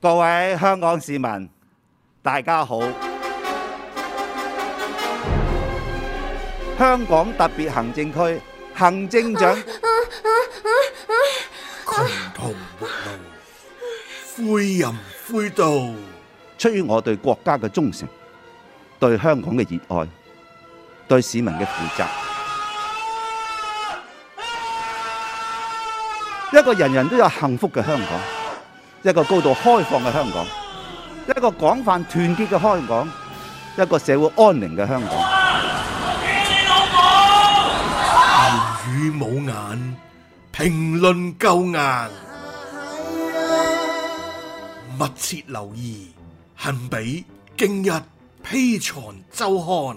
各位香港市民，大家好。香港特別行政區行政長，窮途末路，灰人灰道，啊、出於我對國家嘅忠誠，對香港嘅熱愛，對市民嘅負責，啊啊、一個人人都有幸福嘅香港。一個高度開放嘅香港，一個廣泛團結嘅香港，一個社會安寧嘅香港。啊、無語冇眼，評論夠硬，密切留意，恆比今日披牀周刊。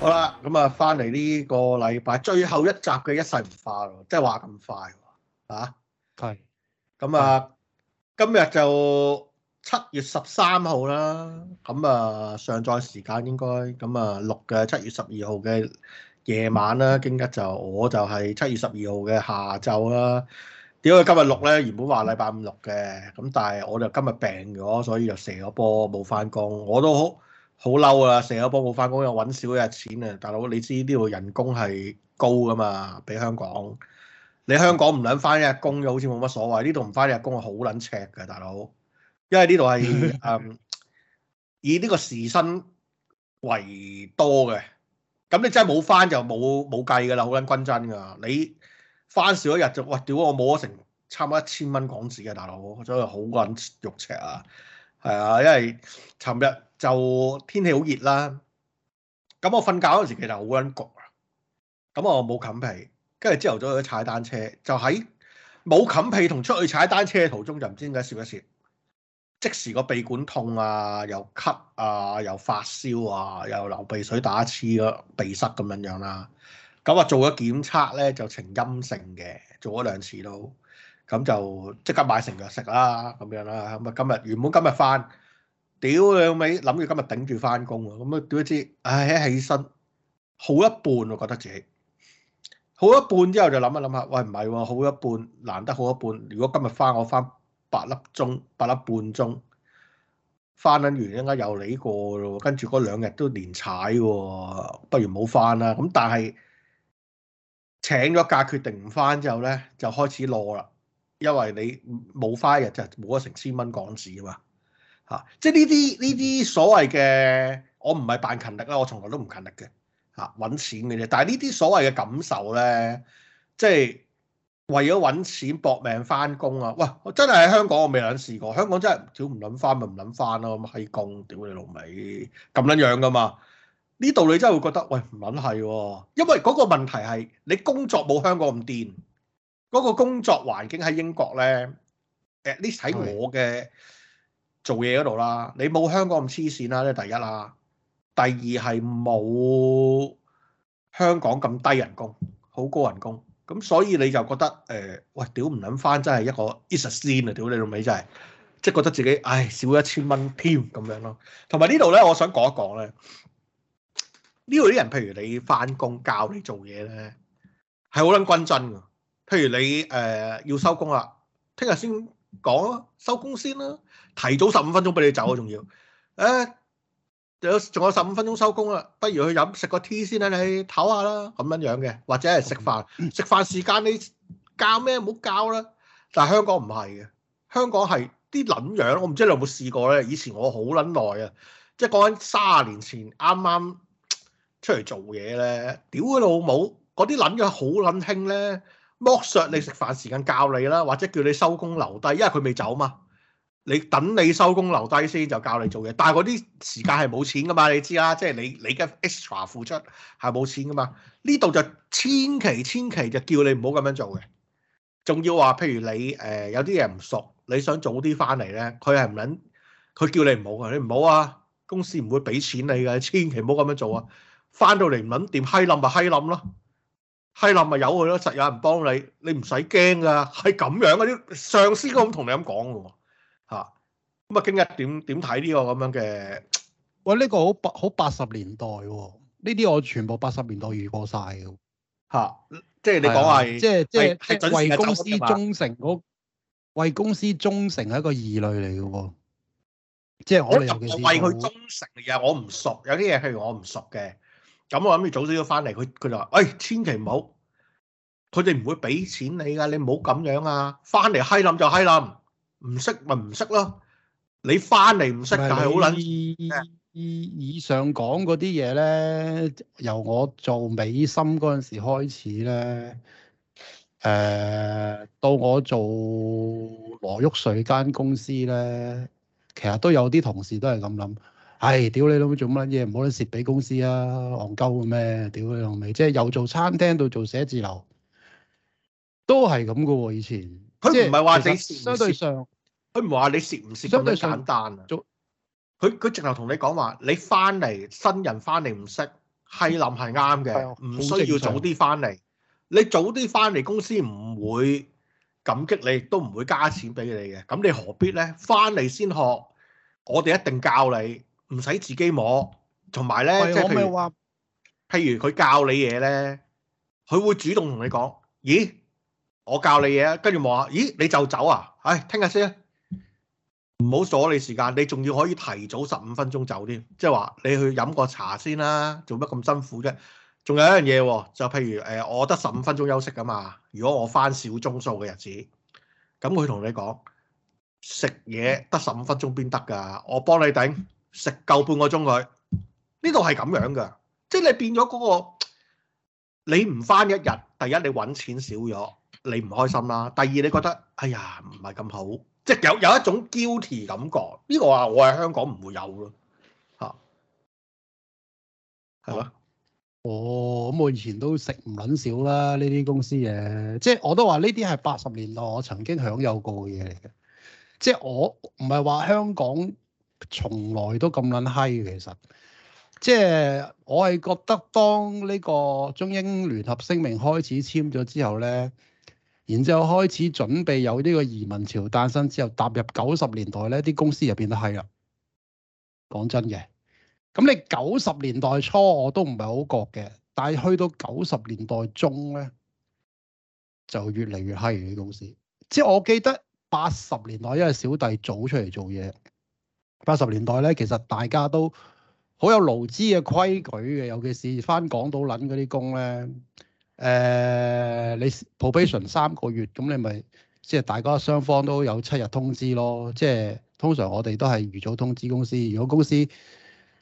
好啦，咁啊，翻嚟呢個禮拜最後一集嘅一世唔化咯，即係話咁快。啊，係，咁啊，今日就七月十三號啦，咁啊上載時間應該，咁啊六嘅七月十二號嘅夜晚啦，荊吉就我就係七月十二號嘅下晝啦。點解今日六咧？原本話禮拜五六嘅，咁但係我就今日病咗，所以就射咗波冇翻工，我都好好嬲啊！射咗波冇翻工又搵少一日錢啊！大佬你知呢度人工係高噶嘛，比香港。你香港唔捻翻一日工嘅，好似冇乜所謂。呢度唔翻一日工係好撚赤㗎，大佬。因為呢度係誒以呢個時薪為多嘅。咁你真係冇翻就冇冇計㗎啦，好撚均真㗎。你翻少一日就哇屌、哎、我冇咗成差唔多一千蚊港紙嘅大佬，所以好撚肉赤啊。係啊，因為尋日就天氣好熱啦。咁我瞓覺嗰陣時其實好撚焗啊。咁我冇冚被。跟住朝頭早去踩單車，就喺冇冚被同出去踩單車嘅途中，就唔知點解，笑一笑。即時個鼻管痛啊，又咳啊，又發燒啊，又流鼻水打一次、啊、打痴咯，鼻塞咁樣、啊、樣啦。咁啊，做咗檢測咧就呈陰性嘅，做咗兩次都，咁就即刻買成藥食啦、啊，咁樣啦、啊。咁啊，今日原本今日翻，屌你老味，諗住今日頂住翻工啊，咁啊點知，唉、哎，起身好一半我，我覺得自己。好一半之後就諗一諗下，喂唔係喎，好一半難得好一半。如果今日翻我翻八粒鐘、八粒半鐘，翻緊完應該，依家又嚟過咯。跟住嗰兩日都連踩喎、哦，不如冇翻啦。咁但係請咗假決定唔翻之後咧，就開始攞啦。因為你冇翻日就冇咗成千蚊港紙啊嘛。嚇、啊！即係呢啲呢啲所謂嘅，我唔係扮勤力啦，我從來都唔勤力嘅。啊，揾錢嗰啲，但係呢啲所謂嘅感受咧，即係為咗揾錢搏命翻工啊！喂，我真係喺香港我未諗試過，香港真係屌唔諗翻，咪唔諗翻咯，咁閪工，屌你老味，咁、hmm. 撚樣噶嘛？呢度你真係會覺得喂，唔撚係，因為嗰個問題係你工作冇香港咁癲，嗰、嗰個工作環境喺英國咧，誒、mm hmm. 你喺我嘅做嘢嗰度啦，你冇香港咁黐線啦，呢第一啦。第二係冇香港咁低人工，好高人工，咁所以你就覺得誒、呃，喂屌唔捻翻真係一個 issue 啊，屌你老味真係，即係覺得自己唉少一千蚊添咁樣咯。同埋呢度咧，我想講一講咧，呢度啲人譬如你翻工教你做嘢咧，係好捻均真嘅。譬如你誒、呃、要收工啦，聽日先講啊，收工先啦，提早十五分鐘俾你走啊，仲要誒。呃仲有十五分鐘收工啦，不如去飲食個 tea 先啦，你去唞下啦，咁樣樣嘅，或者係食飯。食、嗯、飯時間你教咩唔好教啦。但係香港唔係嘅，香港係啲撚樣，我唔知你有冇試過咧。以前我好撚耐啊，即係講緊三十年前啱啱出嚟做嘢咧，屌佢老母嗰啲撚樣好撚興咧，剝削你食飯時間教你啦，或者叫你收工留低，因為佢未走嘛。你等你收工留低先就教你做嘢，但係嗰啲時間係冇錢噶嘛，你知啦，即係你你嘅 extra 付出係冇錢噶嘛。呢度就千祈千祈就叫你唔好咁樣做嘅。仲要話，譬如你誒、呃、有啲嘢唔熟，你想早啲翻嚟咧，佢係唔捻，佢叫你唔好啊，你唔好啊，公司唔會俾錢你嘅，你千祈唔好咁樣做啊。翻到嚟唔捻掂，閪冧咪閪冧咯，閪冧咪由佢咯，實有人幫你，你唔使驚㗎，係咁樣啲、啊、上司都咁同你咁講嘅喎。吓咁啊！今日點點睇呢個咁樣嘅？喂，呢個好八好八十年代喎。呢啲我全部八十年代遇過晒嘅。吓、啊，即係你講話，即係即係為公司忠誠嗰，為公司忠誠係一個異類嚟嘅。即係我哋尤其是為佢忠誠嘅，我唔熟，有啲嘢係我唔熟嘅。咁我諗住早啲要翻嚟，佢佢就話，哎，千祈唔好，佢哋唔會俾錢你噶，你唔好咁樣啊！翻嚟嗨冧就嗨冧。唔識咪唔識咯，你翻嚟唔識，但係好捻。以上講嗰啲嘢咧，由我做美心嗰陣時開始咧，誒、呃，到我做羅旭瑞間公司咧，其實都有啲同事都係咁諗，唉、哎，屌你老母做乜嘢，唔好你蝕俾公司啊，戇鳩嘅咩？屌你老味，即係又做餐廳到做寫字樓，都係咁噶喎，以前。佢唔係話你虧唔虧，相對上，佢唔係話你蝕唔蝕咁簡單啊？佢佢直頭同你講話，你翻嚟新人翻嚟唔識，係諗係啱嘅，唔的需要早啲翻嚟。你早啲翻嚟，公司唔會感激你，都唔會加錢俾你嘅。咁你何必呢？翻嚟先學，我哋一定教你，唔使自己摸。同埋呢，喂譬如，佢教你嘢呢，佢會主動同你講，咦？我教你嘢，跟住望下，咦？你就走啊？唉、哎，聽日先，唔好阻你時間。你仲要可以提早十五分鐘走添，即係話你去飲個茶先啦。做乜咁辛苦啫？仲有一樣嘢喎，就譬如誒，我得十五分鐘休息噶嘛。如果我返少鐘數嘅日子，咁佢同你講食嘢得十五分鐘邊得㗎。我幫你頂食夠半個鐘佢，呢度係咁樣㗎，即係你變咗嗰個你唔返一日，第一你揾錢少咗。你唔開心啦。第二，你覺得哎呀唔係咁好，即係有有一種 guilty 感覺。呢、這個話我喺香港唔會有咯，嚇、啊吧嗯、哦，咁我以前都食唔撚少啦。呢啲公司嘅。即係我都話呢啲係八十年代我曾經享有過嘅嘢嚟嘅。即係我唔係話香港從來都咁撚閪嘅，其實即係我係覺得當呢個中英聯合聲明開始簽咗之後呢。然之後開始準備有呢個移民潮誕生之後，踏入九十年代呢啲公司就變得黑啦。講真嘅，咁你九十年代初我都唔係好覺嘅，但係去到九十年代中呢，就越嚟越黑啲公司。即係我記得八十年代，因為小弟早出嚟做嘢，八十年代呢，其實大家都好有勞資嘅規矩嘅，尤其是翻港島撚嗰啲工呢。誒、呃，你 probation 三個月，咁你咪即係大家雙方都有七日通知咯。即係通常我哋都係預早通知公司，如果公司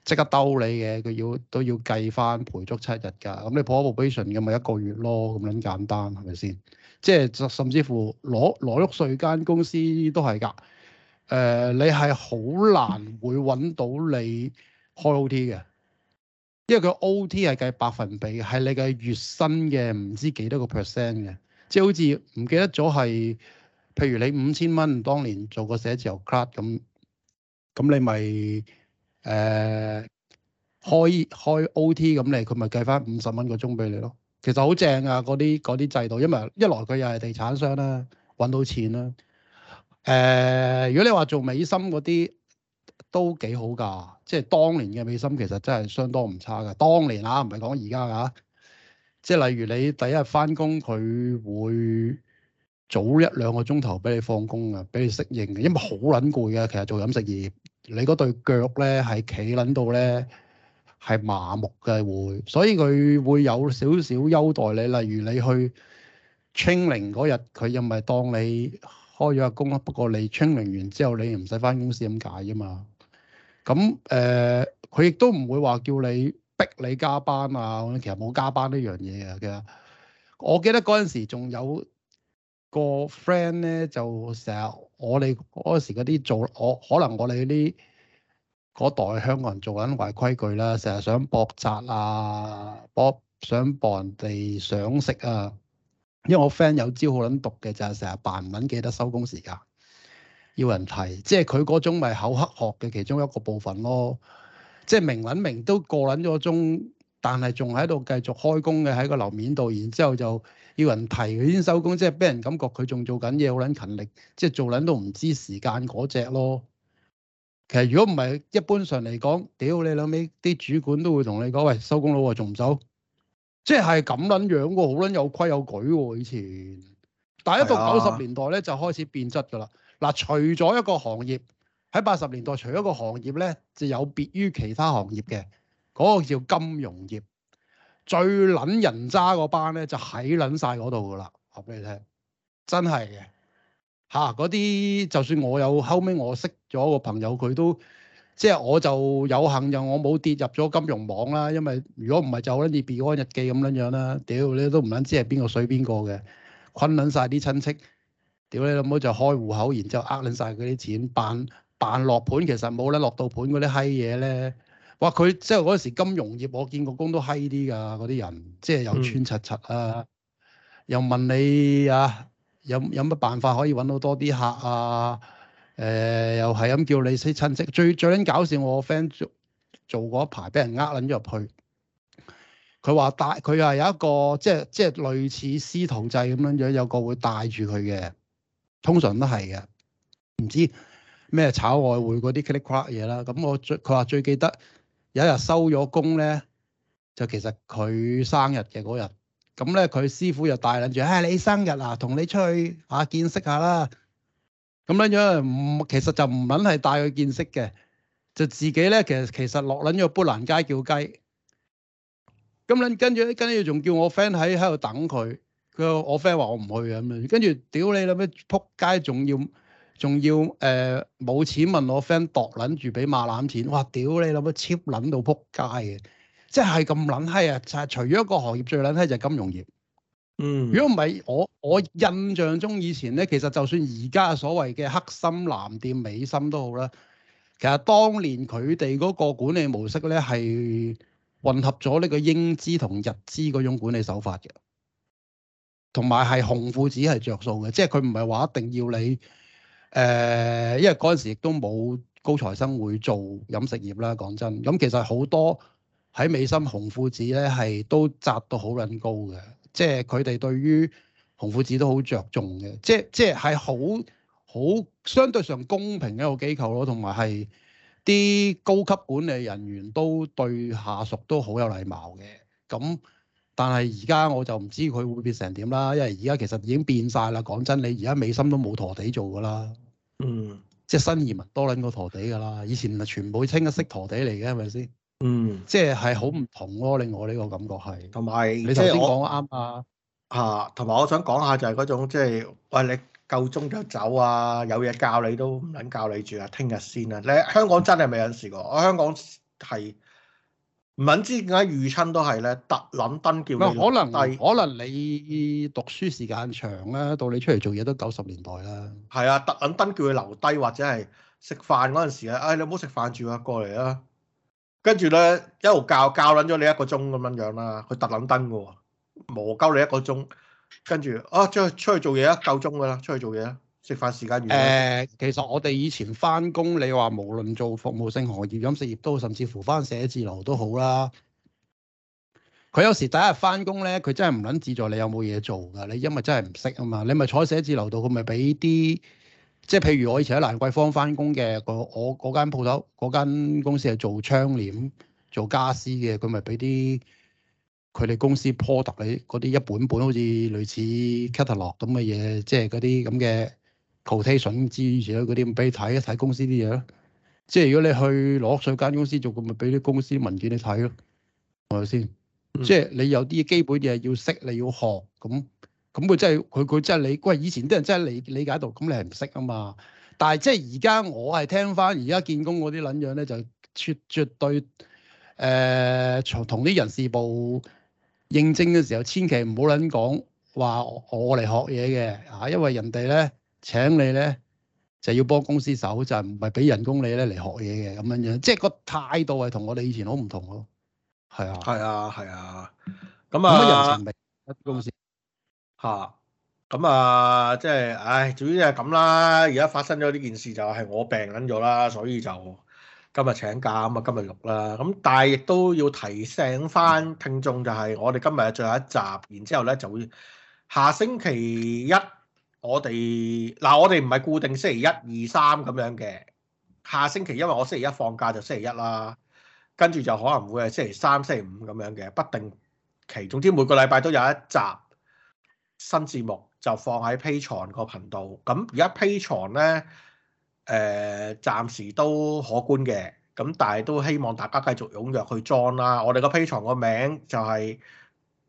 即刻兜你嘅，佢要都要計翻賠足七日㗎。咁你破 probation 嘅咪一個月咯，咁樣簡單係咪先？即係甚至乎攞攞旭瑞間公司都係㗎。誒、呃，你係好難會揾到你開 OT 嘅。因為佢 O T 係計百分比，係你嘅月薪嘅唔知幾多個 percent 嘅，即係好似唔記得咗係，譬如你五千蚊當年做寫 card,、呃、個寫字樓 card 咁，咁你咪誒開開 O T 咁你佢咪計翻五十蚊個鐘俾你咯，其實好正噶嗰啲啲制度，因為一來佢又係地產商啦、啊，搵到錢啦、啊，誒、呃，如果你話做美心嗰啲。都幾好㗎，即係當年嘅美心其實真係相當唔差㗎。當年啊，唔係講而家㗎，即係例如你第一日翻工，佢會早一兩個鐘頭俾你放工啊，俾你適應嘅，因為好撚攰㗎。其實做飲食業，你嗰對腳咧係企撚到咧係麻木嘅會，所以佢會有少少優待你。例如你去清零嗰日，佢因為當你。開咗個工啦，不過你清 r 完之後，你唔使翻公司咁解啫嘛。咁誒，佢亦都唔會話叫你逼你加班啊。其實冇加班呢樣嘢嘅。其實我記得嗰陣時仲有個 friend 咧，就成日我哋嗰時嗰啲做我，可能我哋啲嗰代香港人做緊違規矩啦，成日想博賺啊，博想博人哋想食啊。因為我 friend 有朝好撚讀嘅，就係成日扮唔撚記得收工時間，要人提，即係佢嗰種咪口黑學嘅其中一個部分咯。即係明撚明，明都過撚咗鐘，但係仲喺度繼續開工嘅喺個樓面度，然之後就要人提佢先收工，即係俾人感覺佢仲做緊嘢，好撚勤力，即係做撚都唔知時間嗰隻咯。其實如果唔係，一般上嚟講，屌你老味啲主管都會同你講：喂，收工啦，仲唔走？即係咁撚樣喎，好撚有規有矩喎，以前。但係一到九十年代咧，就開始變質㗎、啊、啦。嗱，除咗一個行業喺八十年代，除咗一個行業咧，就有別於其他行業嘅嗰、那個叫金融業，最撚人渣嗰班咧，就喺撚晒嗰度㗎啦。話俾你聽，真係嘅。嚇、啊，嗰啲就算我有後尾我識咗個朋友，佢都～即係我就有幸就我冇跌入咗金融網啦，因為如果唔係就好似 Beyond 日記咁樣樣啦。屌你都唔撚知係邊個水邊個嘅，困撚晒啲親戚。屌你老母就開戶口，然之後呃撚晒佢啲錢，扮扮落盤其實冇啦，落到盤嗰啲閪嘢咧。哇！佢即係嗰陣時金融業，我見個工都閪啲㗎，嗰啲人即係又穿柒柒啊，又問你啊，有有乜辦法可以揾到多啲客啊？誒、呃、又係咁叫你啲親戚，最最撚搞笑我朋友，我 friend 做做過一排，俾人呃撚咗入去。佢話帶佢係有一個，即係即係類似師徒制咁樣樣，有個會帶住佢嘅，通常都係嘅。唔知咩炒外匯嗰啲 click 嘢啦。咁我最佢話最記得有一日收咗工咧，就其實佢生日嘅嗰日。咁咧佢師傅又帶撚住，誒、哎、你生日啊，同你出去嚇、啊、見識下啦。咁樣樣唔，其實就唔撚係帶佢見識嘅，就自己咧，其實其實落撚咗砵蘭街叫雞。咁撚跟住，跟住仲叫我 friend 喺喺度等佢。佢我 friend 話我唔去咁樣。跟住屌你諗咩，撲街仲要仲要誒冇、呃、錢問我 friend 度撚住俾馬欖錢。哇！屌你 cheap 撚到撲街嘅，即係咁撚閪啊！就係除咗個行業最撚閪就係金融業。嗯，如果唔係我我印象中以前咧，其實就算而家所謂嘅黑心藍店美心都好啦，其實當年佢哋嗰個管理模式咧係混合咗呢個英資同日資嗰種管理手法嘅，同埋係紅褲子係着數嘅，即係佢唔係話一定要你誒、呃，因為嗰陣時亦都冇高材生會做飲食業啦。講真，咁、嗯、其實好多喺美心紅褲子咧係都紮到好撚高嘅。即係佢哋對於紅褲子都好着重嘅，即係即係係好好相對上公平一個機構咯，同埋係啲高級管理人員都對下屬都好有禮貌嘅。咁但係而家我就唔知佢會變成點啦，因為而家其實已經變晒啦。講真，你而家美心都冇陀地做㗎啦。嗯，即係新移民多過陀地㗎啦。以前咪全部清一色陀地嚟嘅，係咪先？嗯，即係係好唔同咯，啊，令我呢個感覺係同埋你頭先講啱啊，吓，同埋我想講下就係嗰種即係，就是，喂，你夠鐘就走啊，有嘢，教你都唔捻教你住啊，聽日先啊。你香港真係未有試過？我 香港係唔捻知點解，遇親都係咧，特捻登叫你留低。可能你讀書時間長啦，啊，到你出嚟做嘢都九十年代啦。係啊，特捻登叫佢留低，或者係食飯嗰陣時啊，哎你唔好食飯住啊，過嚟啊。跟住咧，一路教教撚咗你一個鐘咁樣樣啦，佢特撚登嘅喎，磨鳩你一個鐘，跟住啊出出去做嘢啦，夠鐘嘅啦，出去做嘢啦，食飯時間完。誒、欸，其實我哋以前翻工，你話無論做服務性行業、飲食業都，甚至乎翻寫字樓都好啦。佢有時第一日翻工咧，佢真係唔撚自助，你有冇嘢做㗎？你因為真係唔識啊嘛，你咪坐喺寫字樓度，佢咪俾啲。即係譬如我以前喺蘭桂坊翻工嘅，個我嗰間鋪頭嗰間公司係做窗簾做家私嘅，佢咪俾啲佢哋公司 product 你，嗰啲一本本好似類似 catalog 咁嘅嘢，即係嗰啲咁嘅 quotation 之類嗰啲，俾你睇一睇公司啲嘢咯。即係如果你去攞上間公司做，佢咪俾啲公司文件你睇咯，係咪先？即係你有啲基本嘢要識，你要學咁。咁佢真係佢佢真係理，因為以前啲人真係理理解到，咁你係唔識啊嘛。但係即係而家我係聽翻而家建工嗰啲撚樣咧，就絕絕對誒從同啲人事部應徵嘅時候，千祈唔好撚講話我嚟學嘢嘅嚇，因為人哋咧請你咧就係、要幫公司手，就唔係俾人工你咧嚟學嘢嘅咁樣樣。即、就、係、是、個態度係同我哋以前好唔同咯。係啊，係啊，係啊。咁啊，公司。吓咁啊，即係，唉，總之係咁啦。而家發生咗呢件事就係我病緊咗啦，所以就今日請假，咁啊今日錄啦。咁但係亦都要提醒翻聽眾，就係我哋今日嘅最後一集，然之後咧就會下星期一我哋嗱，我哋唔係固定星期一二三咁樣嘅，下星期因為我星期一放假就星期一啦，跟住就可能會係星期三、星期五咁樣嘅不定期，總之每個禮拜都有一集。新節目就放喺 Patreon 個頻道，咁而家 Patreon 呢，誒暫時都可觀嘅，咁但係都希望大家繼續踴躍去 join 啦。我哋個 Patreon 個名就係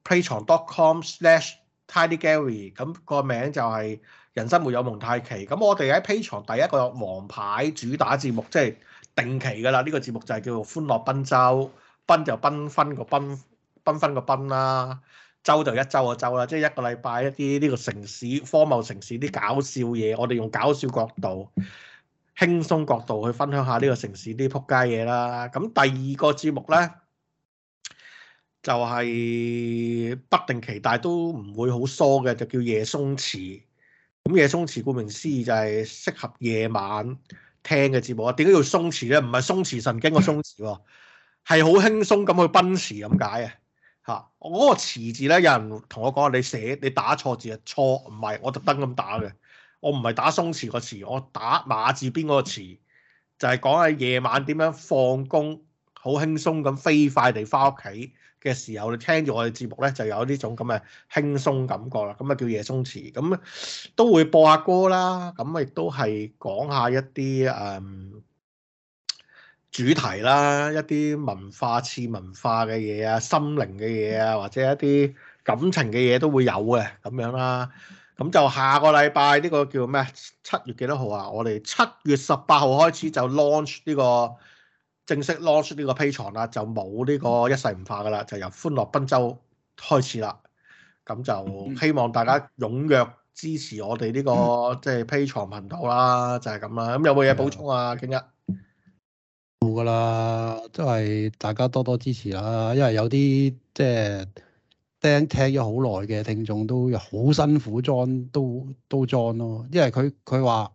Patreon.com/tidygallery 咁個名就係人生沒有蒙太奇。咁我哋喺 Patreon 第一個王牌主打節目，即、就、係、是、定期㗎啦。呢、這個節目就係叫做歡樂繽州」賓賓，繽就繽紛個繽，繽紛個繽啦。周就一周就周啦，即係一個禮拜一啲呢個城市荒謬城市啲搞笑嘢，我哋用搞笑角度、輕鬆角度去分享下呢個城市啲撲街嘢啦。咁第二個節目呢，就係不定期，但係都唔會好疏嘅，就叫夜鬆弛。咁夜鬆弛顧名思義就係適合夜晚聽嘅節目啊。點解叫鬆弛呢？唔係鬆弛神經個鬆弛喎，係好輕鬆咁去奔馳咁解啊！嚇！我嗰、啊那個詞字咧，有人同我講你寫你打錯字啊，錯唔係我特登咁打嘅，我唔係打鬆弛個詞，我打馬字邊嗰個詞，就係、是、講喺夜晚點樣放工，好輕鬆咁飛快地返屋企嘅時候，你聽住我哋節目咧，就有呢種咁嘅輕鬆感覺啦，咁啊叫夜鬆弛，咁、嗯、都會播下歌啦，咁、嗯、亦都係講一下一啲誒。嗯主題啦，一啲文化次文化嘅嘢啊，心靈嘅嘢啊，或者一啲感情嘅嘢都會有嘅咁樣啦。咁就下個禮拜呢個叫咩？七月幾多號啊？我哋七月十八號開始就 launch 呢個正式 launch 呢個 Patreon 啦，就冇呢個一世唔化噶啦，就由歡樂賓州開始啦。咁就希望大家踴躍支持我哋呢個即係 Patreon 頻道啦，就係咁啦。咁有冇嘢補充啊，景一。冇噶啦，即係大家多多支持啦。因為有啲即係聽聽咗好耐嘅聽眾，都好辛苦裝，都都裝咯。因為佢佢話，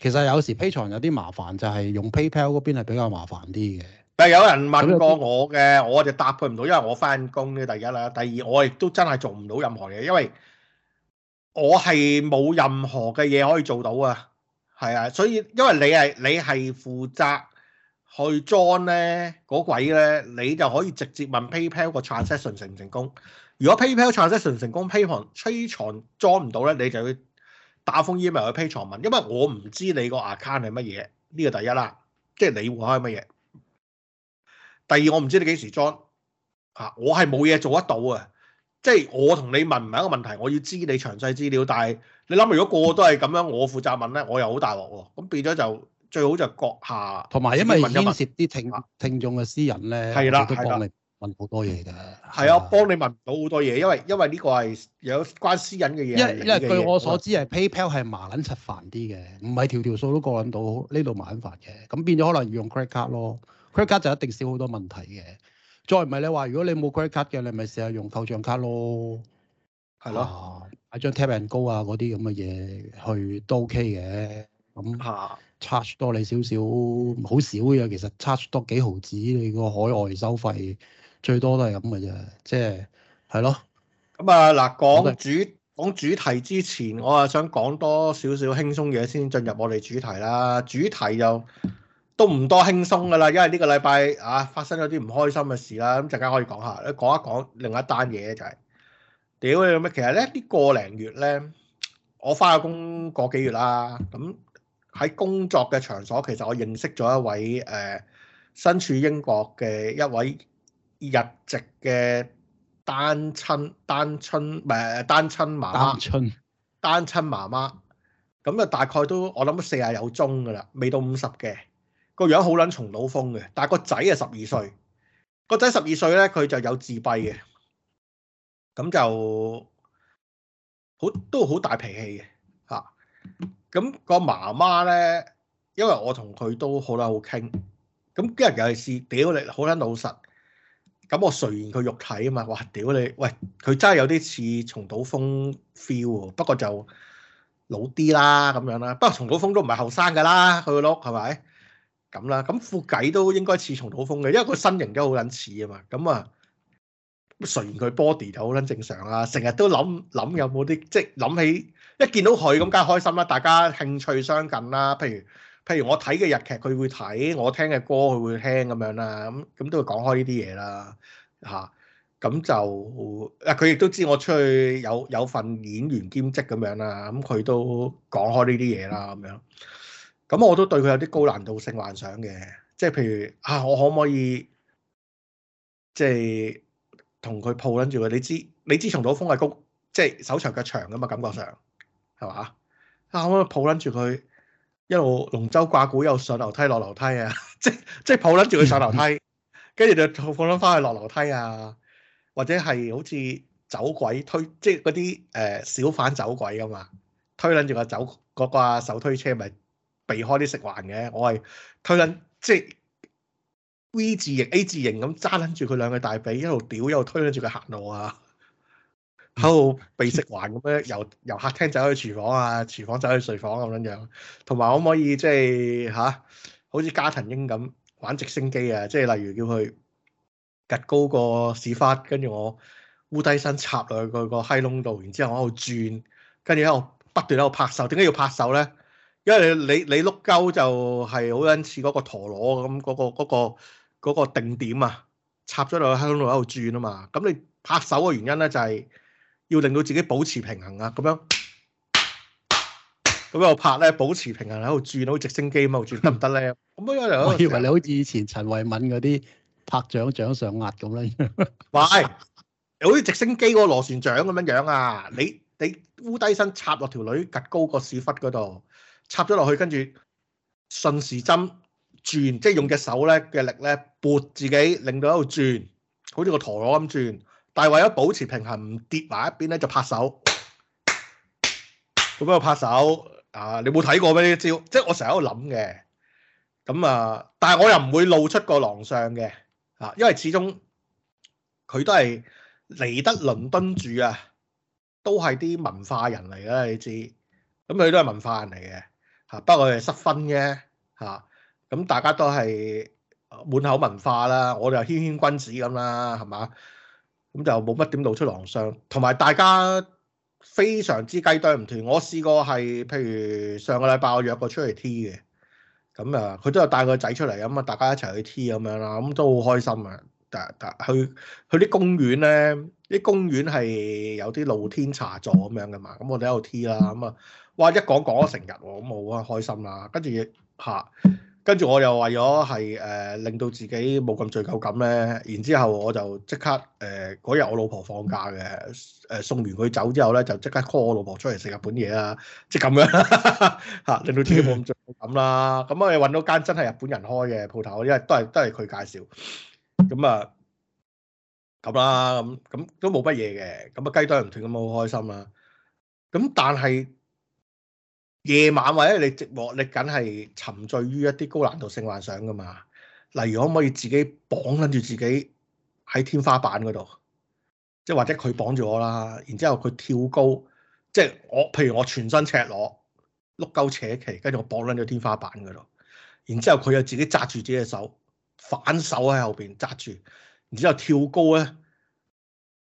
其實有時 Patreon 有啲麻煩，就係、是、用 PayPal 嗰邊係比較麻煩啲嘅。但有人問過我嘅，就我就答佢唔到，因為我翻工嘅第一啦，第二我亦都真係做唔到任何嘢，因為我係冇任何嘅嘢可以做到啊。係啊，所以因為你係你係負責。去 join 咧、那個、鬼咧，你就可以直接問 PayPal 個 transaction 成唔成功？如果 PayPal transaction 成功，PayPal 賬戶裝唔到咧，你就要打封 email 去 PayPal 問，因為我唔知你個 account 係乜嘢，呢個第一啦，即係你換開乜嘢。第二，我唔知你幾時 join 啊，我係冇嘢做得到啊，即係我同你問唔係一個問題，我要知你詳細資料。但係你諗如果個個都係咁樣，我負責問咧，我又好大鑊喎，咁變咗就～最好就閣下問問，同埋因為牽涉啲聽聽，聽眾嘅私隱咧，的我都幫你問好多嘢㗎。係啊，幫你問到好多嘢，因為因為呢個係有關私隱嘅嘢。因為因為據我所知係 PayPal 係麻撚柒煩啲嘅，唔係條條數都過撚到呢度麻撚煩嘅。咁變咗可能要用 credit card 咯，credit card 就一定少好多問題嘅。再唔係你話，如果你冇 credit card 嘅，你咪試下用扣帳卡咯，係咯的、啊，買張 Tap and Go 啊嗰啲咁嘅嘢去都 OK 嘅。咁 charge 多你少少，好少嘅，其實差多幾毫子，你個海外收費最多都係咁嘅啫，即係係咯。咁啊嗱，講主講主題之前，我啊想講多少少輕鬆嘢先進入我哋主題啦。主題就都唔多輕鬆噶啦，因為呢個禮拜啊發生咗啲唔開心嘅事啦。咁陣間可以講下，你講一講另一單嘢就係，屌你咁咩？其實咧呢個零月咧，我翻咗工個幾月啦，咁、嗯。喺工作嘅場所，其實我認識咗一位誒、呃，身處英國嘅一位日籍嘅單親單親唔係單親媽媽，單親單親媽媽，咁啊大概都我諗都四廿有鐘㗎啦，未到五十嘅，個樣好撚重老風嘅，但係個仔啊十二歲，個仔十二歲咧，佢就有自閉嘅，咁就好都好大脾氣嘅嚇。啊咁個媽媽咧，因為我同佢都好撚好傾，咁今日又係試屌你，好撚老實。咁我垂涎佢肉體啊嘛，哇屌你！喂，佢真係有啲似松島風 feel，不過就老啲啦咁樣啦。不過松島風都唔係後生㗎啦，佢碌係咪？咁啦，咁副偈都應該似松島風嘅，因為佢身形都好撚似啊嘛。咁啊，垂涎佢 body 就好撚正常啦。成日都諗諗有冇啲，即係諗起。一見到佢咁梗係開心啦，大家興趣相近啦。譬如譬如我睇嘅日劇，佢會睇；我聽嘅歌，佢會聽咁樣啦。咁咁都會講開呢啲嘢啦。嚇、啊，咁就啊佢亦都知我出去有有份演員兼職咁樣啦。咁佢都講開呢啲嘢啦。咁樣，咁我都對佢有啲高難度性幻想嘅，即係譬如啊，我可唔可以即係同佢抱撚住佢？你知你知，長到風嘅谷，即係手長腳長啊嘛，感覺上。係嘛？啊，我咪抱捻住佢，一路龍舟掛鼓，又上樓梯落樓梯啊！即 即抱捻住佢上樓梯，跟住就放翻去落樓梯啊！或者係好似走鬼推，即嗰啲誒小販走鬼噶嘛，推捻住個走、嗰個手推車，咪避開啲食環嘅。我係推捻即 V 字型 A 字型咁揸捻住佢兩個大髀，一路屌一路推捻住佢行路啊！喺度閉食環咁樣，由由、 嗯、客廳走去廚房啊，廚房走去睡房咁樣樣，同埋可唔可以即係嚇？好似加藤鷹咁玩直升機啊！即係例如叫佢趷高個屎忽，跟住我烏低身插落去個個閪窿度，然之後喺度轉，跟住喺度不斷喺度拍手。點解要拍手咧？因為你你碌鳩就係好跟似嗰個陀螺咁，嗰、嗰個嗰、嗰個嗰個嗰個、定點啊，插咗落去閪窿度喺度轉啊嘛。咁你拍手嘅原因咧就係、係、～要令到自己保持平衡啊！咁樣咁又拍咧，保持平衡喺度轉，好似直升機咁喺度轉得唔得咧？咁樣樣我以為你好似以前陳慧敏嗰啲拍掌掌上壓咁啦，喂！ 你好似直升機個螺旋槳咁樣樣啊！你你烏低身插落條女趷高個屎忽嗰度插咗落去，跟住順時針轉，即係用隻手咧嘅力咧撥自己，令到喺度轉，好似個陀螺咁轉。但係為咗保持平衡，唔跌埋一邊咧，就拍手，做咩我拍手啊！你冇睇過咩呢招？即係我成日喺度諗嘅。咁啊，但係我又唔會露出個狼相嘅嚇，因為始終佢都係嚟得倫敦住啊，都係啲文化人嚟啦，你知。咁佢都係文化人嚟嘅嚇，不過佢係失分啫。嚇。咁大家都係滿口文化啦，我就謙謙君子咁啦，係嘛？咁、嗯、就冇乜點露出狼相，同埋大家非常之雞啄唔斷。我試過係譬如上個禮拜我約個出嚟 T 嘅，咁啊佢都有帶個仔出嚟，咁啊大家一齊去 T 咁樣啦，咁都好開心啊！去去啲公園呢，啲公園係有啲露天茶座咁樣噶嘛，咁我哋喺度 T 啦，咁啊哇一講講咗成日，咁好啊開心啦，跟住嚇。啊跟住我又為咗係誒令到自己冇咁罪疚感咧，然之後我就即刻誒嗰日我老婆放假嘅，誒、呃、送完佢走之後咧，就即刻 call 我老婆出嚟食日本嘢啊，即係咁樣嚇， 令到自己冇咁罪疚感啦。咁我哋揾到間真係日本人開嘅鋪頭，因為都係都係佢介紹。咁、嗯、啊，咁、嗯、啦，咁咁、嗯嗯、都冇乜嘢嘅，咁、嗯、啊雞湯唔斷咁啊好開心啦。咁、嗯、但係。夜晚或者你寂寞，你梗係沉醉於一啲高難度性幻想噶嘛？例如可唔可以自己綁撚住自己喺天花板嗰度，即係或者佢綁住我啦，然之後佢跳高，即係我譬如我全身赤裸，碌鳩扯旗，跟住我綁撚咗天花板嗰度，然之後佢又自己紮住自己隻手，反手喺後邊紮住，然之後跳高咧，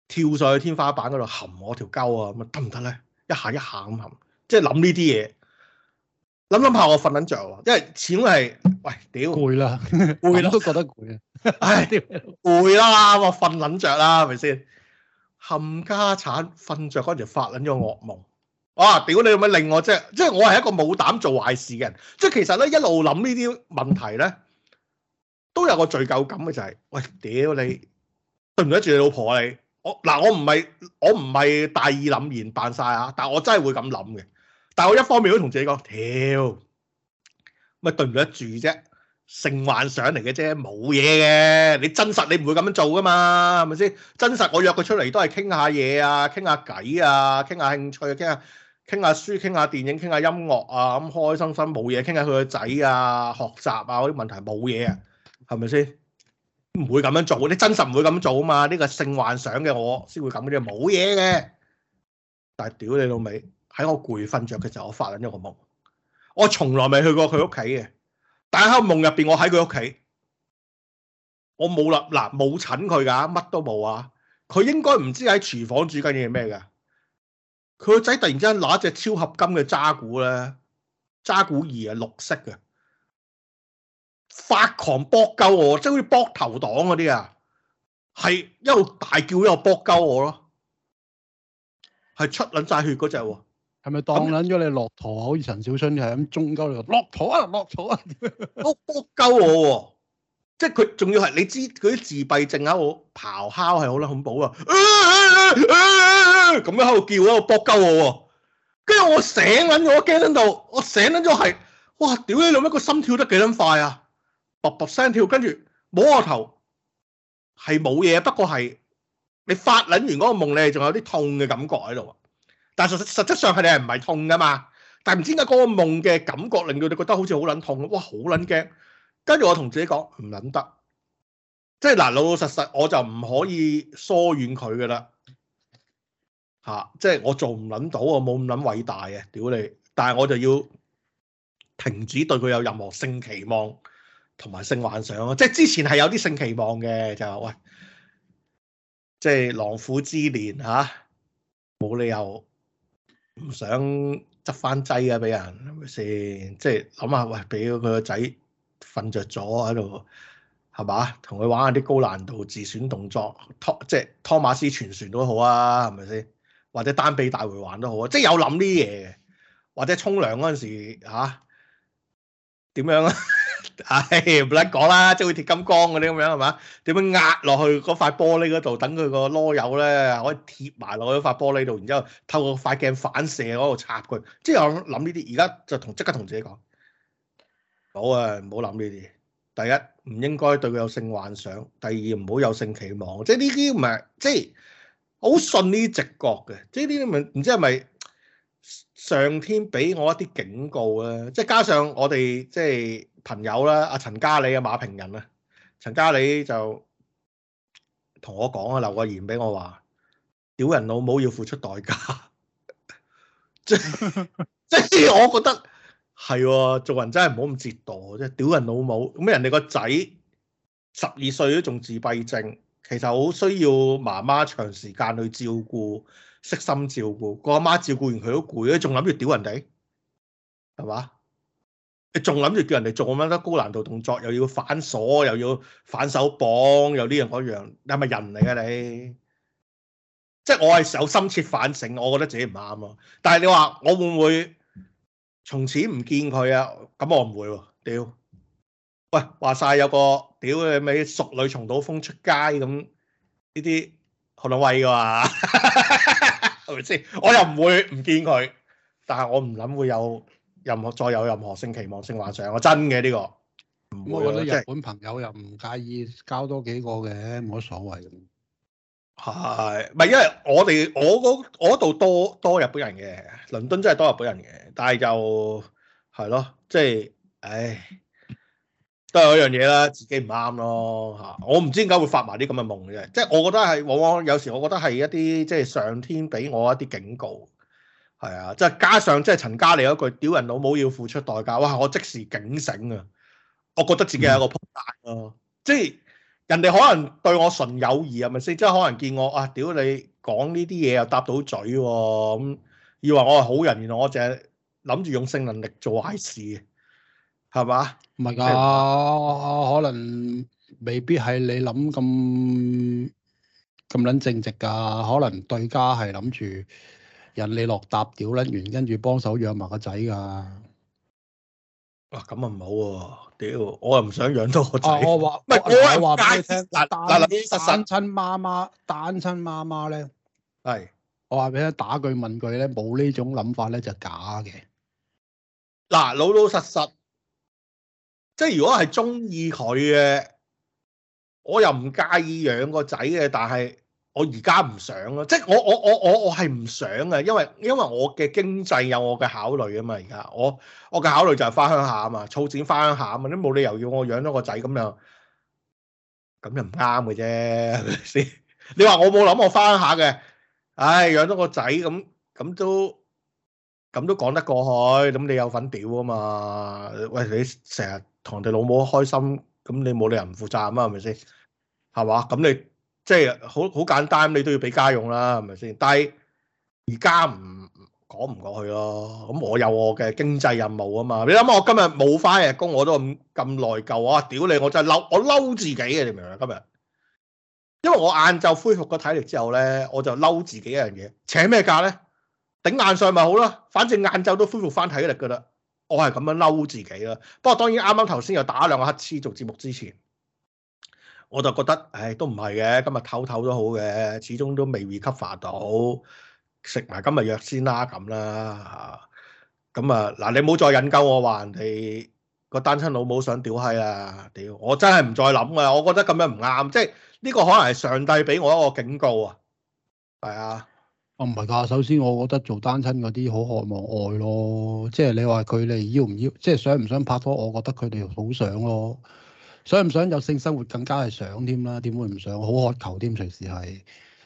跳上去天花板嗰度含我條鳩啊！咁啊得唔得咧？一下一下咁含，即係諗呢啲嘢。諗諗下，想想我瞓緊着喎，因為始終係喂屌，攰啦，攰都覺得攰啊，唉、 哎，攰啦，我瞓緊着啦，係咪先？冚家產瞓着嗰陣發緊個惡夢，哇屌你咁樣令我即係，即係我係一個冇膽做壞事嘅人，即係其實咧一路諗呢啲問題咧，都有個罪疚感嘅就係、是，喂屌你對唔對得住你老婆啊你？我嗱我唔係我唔係大義凜然扮晒啊，但我真係會咁諗嘅。但我一方面都同自己講，屌，咪對唔對得住啫，性幻想嚟嘅啫，冇嘢嘅。你真實你唔會咁樣做噶嘛，係咪先？真實我約佢出嚟都係傾下嘢啊，傾下偈啊，傾下興趣啊，傾下傾下書，傾下電影，傾下音樂啊，咁開開心心冇嘢，傾下佢個仔啊，學習啊嗰啲問題冇嘢啊，係咪先？唔會咁樣做，你真實唔會咁做啊嘛。呢個性幻想嘅我先會咁嘅啫，冇嘢嘅。但係屌你老味。喺我攰瞓着嘅時候，我發緊一個夢。我從來未去過佢屋企嘅，但喺個夢入邊，我喺佢屋企。我冇啦，嗱，冇診佢噶，乜都冇啊。佢應該唔知喺廚房煮緊嘢咩㗎。佢個仔突然之間攞隻超合金嘅揸鼓咧，揸鼓二啊，綠色嘅，發狂搏鳩我，即係好似搏頭黨嗰啲啊，係一路大叫一路又搏鳩我咯，係出捻晒血嗰隻。係咪當捻咗你落駝？好似陳小春就係咁中鳩落個駝啊，落駝啊，搏搏鳩我，即係佢仲要係你知佢啲自閉症喺度咆哮係好啦恐怖啊，咁樣喺度叫啊，搏鳩我，跟住我醒捻咗，我驚喺度，我醒捻咗係，哇，屌你老味，個心跳得幾捻快啊，卜卜聲跳，跟住摸下頭係冇嘢，不過係你發捻完嗰個夢，你係仲有啲痛嘅感覺喺度。但實質實質上佢哋係唔係痛噶嘛？但唔知點解嗰個夢嘅感覺令到你覺得好似好撚痛，哇好撚驚！跟住我同自己講唔撚得，即係嗱老老實實我就唔可以疏遠佢噶啦嚇，即係我做唔撚到啊，冇咁撚偉大嘅，屌你！但係我就要停止對佢有任何性期望同埋性幻想咯。即係之前係有啲性期望嘅，就係喂，即係狼虎之年嚇，啊，冇理由。唔想執翻劑啊人！俾人係咪先？即係諗下喂，俾佢個仔瞓着咗喺度，係嘛？同佢玩下啲高難度自選動作，托即係托馬斯全旋都好啊，係咪先？或者單臂大回環都好啊！即係有諗啲嘢嘅，或者沖涼嗰陣時嚇點、啊、樣啊？唉，唔得講啦，即係會鐵金剛嗰啲咁樣係嘛？點樣壓落去嗰塊玻璃嗰度，等佢個囉柚咧可以貼埋落去塊玻璃度，然之後透過塊鏡反射嗰度插佢。即係我諗呢啲，而家就同即刻同自己講，好啊，唔好諗呢啲。第一唔應該對佢有性幻想，第二唔好有性期望。即係呢啲唔係即係好信呢啲直覺嘅。即係呢啲咪唔知係咪上天俾我一啲警告咧？即係加上我哋即係。朋友啦、啊，阿陳嘉里，啊，馬平仁啊，陳嘉里就同我講啊，留個言俾我話，屌人老母要付出代價，即 即、就是就是、我覺得係、啊、做人真係唔好咁折墮啫，屌人老母咁，人哋個仔十二歲都仲自閉症，其實好需要媽媽長時間去照顧，悉心照顧個阿媽，媽照顧完佢都攰，仲諗住屌人哋，係嘛？你仲諗住叫人哋做咁得高難度動作，又要反鎖，又要反手綁，又呢樣嗰樣，你係咪人嚟噶你？即係我係有深切反省，我覺得自己唔啱咯。但係你話我會唔會從此唔見佢啊？咁我唔會喎、啊，屌！喂，話晒有個屌嘅咩淑女松島楓出街咁呢啲好撚威噶嘛？係咪先？會會啊、 我又唔會唔見佢，但係我唔諗會有。任何再有任何性期望性幻想，我真嘅呢個。我覺得日本朋友又唔介意交多幾個嘅，冇乜所謂。係，唔係因為我哋我嗰度多多日本人嘅，倫敦真係多日本人嘅，但係就係咯，即係，唉，都係嗰樣嘢啦，自己唔啱咯嚇。我唔知點解會發埋啲咁嘅夢嘅，即係我覺得係往往有時我覺得係一啲即係上天俾我一啲警告。係啊，即係加上即係陳家利嗰句，屌人老母要付出代價。哇！我即時警醒啊，我覺得自己係一個撲街咯。嗯、即係人哋可能對我純友誼啊，係咪先？即係可能見我啊，屌你講呢啲嘢，又搭到嘴、啊、咁、嗯、以為我係好人，原來我淨係諗住用性能力做壞事，係嘛？唔係噶，你可能未必係你諗咁咁撚正直噶，可能對家係諗住。人你落搭屌甩完，跟住幫手養埋個仔㗎。嗱，咁啊冇喎，屌、啊！我又唔想養多個仔。我話唔係，是但我係話俾你聽。嗱嗱嗱，單但親媽媽、單親媽媽咧，係是我話俾你聽，打句問句咧，冇呢種諗法咧就是、假嘅。嗱，老老實實，即係如果係中意佢嘅，我又唔介意養個仔嘅，但係。我而家唔想啊，即係我我我我我係唔想啊，因為因為我嘅經濟有我嘅考慮啊嘛，而家我我嘅考慮就係翻鄉下啊嘛，儲錢翻鄉下啊嘛，都冇理由要我養咗個仔咁樣，咁又唔啱嘅啫，係咪先？你話我冇諗我翻鄉下嘅，唉，養咗個仔咁咁都咁都講得過去，咁你有份屌啊嘛？喂，你成日同人哋老母開心，咁你冇理由唔負責啊，係咪先？係嘛？咁你。即係好好簡單，你都要俾家用啦，係咪先？但係而家唔講唔過去咯。咁我有我嘅經濟任務啊嘛。你諗下，我今日冇翻日工，我都咁咁內疚。啊。屌你，我真係嬲，我嬲自己嘅。你明唔明？今日因為我晏晝恢復個體力之後咧，我就嬲自己一樣嘢。請咩假咧？頂硬上咪好啦，反正晏晝都恢復翻體力嘅啦。我係咁樣嬲自己啦。不過當然啱啱頭先又打兩個乞嗤做節目之前。我就覺得，唉，都唔係嘅，今日唞唞都好嘅，始終都未 recover 到，食埋今日藥先啦，咁啦嚇。咁啊，嗱、啊啊，你冇再引咎我話人哋個單親老母想屌閪啊，屌！我真係唔再諗啊，我覺得咁樣唔啱，即係呢、呢個可能係上帝俾我一個警告啊。係啊、哦。我唔係㗎，首先我覺得做單親嗰啲好渴望愛咯，即係你話佢哋要唔要，即係想唔想拍拖，我覺得佢哋好想咯。想唔想有性生活更加係想添啦，點會唔想？好渴求添，隨時係。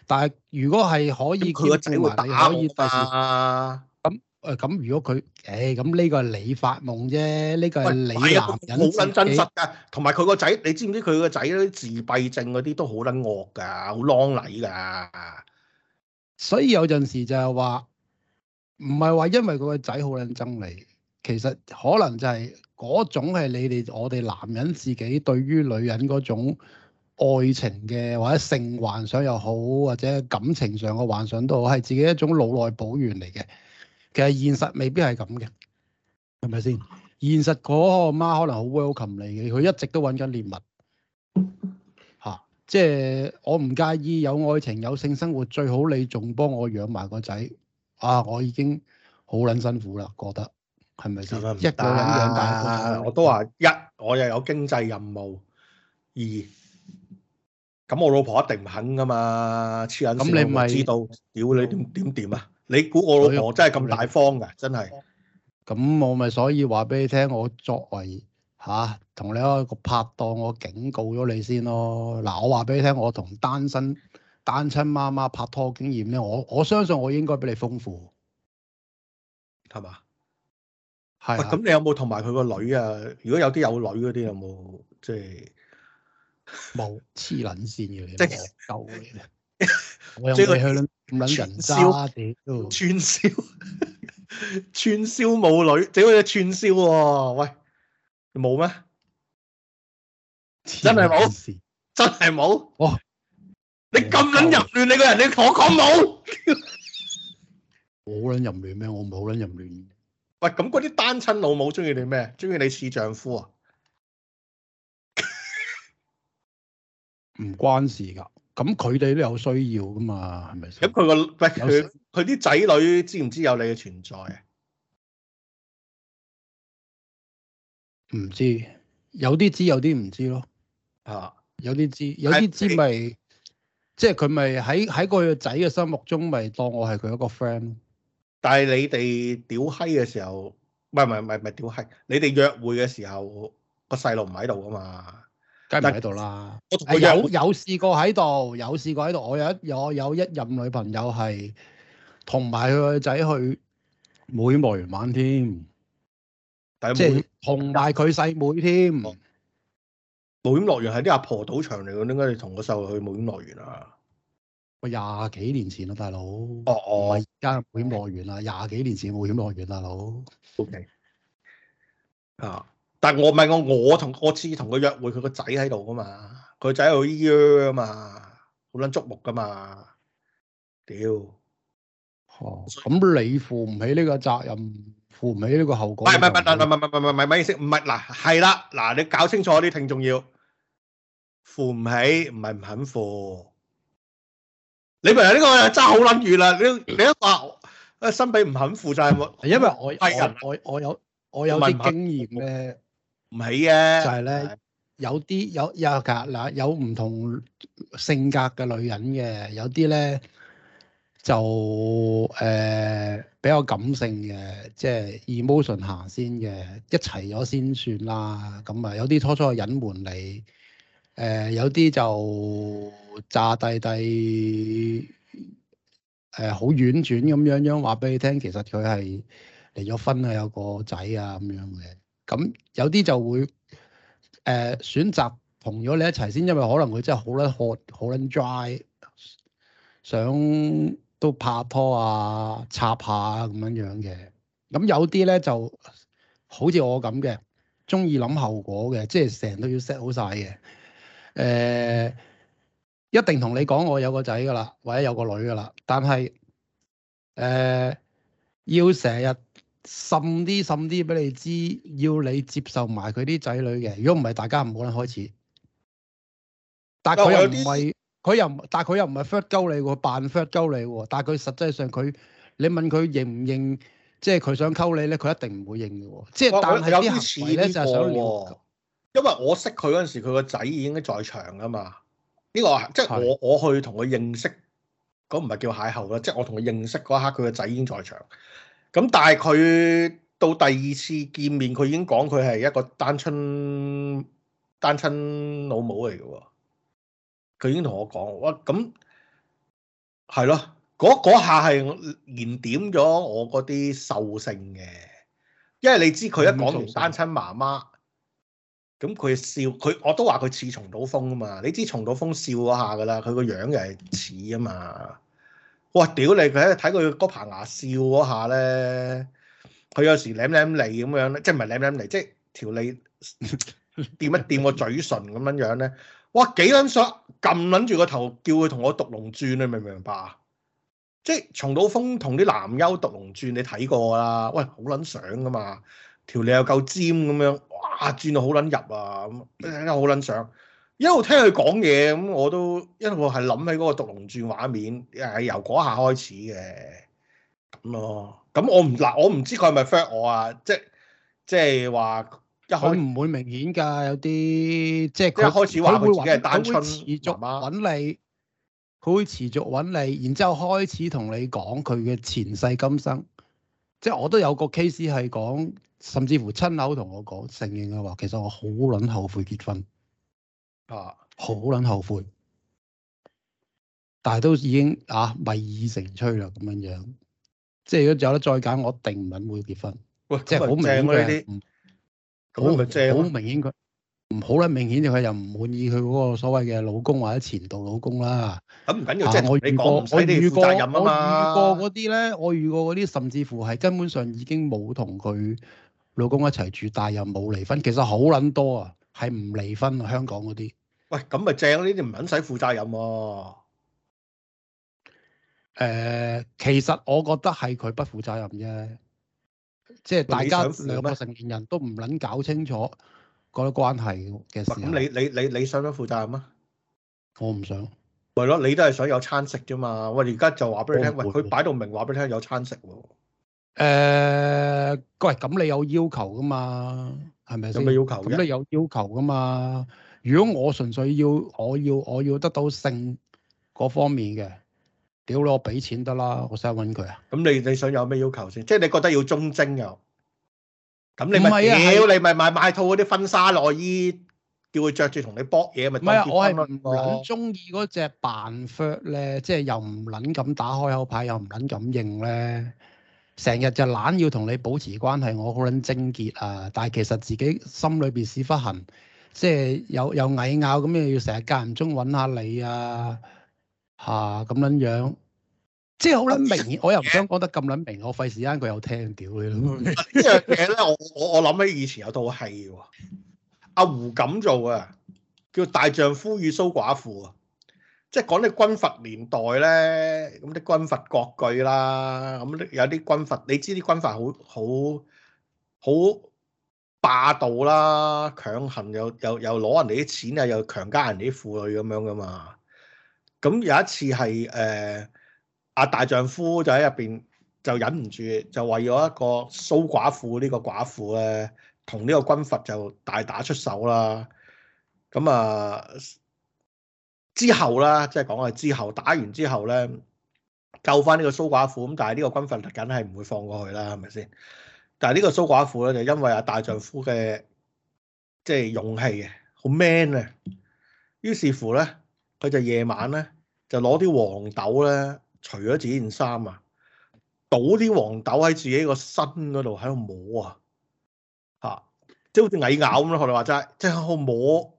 但係如果係可以，佢個仔，你會打你可以到嘛？咁誒咁，如果佢誒咁呢個係你發夢啫，呢、這個係你男人好、啊、真實㗎，同埋佢個仔，你知唔知佢個仔啲自閉症嗰啲都好撚惡㗎，好啷禮㗎。所以有陣時就係話，唔係話因為佢個仔好撚憎你，其實可能就係、是。嗰種係你哋我哋男人自己對於女人嗰種愛情嘅或者性幻想又好，或者感情上嘅幻想都好，係自己一種腦內補完嚟嘅。其實現實未必係咁嘅，係咪先？現實嗰個媽媽可能好 welcome 你嘅，佢一直都揾緊獵物嚇，啊，即係我唔介意有愛情有性生活，最好你仲幫我養埋個仔啊！我已經好撚辛苦啦，覺得。係咪先？是是一個人養大，我都話一，我又有經濟任務，二咁我老婆一定唔肯噶嘛，黐緊線咁你咪知道屌、嗯、你點點點啊？嗯、你估我老婆真係咁大方噶？真係？咁我咪所以話俾你聽，我作為吓同、啊、你一個拍檔，我警告咗你先咯。嗱，我話俾你聽，我同單身單親媽媽拍拖經驗咧，我我相信我應該比你豐富，係嘛？係咁，啊、你有冇同埋佢個女啊？如果有啲有女嗰啲，有冇即係冇黐撚線嘅？即係夠。有我有冇你去撚？人串燒，串燒冇寸燒 女，整可以串燒喎、哦！喂，冇咩？真係冇，真係冇。哦，是你咁撚淫亂你，你個人你同我講冇， 我撚淫亂咩？我唔好撚淫亂。喂，咁嗰啲單親老母中意你咩？中意你似丈夫啊？唔 關事噶，咁佢哋都有需要噶嘛，係咪先？咁佢個佢啲仔女知唔知有你嘅存在啊？唔知，有啲知，有啲唔知咯。啊，有啲知，就是，有啲知咪，即係佢咪喺喺佢個仔嘅心目中咪當我係佢一個 friend 但係你哋屌閪嘅時候，唔係唔係唔係唔係屌閪，你哋約會嘅時候個細路唔喺度㗎嘛？梗係唔喺度啦。我有有試過喺度，有試過喺度。我有一我有，有一任女朋友係同埋佢個仔去冒險樂園玩添，即係同埋佢細妹添。冒險樂園係啲阿婆賭場嚟㗎，點解你同個細路去冒險樂園啊？廿幾年前啊，大佬。哦哦，而家冒險樂園啦，廿幾年前冒險樂園大佬 OK。啊，但我唔係我我同我次同佢約會，佢個仔喺度噶嘛？佢仔喺度嚷啊嘛，好撚觸目噶嘛。屌。哦。咁你負唔起呢個責任，負唔起呢個後果。唔係唔係唔係唔係唔係唔係唔係唔係唔係，唔係意思唔係嗱，係啦嗱，你搞清楚啲聽眾要負唔起，唔係唔肯負。你咪呢個真係好諗住啦！你你一話，阿新比唔肯負責，係因為我係人，我我，我有我有啲經驗咧，唔係嘅，就係咧有啲有有隔嗱，有唔同性格嘅女人嘅，有啲咧就誒、呃、比較感性嘅，即係 emotion 下先嘅，一齊咗先算啦。咁啊，有啲初初隱瞞你，誒、呃、有啲就。炸弟弟誒、好婉轉咁樣樣話俾你聽，其實佢係離咗婚啊，有個仔啊咁樣嘅。咁有啲就會誒、呃、選擇同咗你一齊先，因為可能佢真係好撚 hot 好撚 dry，想都拍拖啊、插下咁樣樣嘅。咁有啲咧就好似我咁嘅，中意諗後果嘅，即係成日都要 set 好晒嘅。誒、呃。一定同你講，我有個仔噶啦，或者有個女噶啦。但係誒、呃，要成日滲啲滲啲俾你知，要你接受埋佢啲仔女嘅。如果唔係，大家唔好開始。但係佢又唔係，佢又但係佢又唔係 fur 鳩你喎，扮 fur 鳩你喎。但係佢實際上佢，你問佢認唔認，即係佢想溝你咧，佢一定唔會認嘅喎。即係但係有啲行為呢、呃有這個，就係想因為我識佢嗰陣時，佢個仔已經在場㗎嘛。呢、這個即係我我去同佢認識嗰，唔係叫邂逅啦，即係我同佢認識嗰一刻，佢個仔已經在場。咁但係佢到第二次見面，佢已經講佢係一個單親單親老母嚟嘅喎。佢已經同我講，我咁係咯，嗰下係燃點咗我嗰啲獸性嘅，因為你知佢一講完單親媽媽。咁佢笑佢，我都話佢似松島風啊嘛。你知松島風笑一下噶啦，佢、個樣又係似啊嘛。哇，屌你，就是、你，佢喺睇佢個棚牙笑嗰下咧，佢有時舐舐脷咁樣咧，即係唔係舐舐脷，即係條脷掂一掂個嘴唇咁樣樣咧。哇、哎，幾撚想，咁捻住個頭叫佢同我毒龍轉，你明唔明白？即係松島風同啲男優毒龍轉，你睇過啦。喂，好撚想噶嘛，條脷又夠尖咁樣。阿轉到好撚入啊，咁好撚想。一路聽佢講嘢，咁我都一路係諗起嗰個《毒龍傳》畫面，誒由嗰下開始嘅。咁咯、啊，咁我唔嗱，我唔知佢係咪 friend 我啊？即即係話，一佢唔會明顯㗎，有啲即係佢開始自己單會，佢會持續揾你，佢嗎會持續揾你，然之後開始同你講佢嘅前世今生。即係我都有個 case 係講。甚至乎親口同我講承認嘅話，其實我好撚後悔結婚啊，好撚後悔，但係都已經啊，米已成炊啦咁樣樣，即係如果有得再揀，我一定唔會結婚，喂即係好明顯啲，好明顯佢唔好啦，明顯就佢又唔滿意佢嗰個所謂嘅老公或者前度老公啦。咁唔緊要，即係我，我，我遇過，我遇過，我遇過嗰啲咧，我遇過嗰啲，甚至乎係根本上已經冇同佢。老公一齊住，但又冇離婚，其實好撚多啊，係唔離婚啊，香港嗰啲。喂，咁咪正呢啲唔撚使負責任喎。誒，其實我覺得係佢不負責任啫，即係大家兩個成年人都唔撚搞清楚嗰啲關係嘅事。咁你你你你想唔想負責任啊？我唔想。係咯，你都係想有餐食啫嘛。會喂，而家就話俾你聽，喂，佢擺到明話俾你聽有餐食喎。誒，喂、呃，咁你有要求噶嘛？係咪先？有咩要求？咁你有要求噶嘛？如果我純粹要，我要我要得到性嗰方面嘅，屌、嗯、你，我俾錢得啦，我想搵佢啊。咁你你想有咩要求先？即係你覺得要忠貞啊？咁你咪屌、啊、你咪賣賣套嗰啲婚紗內衣，叫佢着住同你搏嘢咪？唔係啊，我係問，中意嗰隻扮闊咧，即係又唔捻咁打開口牌，又唔捻咁認咧。成日就懶要同你保持關係，我好撚貞潔啊！但係其實自己心裏邊屎忽痕，即係有又蟻咬咁，又要成日間唔中揾下你啊吓，咁、啊、樣樣，即係好撚明，我明。我又唔想講得咁撚明，我費時間佢又聽屌你啦！呢樣嘢咧，我我我諗起以前有套戲喎，阿胡錦做啊，叫《大丈夫與蘇寡，寡婦》啊。即係講啲軍閥年代咧，咁啲軍閥割據啦，咁有啲軍閥，你知啲軍閥好好好霸道啦，強行又又又攞人哋啲錢啊，又強姦人哋啲婦女咁樣噶嘛。咁有一次係誒阿大丈夫就喺入邊就忍唔住，就為咗一個蘇寡婦呢個寡婦咧，同呢個軍閥就大打出手啦。咁啊～之後啦，即係講係之後打完之後咧，救翻呢個蘇寡婦咁，但係呢個軍訓梗係唔會放過去啦，係咪先？但係呢個蘇寡婦咧，就因為阿大丈夫嘅即係勇氣嘅，好 man 啊！於是乎咧，佢就夜晚咧就攞啲黃豆咧，除咗自己件衫啊，倒啲黃豆喺自己個身嗰度喺度摸啊，吓，即係好似蟻咬咁咯，學哋話齋，即係喺度摸。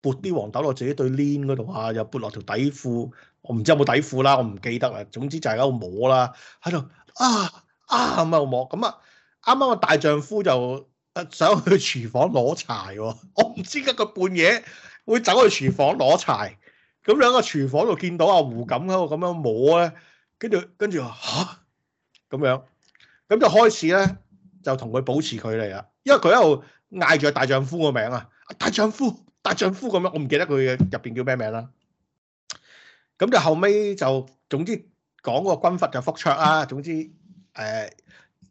撥啲黃豆落自己對 len 嗰度啊，又撥落條底褲，我唔知有冇底褲啦，我唔記得啦。總之就係喺度摸啦，喺度啊啊咁樣摸，咁啊啱啱個大丈夫就想去廚房攞柴喎，我唔知點解半夜會走去廚房攞柴，咁喺個廚房度見到阿胡錦喺度咁樣摸咧，跟住跟住話吓，啊，咁樣，咁就開始咧就同佢保持距離啦，因為佢喺度嗌住大丈夫個名啊，大丈夫。大丈夫咁樣，我唔記得佢入邊叫咩名啦。咁就後尾就總之講個軍閥就復灼啊，總之誒、呃、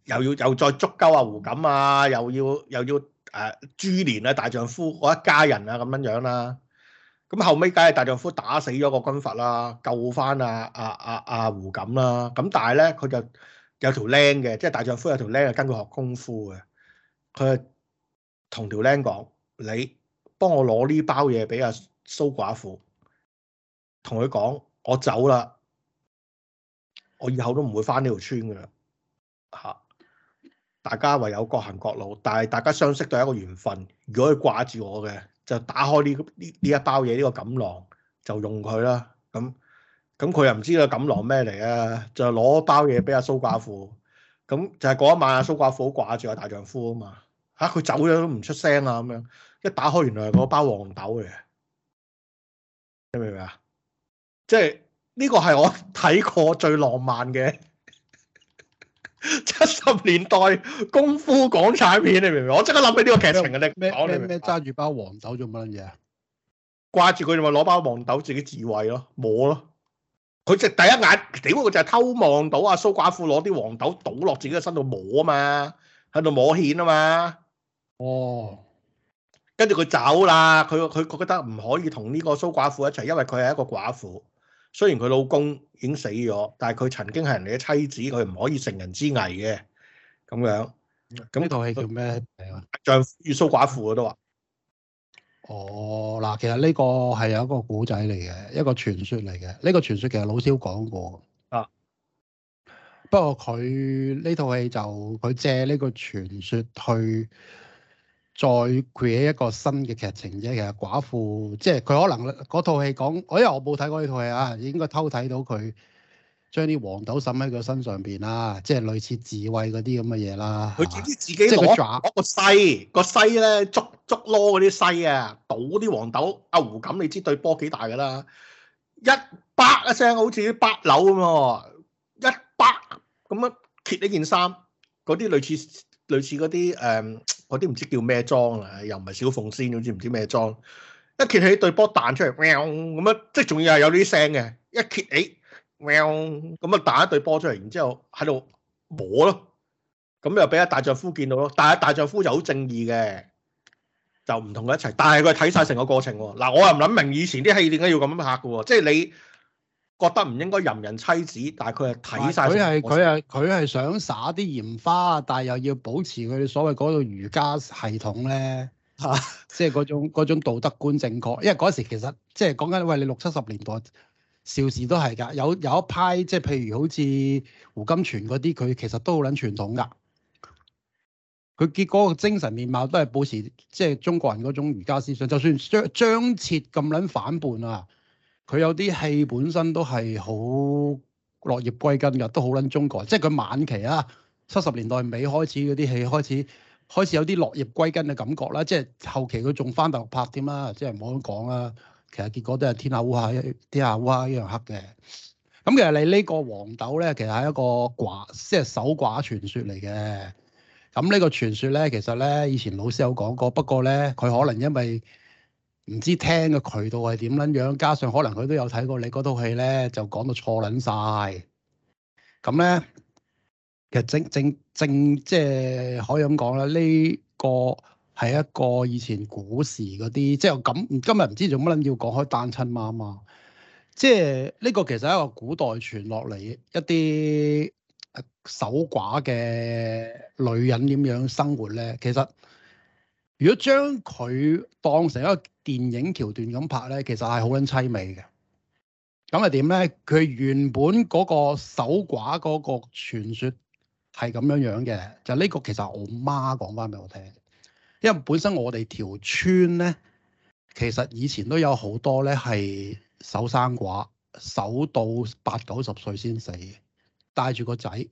又要又再捉鳩啊胡錦啊，又要又要誒朱、呃、蓮啊大丈夫嗰一家人啊咁樣樣啦、啊。咁後尾梗係大丈夫打死咗個軍閥啦，救翻啊啊啊啊胡錦啦、啊。咁但係咧佢就有條僆嘅，即、就、係、是、大丈夫有條僆跟佢學功夫嘅，佢係同條僆講你。幫我攞呢包嘢俾阿蘇寡婦，同佢講我走啦，我以後都唔會返呢條村噶啦。吓，大家唯有各行各路，但係大家相識都係一個緣分。如果佢掛住我嘅，就打開呢呢一包嘢，呢、這個錦囊就用佢啦。咁咁佢又唔知道錦囊咩嚟啊？就攞包嘢俾阿蘇寡婦，咁就係嗰一晚阿蘇寡婦好掛住阿大丈夫啊嘛。吓、啊，佢走咗都唔出聲啊咁樣。一打開原來係嗰包黃豆嘅，你明唔明啊？即係呢個係我睇過最浪漫嘅七十年代功夫港產片，你明唔明？我即刻諗起呢個劇情嘅咧。咩咩揸住包黃豆做乜嘢啊？掛住佢就咪攞包黃豆自己自慰咯，摸咯。佢直第一眼，點啊？佢就係偷望到阿、啊、蘇寡婦攞啲黃豆倒落自己嘅身度摸啊嘛，喺度摸蜆啊嘛。哦。跟住佢走啦，佢佢覺得唔可以同呢個蘇寡婦一齊，因為佢係一個寡婦，雖然佢老公已經死咗，但係佢曾經係人哋嘅妻子，佢唔可以成人之危嘅，咁樣。咁呢套戲叫咩？丈夫與蘇寡婦都話。哦，嗱，其實呢個係有一個古仔嚟嘅，一個傳說嚟嘅。呢、這個傳說其實老蕭講過。啊。不過佢呢套戲就佢借呢個傳說去。再 create 一個新嘅劇情啫，其實寡婦即係佢可能嗰套戲講，哎、呀我因為我冇睇過呢套戲啊，應該偷睇到佢將啲黃豆滲喺佢身上邊啦，即係類似自慰嗰啲咁嘅嘢啦。佢自己自己攞攞個西，個西咧捉捉攞嗰啲西啊，倒啲黃豆。啊，胡錦，你知對波幾大㗎啦？一巴一聲，好似啲八樓咁喎，一巴咁樣揭呢件衫，嗰啲類似類似嗰啲誒。嗰啲唔知叫咩裝啦，又唔係小鳳仙，好似唔知咩裝。一揭起對波彈出嚟，喵咁啊，即係仲要係有啲聲嘅。一揭起，喵咁啊，彈一對波出嚟，然之後喺度摸咯，咁又俾阿大丈夫見到咯。但係大丈夫就好正義嘅，就唔同佢一齊。但係佢睇晒成個過程喎。嗱，我又唔諗明以前啲戲點解要咁樣拍㗎喎，即係你。覺得唔應該淫人妻子，但係佢係睇晒佢係佢係佢係想灑啲鹽花啊！但係又要保持佢所謂嗰套儒家系統咧，吓、 啊，即係嗰種種道德觀正確。因為嗰時其實即係講緊，喂，你六七十年代邵氏都係噶，有有一批即係譬如好似胡金銓嗰啲，佢其實都好捻傳統噶。佢結果個精神面貌都係保持即係、就是、中國人嗰種儒家思想，就算張張徹咁捻反叛啊！佢有啲戲本身都係好落葉歸根㗎，都好撚中國，即係佢晚期啊，七十年代尾開始嗰啲戲開始開始有啲落葉歸根嘅感覺啦，即係後期佢仲返大陸拍添啦，即係唔好咁講啦。其實結果都係天下烏鴉，天下烏鴉一樣黑嘅。咁其實你呢個黃豆咧，其實係一個寡，即係守寡傳說嚟嘅。咁呢個傳說咧，其實咧以前老師有講過，不過咧佢可能因為唔知聽嘅渠道係點撚樣，加上可能佢都有睇過你嗰套戲咧，就講到錯撚晒。咁咧，其實正正正即係可以咁講啦。呢個係一個以前古時嗰啲，即係咁今日唔知做乜撚要講開單親媽媽，即係呢個其實係一個古代傳落嚟一啲守寡嘅女人點樣生活咧，其實。如果將佢當成一個電影橋段咁拍呢，其實係好捻淒美嘅。咁係點呢？佢原本嗰個守寡嗰個傳說係咁樣樣嘅，就呢個其實我媽講翻俾我聽，因為本身我哋條村呢，其實以前都有好多呢係守生寡，守到八九十歲先死，帶住個仔。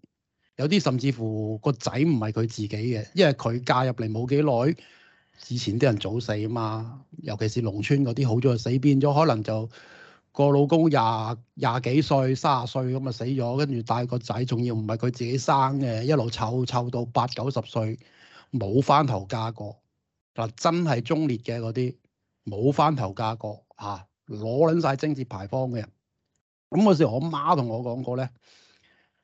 有啲甚至乎個仔唔係佢自己嘅，因為佢嫁入嚟冇幾耐。以前啲人早死啊嘛，尤其是農村嗰啲好早就死，變咗可能就個老公廿廿幾歲、卅歲咁啊死咗，跟住帶個仔，仲要唔係佢自己生嘅，一路湊湊到八九十歲冇翻頭嫁過嗱，真係忠烈嘅嗰啲冇翻頭嫁過嚇，攞撚晒貞節牌坊嘅人。咁嗰時我媽同我講過咧，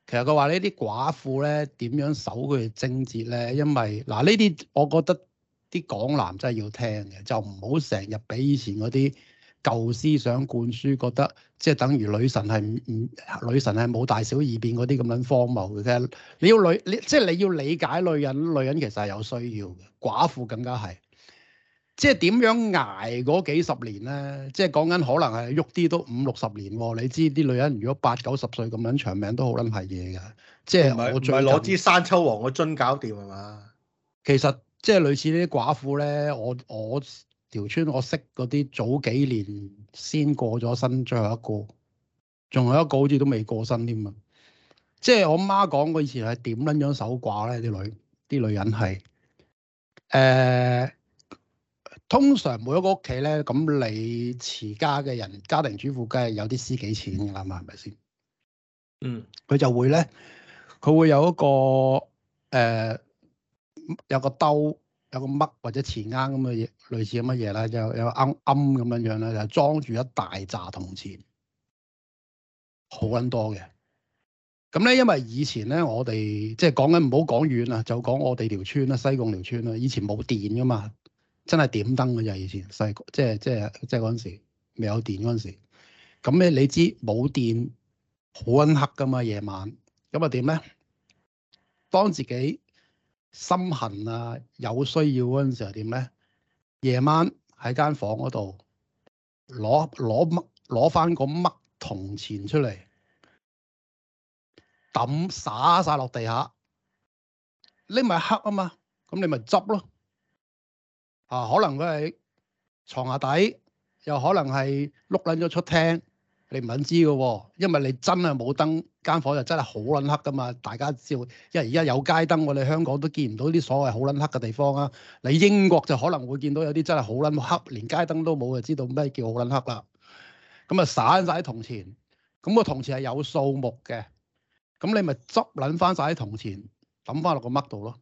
其實佢話呢啲寡婦咧點樣守佢貞節咧？因為嗱呢啲我覺得。啲港男真係要聽嘅，就唔好成日俾以前嗰啲舊思想灌輸，覺得即係等於女神係唔唔女神係冇大小二便嗰啲咁樣荒謬嘅。其實你要女你即係你要理解女人，女人其實係有需要嘅，寡婦更加係。即係點樣捱嗰幾十年咧？即係講緊可能係喐啲都五六十年喎，啊。你知啲女人如果八九十歲咁樣長命都好撚係嘢㗎。即係我係攞支生抽王個樽搞掂係嘛？其實。即係類似呢啲寡婦咧，我我條村我識嗰啲早幾年先過咗身，最後一個，仲有一個好似都未過身添啊！即係我媽講過以前係點撚樣守寡咧，啲女啲女人係誒、呃，通常每一個屋企咧，咁你持家嘅人，家庭主婦梗係有啲私己錢㗎嘛，係咪先？嗯，佢就會咧，佢會有一個誒。呃有個兜，有個乜或者錢罉咁嘅嘢，類似咁嘅嘢啦，有有啱啱咁樣樣啦，就裝住一大紮銅錢，好揾多嘅。咁咧，因為以前咧，我哋即係講緊唔好講遠啦，就講我哋條村啦，西貢條村啦。以前冇電噶嘛，真係點燈嘅就係以前細即係即係即係嗰陣時未有電嗰陣時。咁咧，你知冇電好揾黑噶嘛夜晚，咁啊點咧？當自己。心痕啊，有需要嗰陣時候點咧？夜晚喺間房嗰度攞攞乜攞翻個乜銅錢出嚟抌灑晒落地下，你咪黑啊嘛，咁你咪執咯。啊，可能佢係床下底，又可能係碌捻咗出廳。你唔肯知嘅喎，因為你真係冇燈間房就真係好撚黑噶嘛，大家知道，因為而家有街燈，我哋香港都見唔到啲所謂好撚黑嘅地方啊。你英國就可能會見到有啲真係好撚黑，連街燈都冇，就知道咩叫好撚黑啦。咁啊，散晒啲銅錢，咁個銅錢係有數目嘅，咁你咪執撚翻晒啲銅錢，揼翻落個 box 度咯。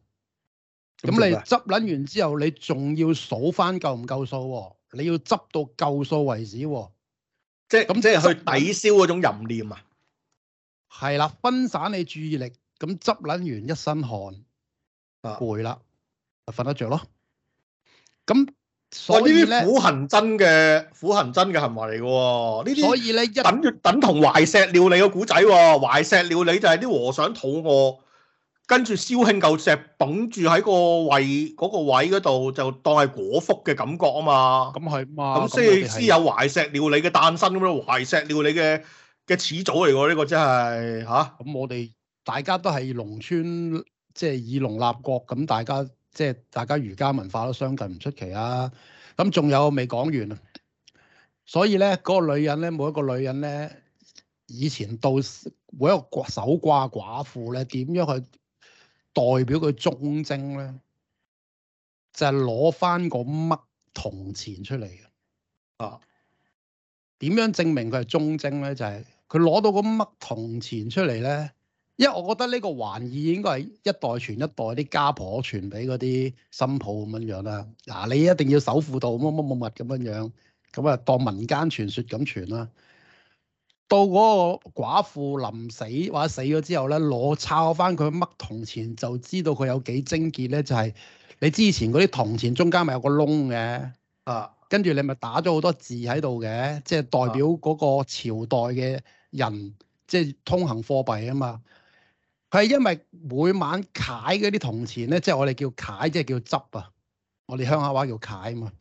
咁你執撚完之後，你仲要數翻夠唔夠數喎？你要執到夠數為止喎、哦。即係咁，即係去抵消嗰種淫念啊！係啦，分散你注意力，咁執捻完一身汗，啊，攰，啦，就瞓得着咯。咁，我呢啲苦行僧嘅苦行僧嘅行為嚟嘅喎，呢啲所以咧，等等同懷石料理嘅古仔喎，懷石料理就係啲和尚肚餓。跟住燒興嚿石，捧住喺個胃嗰位嗰度，那個、位就當係果腹嘅感覺啊嘛！咁係、嗯、嘛？咁先先有懷石料理嘅誕生咁咯，懷石料理嘅嘅始祖嚟喎，呢、這個真係嚇！咁、啊嗯、我哋大家都係農村，即、就、係、是、以農立國，咁大家即係、就是、大家儒家文化都相近唔出奇啊！咁仲有未講完啊？所以咧，嗰、那個女人咧，每一個女人咧，以前到每一個寡守寡寡婦咧，點樣去？代表佢忠貞咧，就係攞翻個乜銅錢出嚟嘅。啊，點樣證明佢係忠貞咧？就係佢攞到個乜銅錢出嚟咧，因為我覺得呢個玩意應該係一代傳一代，啲家婆傳俾嗰啲新抱咁樣樣啦。嗱、啊，你一定要守婦道乜乜乜乜咁樣樣，咁啊當民間傳說咁傳啦。到嗰個寡婦臨死或者死咗之後咧，攞抄返佢乜銅錢，就知道佢有幾貞潔咧。就係、是、你之前嗰啲銅錢中間咪有個窿嘅，啊，跟住你咪打咗好多字喺度嘅，即係代表嗰個朝代嘅人，啊、即係通行貨幣啊嘛。佢係因為每晚揦嗰啲銅錢咧，即係我哋叫揦，即係叫執啊，我哋鄉下話叫揦啊嘛，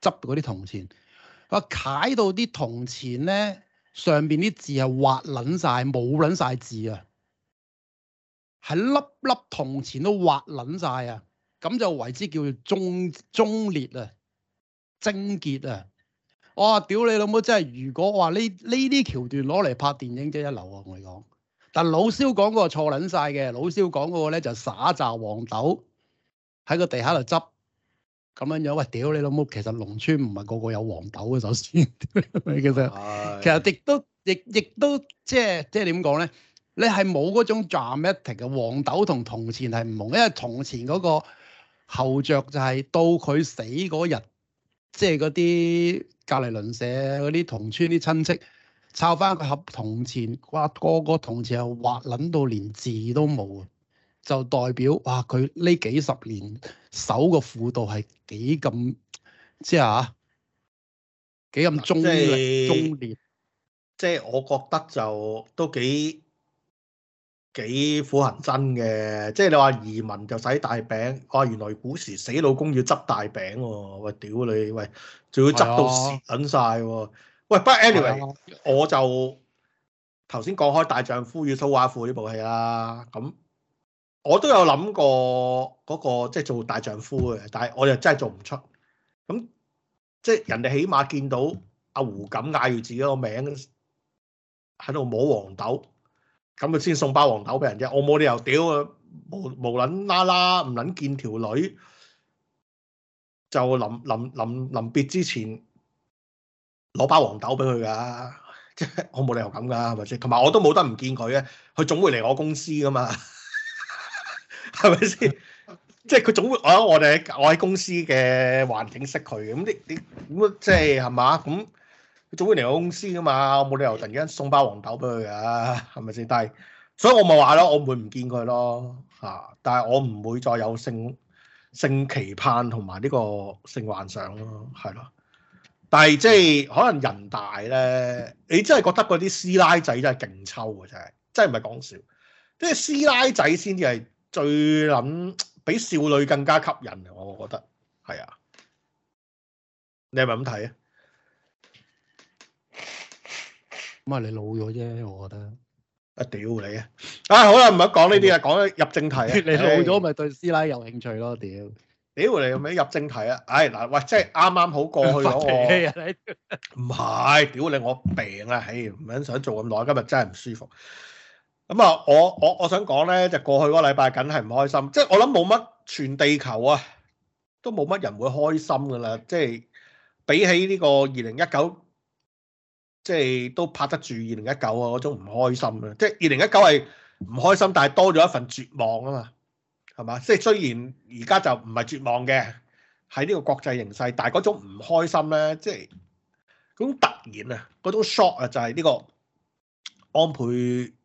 執嗰啲銅錢，佢話揦到啲銅錢咧。上邊啲字係滑捻晒，冇捻晒字啊，係粒粒銅錢都滑捻晒啊，咁就為之叫做忠忠烈啊，貞潔啊，哇！屌你老母，真係如果話呢呢啲橋段攞嚟拍電影即一流啊！我同你講，但老蕭講嗰個錯捻晒嘅，老蕭講嗰個咧就撒炸黃豆喺個地下度執。咁樣樣，喂，屌你老母！其實農村唔係個個有黃豆嘅，首先，其實是其實亦都亦亦都即係即係點講咧？你係冇嗰種 dramatic 嘅黃豆同銅錢係唔同，因為銅錢嗰個後著就係、是、到佢死嗰日，即係嗰啲隔離鄰舍嗰啲同村啲親戚，抄翻個盒銅錢，哇，個個銅錢又滑捻到連字都冇啊！就代表哇，佢呢幾十年手個輔導係幾咁，幾即係嚇幾咁忠烈即係我覺得就都幾幾苦行僧嘅，即係你話移民就使大餅，哇！原來古時死老公要執大餅喎，喂，屌你喂，仲要執到蝕緊晒喎，喂！不過、啊啊、anyway，、啊、我就頭先講開大丈夫與蘇瓦富呢部戲啦、啊，咁。我都有諗過嗰個即係做大丈夫嘅，但係我又真係做唔出。咁即係人哋起碼見到阿胡咁嗌住自己個名，喺度摸黃豆，咁佢先送包黃豆俾人啫。我冇理由屌啊，無無撚啦啦，唔撚見條女，就臨臨臨臨別之前攞包黃豆俾佢㗎。即係我冇理由咁㗎，係咪先？同埋我都冇得唔見佢呀，佢總會嚟我公司㗎嘛。係咪先？即係佢總會，我我哋我喺公司嘅環境識佢咁你你即係係嘛？咁佢，就是，總會嚟我公司㗎嘛，我冇理由突然間送包黃豆俾佢嘅，係咪先？但係所以我咪話咯，我唔會唔見佢咯嚇，但係我唔會再有性性期盼同埋呢個性幻想咯，係咯。但係即係可能人大咧，你真係覺得嗰啲師奶仔真係勁抽㗎，真係真係唔係講笑，即係師奶仔先至係。最諗比少女更加吸引嘅，我覺得係啊。你係咪咁睇啊？咁啊，你老咗啫，我覺得。啊屌你啊！啊好啦，唔好講呢啲啊，講入正題。你老咗咪對師奶有興趣咯？屌！屌你咪入正題啊！唉嗱，喂，即係啱啱好過去咗我。唔係，屌你！我病啦，嘿，唔想做咁耐，今日真係唔舒服。咁啊，我我我想講咧，就過去嗰個禮拜，梗係唔開心。即係我諗冇乜全地球啊，都冇乜人會開心噶啦。即係比起呢個二零一九，即係都拍得住二零一九啊嗰種唔開心啊。即係二零一九係唔開心，但係多咗一份絕望啊嘛，係嘛？即係雖然而家就唔係絕望嘅，喺呢個國際形勢，但係嗰種唔開心咧，即係嗰種突然啊，嗰種 short 啊，就係呢個。安倍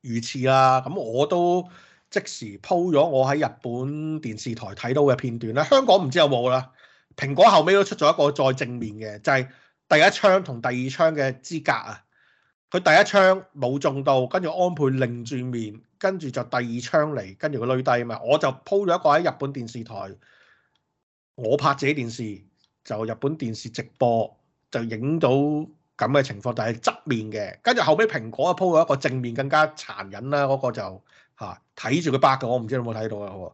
遇刺啦，咁我都即時 po 咗我喺日本電視台睇到嘅片段啦。香港唔知有冇啦。蘋果後尾都出咗一個再正面嘅，就係、是、第一槍同第二槍嘅資格啊。佢第一槍冇中到，跟住安倍擰轉面，跟住就第二槍嚟，跟住佢攣低啊嘛。我就 po 咗一個喺日本電視台，我拍自己電視就日本電視直播就影到。咁嘅情況，就係側面嘅。跟住後尾，蘋果一 po 咗一個正面更加殘忍啦，嗰個就嚇睇住佢崩嘅，我唔知你有冇睇到啊？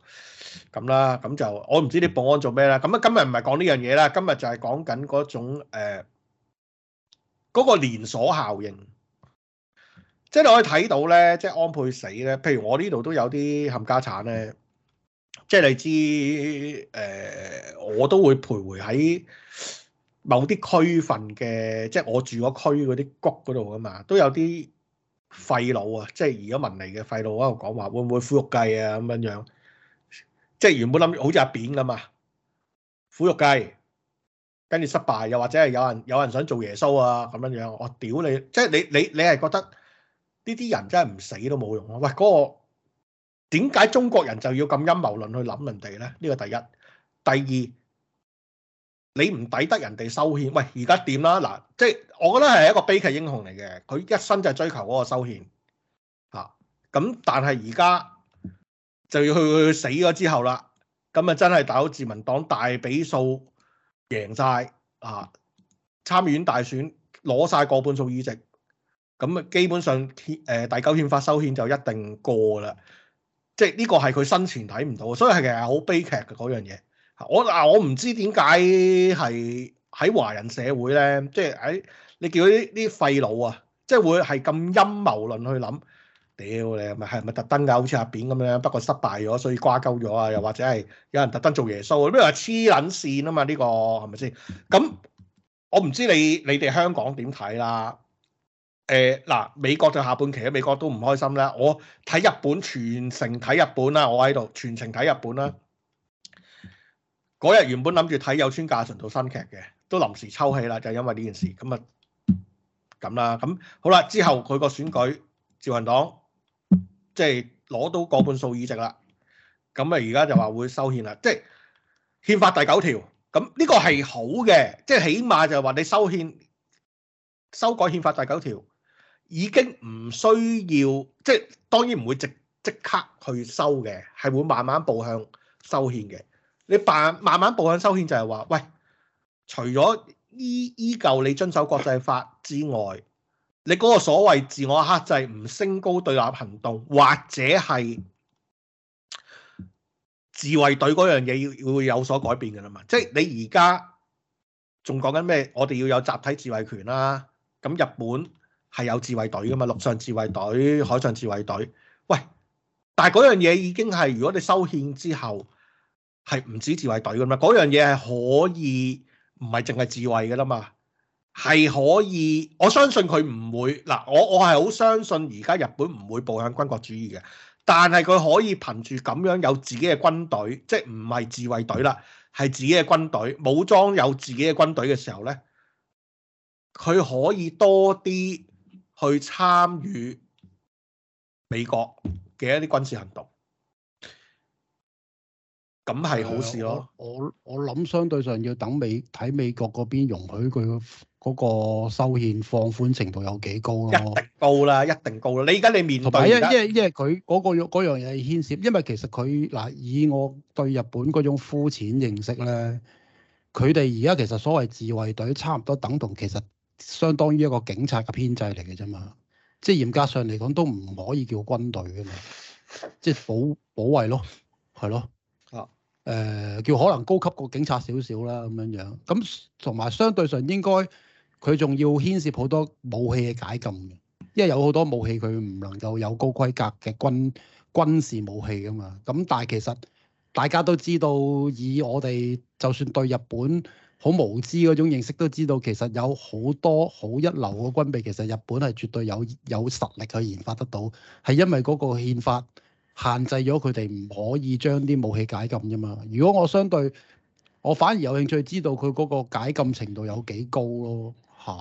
咁啦，咁就我唔知啲保安做咩啦。咁啊，今日唔係講呢樣嘢啦，今日就係講緊嗰種誒嗰個連鎖效應，即係你可以睇到咧，即係安倍死咧。譬如我呢度都有啲冚家產咧，即係你知誒、呃，我都會徘徊喺。某啲區份嘅，即係我住嗰區嗰啲谷嗰度啊嘛，都有啲廢佬啊，即係移民嚟嘅廢佬喺度講話，會唔會苦肉計啊咁樣樣？即係原本諗好似阿扁咁啊，苦肉計，跟住失敗，又或者係有人有人想做耶穌啊咁樣樣，我屌你！即係你你你係覺得呢啲人真係唔死都冇用咯？喂，嗰個點解中國人就要咁陰謀論去諗人哋咧？呢個第一，第二。你唔抵得人哋修憲，喂，而家點啦？嗱，即係我覺得係一個悲劇英雄嚟嘅，佢一生就係追求嗰個修憲吓，咁、啊、但係而家就要去去死咗之後啦，咁啊真係打到自民黨大比數贏晒啊，參院大選攞晒過半數議席，咁啊基本上誒、呃、第九憲法修憲就一定過啦，即係呢個係佢生前睇唔到，所以係其實好悲劇嘅嗰樣嘢。我嗱，我唔知點解係喺華人社會咧，即係喺你叫啲啲廢佬啊，即係會係咁陰謀論去諗，屌你咪係咪特登噶，好似阿扁咁樣，不過失敗咗，所以掛鳩咗啊，又或者係有人特登做耶穌，不如話黐撚線啊嘛？呢個係咪先？咁我唔知你你哋香港點睇啦？誒嗱，美國就下半期，美國都唔開心啦。我睇日本全程睇日本啦，我喺度全程睇日本啦。嗰日原本諗住睇有村架純套新劇嘅，都臨時抽起啦，就係因為呢件事咁啊咁啦。咁好啦，之後佢個選舉，自民黨即係攞到個半數議席啦。咁啊，而家就話會修憲啦，即係憲法第九條。咁呢個係好嘅，即係起碼就話你修憲修改憲法第九條已經唔需要，即係當然唔會即即刻去修嘅，係會慢慢步向修憲嘅。你慢慢步向修憲就係話，喂，除咗依依舊你遵守國際法之外，你嗰個所謂自我克制，唔升高對立行動，或者係自衛隊嗰樣嘢要會有所改變㗎啦嘛。即係你而家仲講緊咩？我哋要有集體自衛權啦、啊。咁日本係有自衛隊噶嘛？陸上自衛隊、海上自衛隊。喂，但係嗰樣嘢已經係，如果你修憲之後。係唔止自衛隊㗎嘛，嗰樣嘢係可以唔係淨係自衛噶啦嘛？係可以，我相信佢唔會嗱，我我係好相信而家日本唔會步向軍國主義嘅，但係佢可以憑住咁樣有自己嘅軍隊，即係唔係自衛隊啦，係自己嘅軍隊，武裝有自己嘅軍隊嘅時候呢，佢可以多啲去參與美國嘅一啲軍事行動。咁係好事咯！我我諗相對上要等美睇美國嗰邊容許佢嗰個修憲放寬程度有幾高咯一高？一定高啦，一定高啦！你而家你面對因，因為因為佢嗰、嗰個嗰樣嘢牽涉，因為其實佢嗱、呃、以我對日本嗰種膚淺認識咧，佢哋而家其實所謂自衛隊，差唔多等同其實相當於一個警察嘅編制嚟嘅啫嘛，即係嚴格上嚟講都唔可以叫軍隊嘅嘛，即係保保衛咯，係咯。誒、呃、叫可能高級個警察少少啦，咁樣樣咁，同埋相對上應該佢仲要牽涉好多武器嘅解禁嘅，因為有好多武器佢唔能夠有高規格嘅軍軍事武器噶嘛。咁但係其實大家都知道，以我哋就算對日本好無知嗰種認識都知道，其實有好多好一流嘅軍備，其實日本係絕對有有實力去研發得到，係因為嗰個憲法。限制咗佢哋唔可以將啲武器解禁啫嘛。如果我相對，我反而有興趣知道佢嗰個解禁程度有幾高咯。嚇，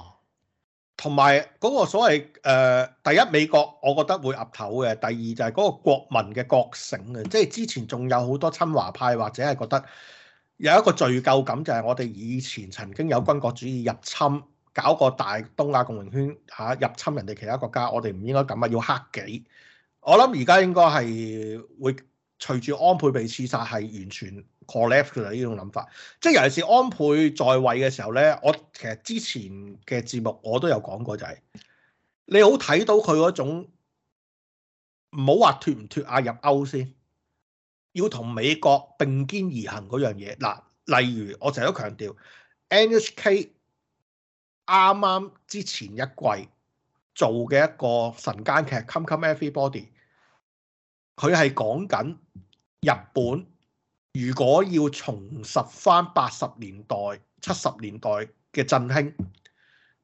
同埋嗰個所謂誒、呃，第一美國，我覺得會岌頭嘅。第二就係嗰個國民嘅覺醒啊，即係之前仲有好多親華派或者係覺得有一個罪疚感，就係我哋以前曾經有軍國主義入侵，搞個大東亞共榮圈嚇、啊，入侵人哋其他國家，我哋唔應該咁啊，要克己。我諗而家應該係會隨住安倍被刺殺係完全 collect 咗，呢種諗法，即係尤其是安倍在位嘅時候呢，我其實之前嘅節目我都有講過，就係你好睇到佢嗰種唔好話脱唔脱亞入歐先，要同美國並肩而行嗰樣嘢。嗱，例如我成日都強調 NHK 啱啱之前一季做嘅一個晨間劇 Come Come Everybody。佢係講緊日本，如果要重拾返八十年代、七十年代嘅振興，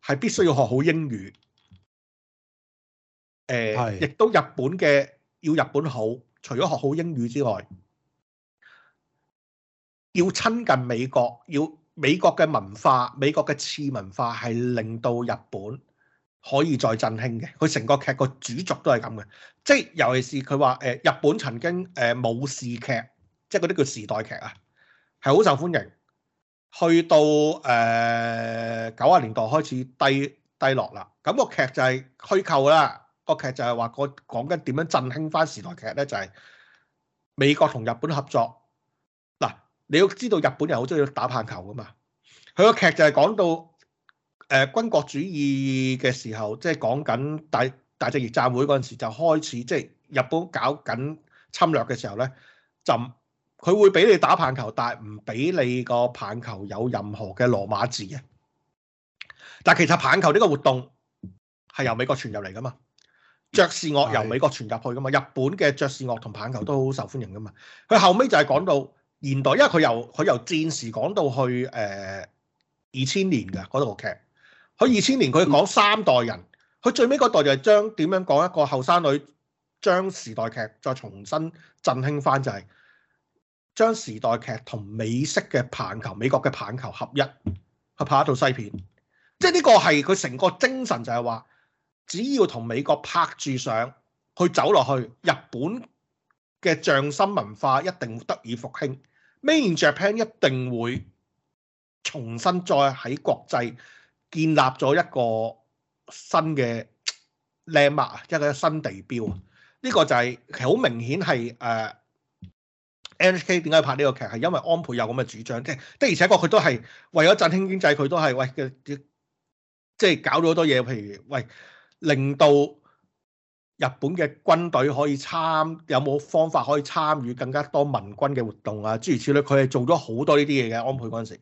係必須要學好英語。呃、是亦都日本嘅要日本好，除咗學好英語之外，要親近美國，要美國嘅文化、美國嘅次文化係令到日本，可以再振興嘅，佢成個劇個主軸都係咁嘅，即係尤其是佢話誒，日本曾經誒武士劇，即係嗰啲叫時代劇啊，係好受歡迎。去到誒九十年代開始低低落啦，咁、個劇就係虛構啦。個劇就係話個講緊點樣振興翻時代劇咧，就係美國同日本合作。嗱，你要知道日本人好中意打棒球噶嘛，佢個劇就係講到。誒、呃、軍國主義嘅時候，即係講緊大大隻熱戰會嗰陣時，就開始即係、就是、日本搞緊侵略嘅時候咧，就佢會俾你打棒球，但係唔俾你個棒球有任何嘅羅馬字嘅。但係其實棒球呢個活動係由美國傳入嚟噶嘛，爵士樂由美國傳入去噶嘛，的日本嘅爵士樂同棒球都好受歡迎噶嘛。佢後尾就係講到現代，因為佢由佢由戰時講到去誒二千年㗎嗰套劇，佢二千年佢講三代人，佢最尾嗰代就係將點樣講一個後生女將時代劇再重新振興翻、就是，就係將時代劇同美式嘅棒球、美國嘅棒球合一去拍一套西片，即係呢個係佢成個精神就，就係話只要同美國拍住上去走落去，日本嘅匠心文化一定得以復興，Main Japan 一定會重新再喺國際。建立咗一個新嘅靚物，一個新地標。呢、這個就係、是、其實好明顯係誒 NHK 點解拍呢個劇，係因為安倍有咁嘅主張。即係的而且確，佢都係為咗振興經濟，佢都係喂嘅，即、就、係、是、搞咗好多嘢。譬如喂，令到日本嘅軍隊可以參，有冇方法可以參與更加多民軍嘅活動啊？諸如此類，佢係做咗好多呢啲嘢嘅安倍嗰陣時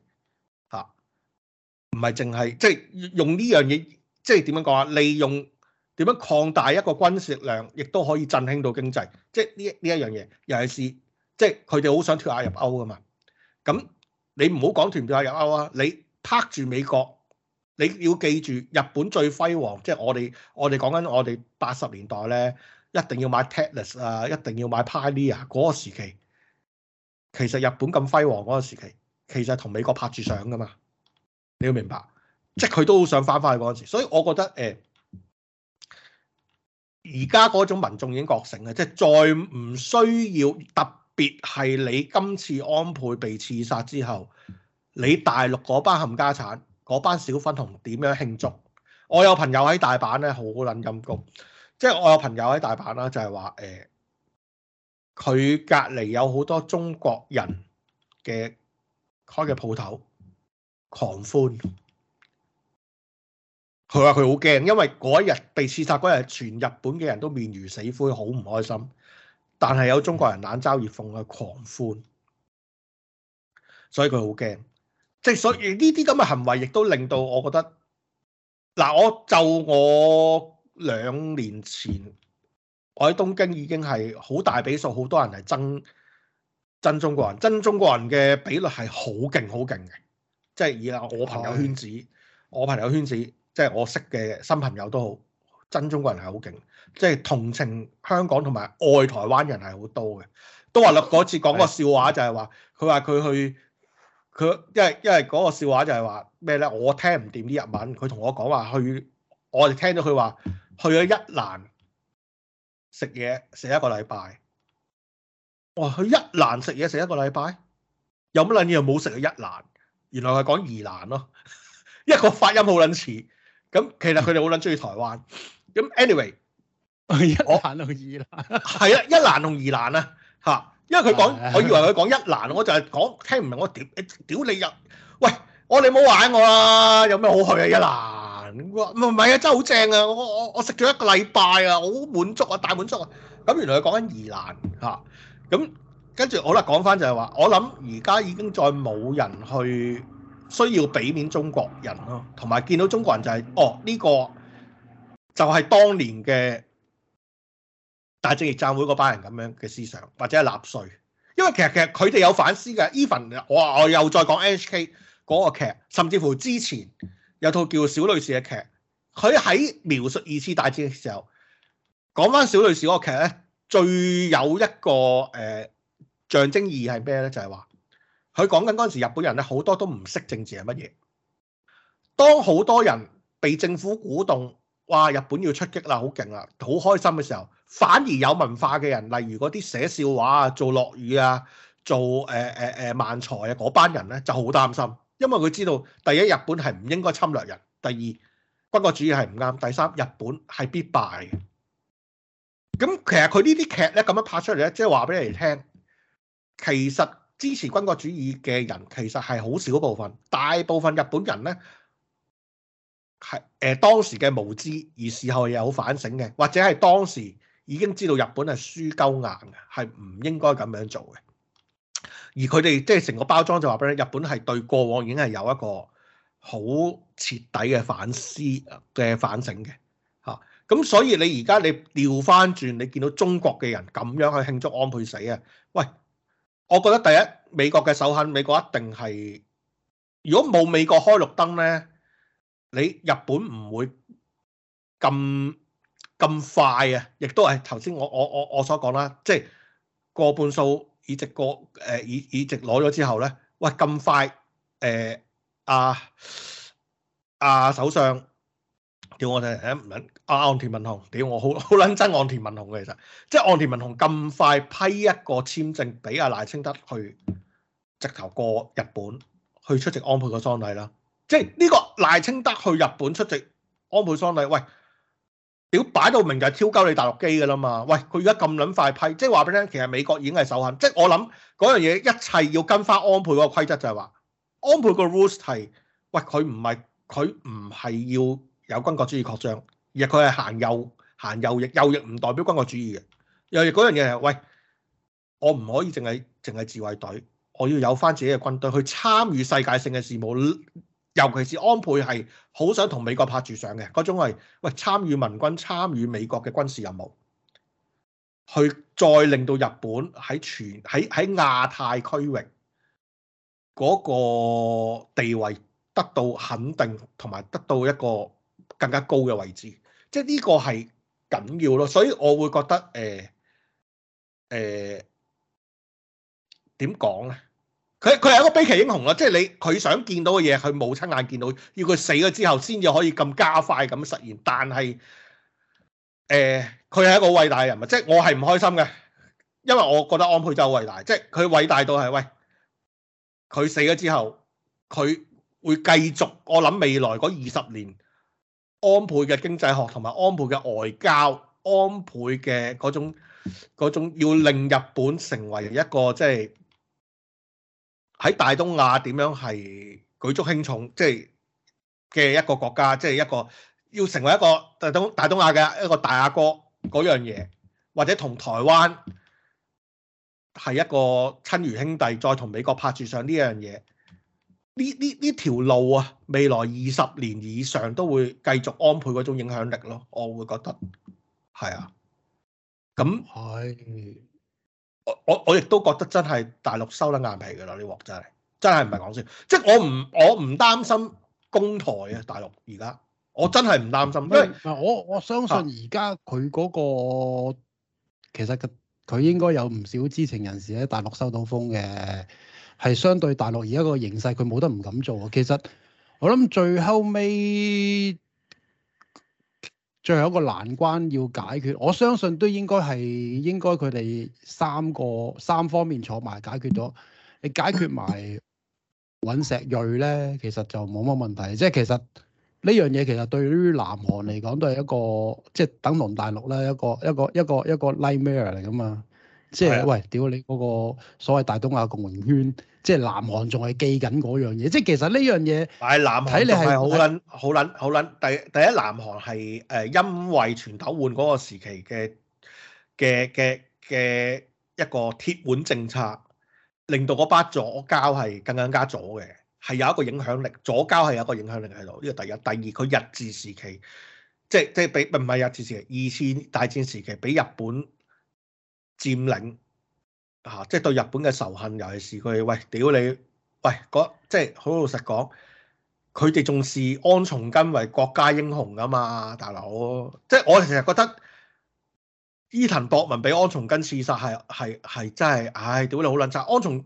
唔係淨係即係用呢樣嘢，即係點樣講啊？利用點樣擴大一個軍事力量，亦都可以振興到經濟。即係呢呢一樣嘢，尤其是即係佢哋好想脫亞入歐噶嘛。咁你唔好講脫亞入歐啊，你拍住美國，你要記住日本最輝煌，即係我哋我哋講緊我哋八十年代咧，一定要買 Technics 啊，一定要買 Pioneer 嗰個時期。其實日本咁輝煌嗰個時期，其實同美國拍住上噶嘛。你要明白，即係佢都好想翻翻去嗰陣時，所以我覺得誒，而家嗰種民眾已經覺醒啊！即係再唔需要，特別係你今次安倍被刺殺之後，你大陸嗰班冚家產、嗰班小粉紅點樣慶祝？我有朋友喺大阪咧，好捻陰公，即係我有朋友喺大阪啦，就係話誒，佢隔籬有好多中國人嘅開嘅鋪頭。狂歡，佢話佢好驚，因為嗰一日被刺殺嗰日，全日本嘅人都面如死灰，好唔開心。但係有中國人冷嘲熱諷去狂歡，所以佢好驚。即係所以呢啲咁嘅行為，亦都令到我覺得，嗱，我就我兩年前我喺東京已經係好大比數，好多人係憎憎中國人，憎中國人嘅比率係好勁，好勁嘅。即係而家我朋友圈子，我朋友圈子，即係我識嘅新朋友都好，真中國人係好勁。即係同情香港同埋愛台灣人係好多嘅，都話嗰次講個笑話就係話，佢話佢去佢，因為因為嗰個笑話就係話咩咧？我聽唔掂啲日文，佢同我講話去，我哋聽到佢話去咗一蘭食嘢食一個禮拜。我、哦、去一蘭食嘢食一個禮拜，有乜撚嘢又冇食啊一蘭？原來係講宜蘭咯，一個發音好撚似，咁其實佢哋好撚中意台灣。咁 anyway，我玩到宜蘭，係、anyway, 啊，一蘭同宜蘭啊，吓，因為佢講， 我以為佢講一蘭，我就係講聽唔明，我屌，屌你入，喂，我哋冇玩我啊，有咩好去啊？一蘭，唔係啊，真係好正啊！我我我食咗一個禮拜啊，我好滿足啊，大滿足啊！咁原來佢講緊宜蘭吓。咁、啊。嗯跟住我咧講翻就係話，我諗而家已經再冇人去需要俾面中國人咯，同埋見到中國人就係、是、哦呢、呢個就係當年嘅大政協贊會嗰班人咁樣嘅思想，或者係納粹，因為其實其實佢哋有反思嘅。even 我我又再講 NHK 嗰個劇，甚至乎之前有套叫小女士嘅劇，佢喺描述二次大戰嘅時候，講翻小女士嗰個劇咧，最有一個誒。呃象徵意義係咩咧？就係話佢講緊嗰陣時，日本人咧好多都唔識政治係乜嘢。當好多人被政府鼓動，哇！日本要出擊啦，好勁啦，好開心嘅時候，反而有文化嘅人，例如嗰啲寫笑話啊、做落語啊、做誒誒誒漫才啊嗰班人咧就好擔心，因為佢知道第一日本係唔應該侵略人，第二軍國主義係唔啱，第三日本係必敗嘅。咁其實佢呢啲劇咧咁樣拍出嚟咧，即係話俾你哋聽。其實支持軍國主義嘅人其實係好少部分，大部分日本人呢，係誒當時嘅無知，而事後又有反省嘅，或者係當時已經知道日本係輸鳩硬嘅，係唔應該咁樣做嘅。而佢哋即係成個包裝就話俾你，日本係對過往已經係有一個好徹底嘅反思嘅反省嘅嚇。咁所以你而家你調翻轉，你見到中國嘅人咁樣去慶祝安倍死啊？喂！我覺得第一，美國嘅首肯，美國一定係，如果冇美國開綠燈咧，你日本唔會咁咁快啊！亦都係頭先我我我我所講啦，即係過半數議席過誒議議席攞咗之後咧，喂咁快誒、呃、啊啊首相！屌我哋睇唔撚？岸田文雄，屌我好好撚憎岸田文雄嘅其實，即係岸田文雄咁快批一個簽證俾阿賴清德去直頭過日本去出席安倍個喪禮啦。即係呢個賴清德去日本出席安倍喪禮，喂，屌擺到明就係挑鳩你大陸機㗎喇嘛。喂，佢而家咁撚快批，即係話俾你聽，其實美國已經係首肯。即係我諗嗰樣嘢一切要跟翻安倍個規則就係話，安倍個 rules 係喂佢唔係佢唔係要。有軍國主義擴張，而佢係行右行右翼右翼唔代表軍國主義嘅右翼嗰樣嘢係喂，我唔可以淨係淨係自衛隊，我要有返自己嘅軍隊去參與世界性嘅事務，尤其是安倍係好想同美國拍住上嘅嗰種係喂參與民軍參與美國嘅軍事任務，去再令到日本喺全喺喺亞太區域嗰個地位得到肯定同埋得到一個。更加高嘅位置，即係呢個係緊要咯，所以我會覺得誒，誒、呃，點講咧？佢佢係一個悲劇英雄咯，即係你佢想見到嘅嘢，佢冇親眼見到，要佢死咗之後先至可以咁加快咁實現，但係，誒、呃，佢係一個偉大嘅人物，即係我係唔開心嘅，因為我覺得安倍就好偉大，即係佢偉大到係喂，佢死咗之後，佢會繼續，我諗未來嗰二十年。安倍嘅經濟學同埋安倍嘅外交，安倍嘅嗰種嗰種要令日本成為一個即係喺大東亞點樣係舉足輕重，即係嘅一個國家，即係一個要成為一個大東大東亞嘅一個大阿哥嗰樣嘢，或者同台灣係一個親如兄弟，再同美國拍住上呢樣嘢。呢呢呢條路啊，未來二十年以上都會繼續安倍嗰種影響力咯，我會覺得係啊。咁係是，我我我亦都覺得真係大陸收得硬皮㗎喇，呢鑊真係真係唔係講笑。即係我唔我唔擔心攻台啊，大陸而家我真係唔擔心，因為我我相信而家佢嗰個、啊、其實佢佢應該有唔少知情人士喺大陸收到風嘅。係相對大陸而家個形勢，佢冇得唔敢做。其實我諗最後尾最後一個難關要解決，我相信都應該係應該佢哋三個三方面坐埋解決咗。你解決埋尹石瑞咧，其實就冇乜問題。即係其實呢樣嘢其實對於南韓嚟講都係一個即係、就是、等同大陸啦，一個一個一個一個 light mirror 嚟噶嘛。即係、就是、喂，屌是的 你嗰個所謂大東亞共榮圈，即、就、係、是、南韓仲係記緊嗰樣嘢。即係其實呢樣嘢，睇南韓 你係我看 好撚好撚好撚。第第一，南韓係誒因為全斗煥嗰個時期嘅嘅嘅嘅一個鐵腕政策，令到嗰班左膠係更加左嘅，係有一個影響力。左膠係有一個影響力喺度。呢、這個第一，第二，佢日治時期，即係即係畀唔係日治時期，二次大戰時期畀日本。佔領嚇、啊，即係對日本嘅仇恨，尤其是佢喂屌你，喂嗰即係好老實講，佢哋仲視安重根為國家英雄啊嘛，大佬！即係我成日覺得伊藤博文俾安重根刺殺係係係真係，唉、哎、屌你好撚差！安重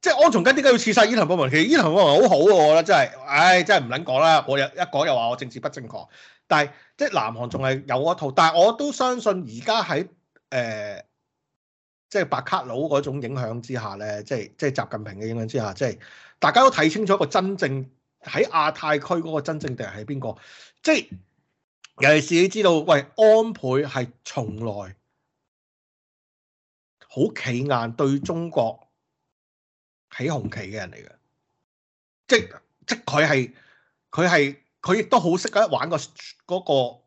即係安重根點解要刺殺伊藤博文？其實伊藤博文好好啊，我覺得真係，唉、哎、真係唔撚講啦！我又一講又話我政治不正確，但係即係南韓仲係有嗰套，但係我都相信而家喺誒。呃呃呃呃呃呃即係白卡佬嗰種影響之下咧，即係即係習近平嘅影響之下，即係大家都睇清楚一個真正喺亞太區嗰個真正敵人係邊個？即係尤其是你知道，喂，安倍係從來好企硬對中國起紅旗嘅人嚟嘅，即即佢係佢係佢亦都好識得玩個嗰個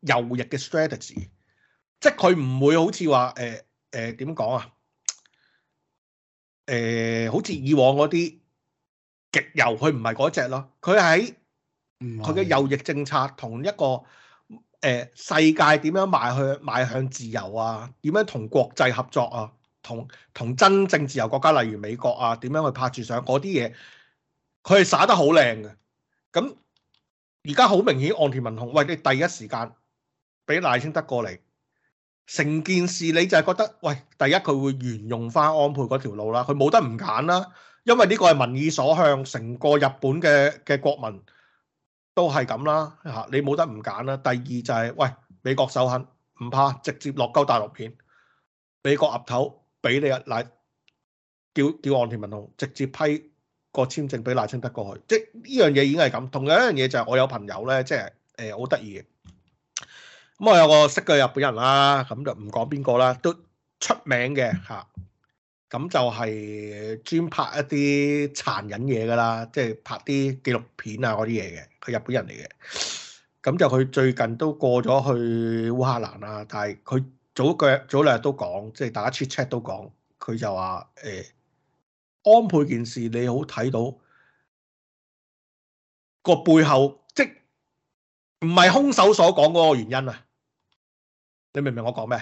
右翼嘅 strategy，即係佢唔會好似話誒。呃誒點講啊？誒、呃、好似以往嗰啲極右，佢唔係嗰隻咯。佢喺佢嘅右翼政策，同一個誒、呃、世界點樣邁去邁向自由啊？點樣同國際合作啊？同同真正自由國家，例如美國啊，點樣去拍住上嗰啲嘢，佢係耍得好靚嘅。咁而家好明顯，岸田文雄，喂你第一時間俾賴清德過嚟。成件事你就係覺得，喂，第一佢會沿用翻安倍嗰條路啦，佢冇得唔揀啦，因為呢個係民意所向，成個日本嘅嘅國民都係咁啦嚇，你冇得唔揀啦。第二就係、是，喂，美國首肯，唔怕，直接落鳩大陸片，美國鴨頭俾你啊賴，叫叫岸田文雄直接批個簽證俾賴清德過去，即呢樣嘢已經係咁。同樣一樣嘢就係我有朋友咧，即係誒好得意嘅。呃咁、嗯、我有個識嘅日本人啦，咁就唔講邊個啦，都出名嘅吓，咁、啊、就係專拍一啲殘忍嘢噶啦，即係拍啲紀錄片啊嗰啲嘢嘅，佢日本人嚟嘅。咁就佢最近都過咗去烏克蘭啦，但係佢早幾日、早兩日都講，即係大家 chat chat 都講，佢就話誒、欸，安倍件事你好睇到個背後即唔係兇手所講嗰個原因啊。你明唔明我講咩？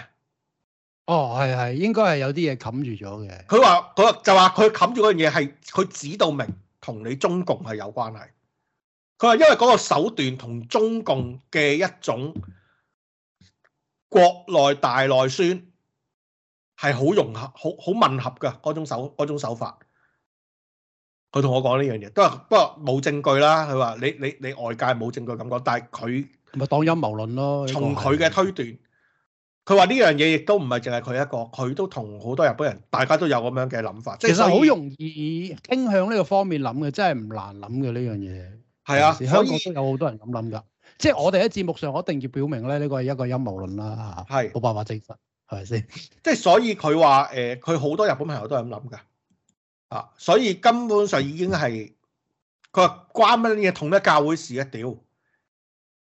哦，係係，應該係有啲嘢冚住咗嘅。佢話佢就話佢冚住嗰樣嘢係佢指到明同你中共係有關係。佢話，因為嗰個手段同中共嘅一種國內大內宣係好融合、好好吻合噶嗰種手、嗰種手法。佢同我講呢樣嘢，都係不過冇證據啦。佢話你你你外界冇證據咁講，但係佢咪當陰謀論咯，從佢嘅推斷。佢話呢樣嘢，亦都唔係淨係佢一個，佢都同好多日本人，大家都有咁樣嘅諗法。即其實好容易傾向呢個方面諗嘅，真係唔難諗嘅呢樣嘢。係啊，香港都有好多人咁諗噶。即係我哋喺節目上，我一定要表明咧，呢個係一個陰謀論啦。吓是，係冇辦法證實，係咪先？ 即係所以佢話誒，佢、呃、好多日本朋友都係咁諗噶。啊，所以根本上已經係佢話關乜嘢同咩教會事一屌！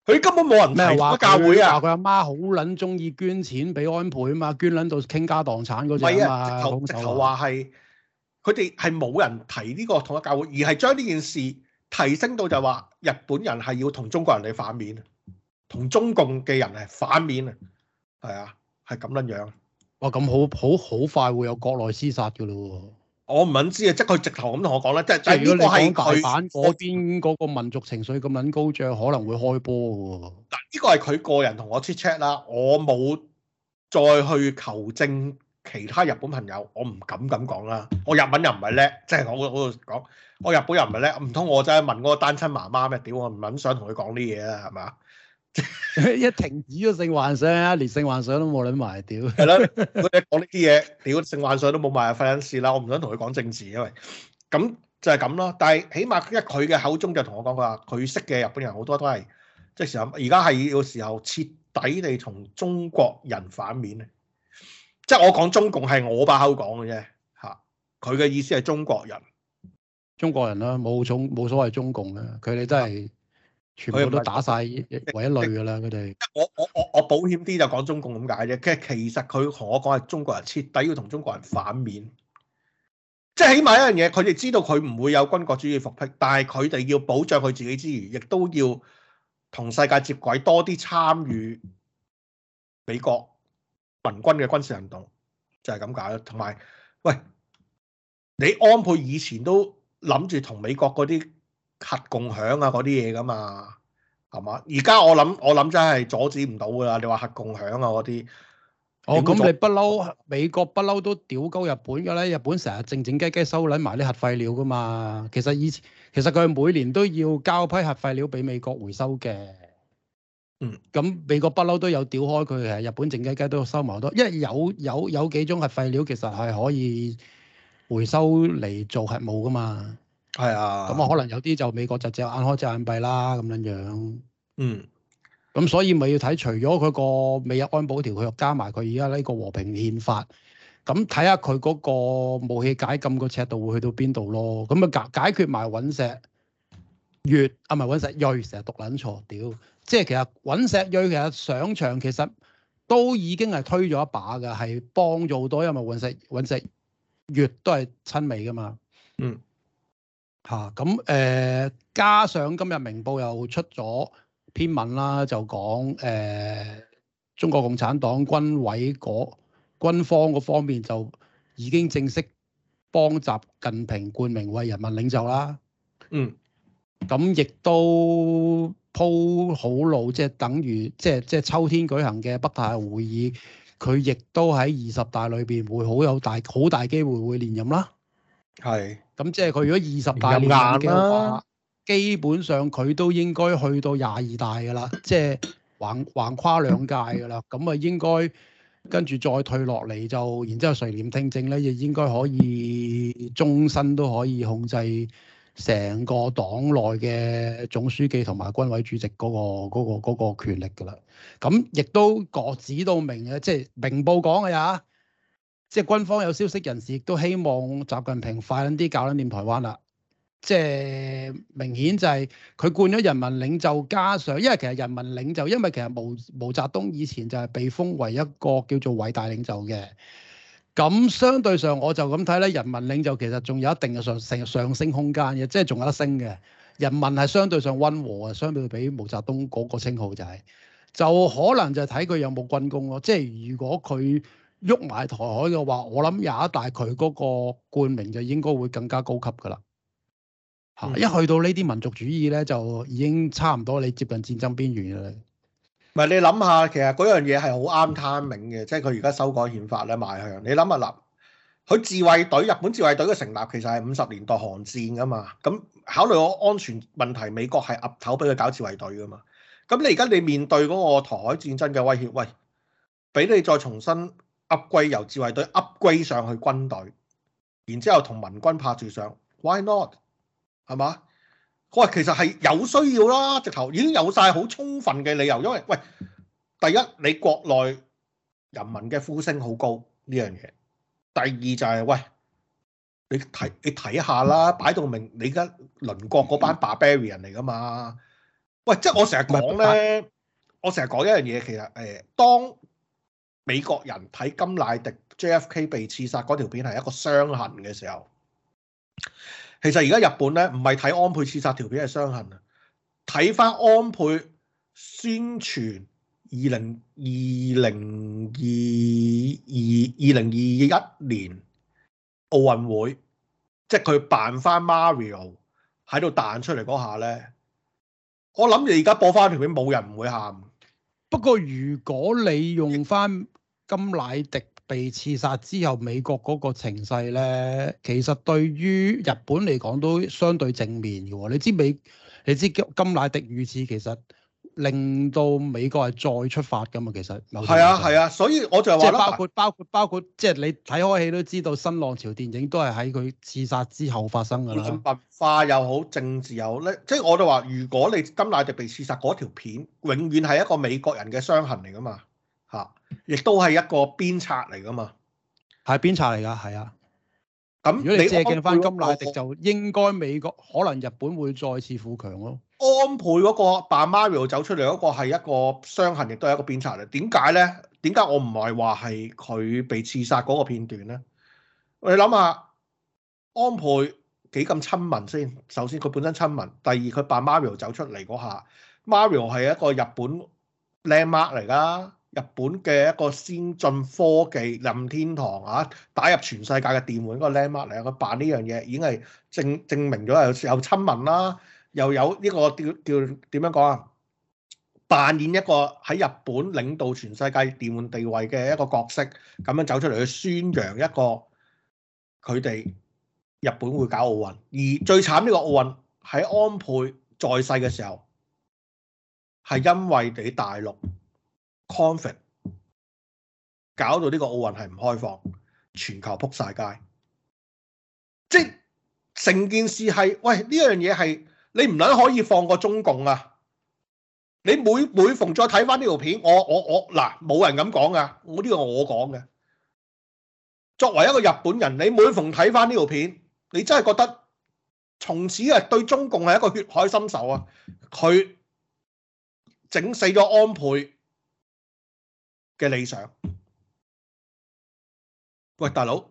佢根本冇人提同一教會啊，佢阿媽好捻中意捐錢俾安倍啊嘛，捐捻到傾家蕩產嗰種啊，手直頭話係佢哋係冇人提呢個同一教會，而係將呢件事提升到就話日本人係要同中國人嚟反面，同中共嘅人係反面啊，係啊，係咁樣樣。哇，咁好好好快會有國內廝殺噶咯。我唔肯知啊，即係佢直頭咁同我講啦。即係即係如果講大阪嗰邊嗰個民族情緒咁撚高漲，可能會開波噶喎。嗱，呢個係佢個人同我 chat chat 啦，我冇再去求證其他日本朋友，我唔敢咁講啦。我日文又唔係叻，即係我度講，我日本又唔係叻，唔通我真係問嗰個單親媽媽咩？屌我唔肯想同佢講啲嘢啦，係咪？ 一停止咗性幻想啊，連性幻想都冇諗埋，屌係啦！我哋講呢啲嘢，屌性幻想都冇埋，費緊事啦！我唔想同佢講政治，因為咁就係咁咯。但係起碼佢嘅口中就同我講佢話，佢識嘅日本人好多都係即係時候，而家係有時候徹底地同中國人反面咧。即係我講中共係我把口講嘅啫，吓佢嘅意思係中國人，中國人啦、啊，冇中冇所謂中共啦。佢哋都係。啊全部都打晒為一類噶啦，佢哋們。我我我我保險啲就講中共咁解啫。其實佢同我講係中國人徹底要同中國人反面，即係起碼一樣嘢，佢哋知道佢唔會有軍國主義復辟，但係佢哋要保障佢自己之餘，亦都要同世界接軌多啲參與美國民軍嘅軍事行動，就係咁解啦。同埋，喂，你安倍以前都諗住同美國嗰啲。核共享啊嗰啲嘢㗎嘛，係嘛？而家我諗我諗真係阻止唔到㗎啦！你話核共享啊嗰啲，哦咁你不嬲、哦、美國不嬲都屌鳩日本㗎咧，日本成日靜靜雞雞收攬埋啲核廢料㗎嘛。其實以前其實佢每年都要交批核廢料俾美國回收嘅，嗯，咁美國不嬲都有屌開佢係日本靜雞雞都要收埋好多，因為有有有幾種核廢料其實係可以回收嚟做核武㗎嘛。係啊，咁啊，可能有啲就美國就隻眼開隻眼閉啦，咁樣樣。嗯，咁所以咪要睇，除咗佢個美日安保條約，佢又加埋佢而家呢個和平憲法，咁睇下佢嗰個武器解禁個尺度會去到邊度咯。咁啊解解決埋尹錫悅啊，唔係尹錫悅，成日讀撚錯，屌！即係其實尹錫悅其實上場其實都已經係推咗一把嘅，係幫助好多，因為尹錫悅尹錫悅都係親美噶嘛。嗯。吓咁誒，加上今日明報又出咗篇文啦，就講誒、呃，中國共產黨軍委嗰軍方嗰方面就已經正式幫習近平冠名為人民領袖啦。嗯，咁亦、啊、都鋪好路，即、就、係、是、等於即係即係秋天舉行嘅北戴河會議，佢亦都喺二十大裏邊會好有大好大機會會連任啦。係，咁是即係佢如果二十大嘅話，基本上佢都應該去到廿二大噶啦，即係橫橫跨兩屆噶啦。咁啊，應該跟住再退落嚟就，然之後垂簾聽政咧，亦應該可以終身都可以控制成個黨內嘅總書記同埋軍委主席嗰個嗰個嗰個權力噶啦。咁亦都各指到明嘅，即係明報講嘅呀。即係軍方有消息人士亦都希望習近平快啲搞緊念台灣啦。即係明顯就係佢冠咗人民領袖，加上因為其實人民領袖，因為其實毛毛澤東以前就係被封為一個叫做偉大領袖嘅。咁相對上我就咁睇咧，人民領袖其實仲有一定嘅上成上升空間嘅，即係仲有得升嘅。人民係相對上溫和，相對比，比毛澤東嗰個稱號就係、係，就可能就係睇佢有冇軍功咯。即係如果佢。喐埋台海嘅話，我諗有一大佢嗰個冠名就應該會更加高級噶啦嚇！嗯、一去到呢啲民族主義咧，就已經差唔多你接近戰爭邊緣啦。唔係、嗯、你諗下，其實嗰樣嘢係好啱 t 明嘅，即係佢而家修改憲法咧，賣向你諗下嗱，佢自衛隊日本自衛隊嘅成立其實係五十年代韓戰噶嘛，咁考慮個安全問題，美國係壓頭俾佢搞自衛隊噶嘛。咁你而家你面對嗰個台海戰爭嘅威脅，喂，俾你再重新，upgrade 由自衞隊 upgrade 上去軍隊，然之後同民軍拍住上，why not？係嘛？我話其實係有需要啦，直頭已經有晒好充分嘅理由，因為喂，第一你國內人民嘅呼聲好高呢樣嘢，第二就係、是、喂，你睇你睇下啦，擺到明你而家鄰國嗰班 barbarian 嚟噶嘛？喂，即係我成日講咧，麼我成日講一樣嘢，其實誒，當美國人睇金乃迪 JFK 被刺殺嗰條片係一個傷痕嘅時候，其實而家日本咧唔係睇安倍刺殺條片係傷痕啊，睇翻安倍宣傳二零二零二二二零二一年奧運會，即係佢扮翻 Mario 喺度彈出嚟嗰下咧，我諗住而家播翻條片冇人唔會喊。不過，如果你用翻金乃迪被刺殺之後美國嗰個情勢咧，其實對於日本嚟講都相對正面嘅喎，哦。你知美，你知金乃迪遇刺其實。令到美國係再出發㗎嘛，其實係啊係啊，所以我就係話包括包括包括，即係你睇開戲都知道，新浪潮電影都係喺佢刺殺之後發生㗎啦。文化又好，政治又好咧，即係我都話，如果你甘乃迪被刺殺嗰條片，永遠係一個美國人嘅傷痕嚟㗎嘛，嚇、啊，亦都係一個鞭策嚟㗎嘛，係鞭策嚟㗎，係啊。咁如果你借鏡翻甘迺迪，就應該美國可能日本會再次富強咯。安倍嗰個扮 Mario 走出嚟嗰個係一個傷痕，亦都係一個鞭策嚟。點解咧？點解我唔係話係佢被刺殺嗰個片段咧？你諗下，安倍幾咁親民先？首先佢本身親民，第二佢扮 Mario 走出嚟嗰下，Mario 係一個日本靚媽嚟噶。日本嘅一個先進科技任天堂啊，打入全世界嘅電玩嗰個 Landmark 嚟，佢扮呢樣嘢已經係證證明咗又又親民啦，啊，又有呢個叫叫點樣講啊？扮演一個喺日本領導全世界電玩地位嘅一個角色，咁樣走出嚟去宣揚一個佢哋日本會搞奧運，而最慘呢個奧運喺安倍在世嘅時候，係因為你大陸。confident 搞到呢個奧運係唔開放，全球撲晒街，即成件事係喂，呢樣嘢係你唔捻可以放過中共啊！你每每逢再睇翻呢條片，我我我嗱冇人咁講噶，我呢個我講嘅，作為一個日本人，你每逢睇翻呢條片，你真係覺得從此啊對中共係一個血海深仇啊！佢整死咗安倍。嘅理想，喂，大佬，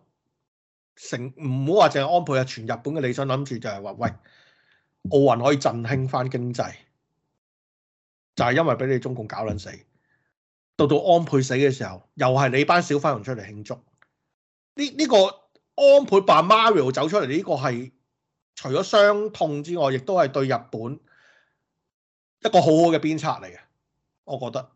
成唔好話淨係安倍啊！全日本嘅理想諗住就係話，喂，奧運可以振興翻經濟，就係、是、因為俾你中共搞撚死。到到安倍死嘅時候，又係你班小粉紅出嚟慶祝。呢呢、呢個安倍扮 Mario 走出嚟，呢個係除咗傷痛之外，亦都係對日本一個好好嘅鞭策嚟嘅。我覺得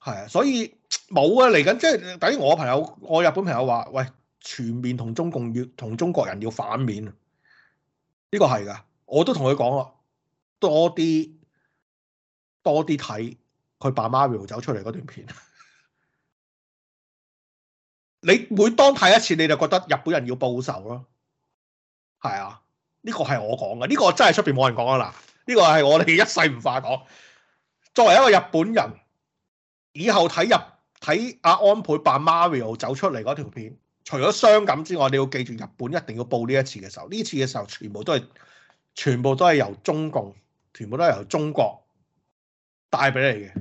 係啊，所以。冇啊！嚟緊即係等於我朋友，我日本朋友話，喂，全面同中共要同中國人要反面呢個係噶，我都同佢講啦，多啲多啲睇佢扮瑪里奧走出嚟嗰段片。 你每當睇一次，你就覺得日本人要報仇咯。係啊，呢個係我講噶，呢個真係出邊冇人講啊。嗱，呢個係我哋一世唔化講。作為一個日本人，以後睇日。睇阿安倍扮 Mario 走出嚟嗰條片，除咗傷感之外，你要記住日本一定要報呢一次嘅時候，呢次嘅時候全部都係，全部都係由中共，全部都係由中國帶俾你嘅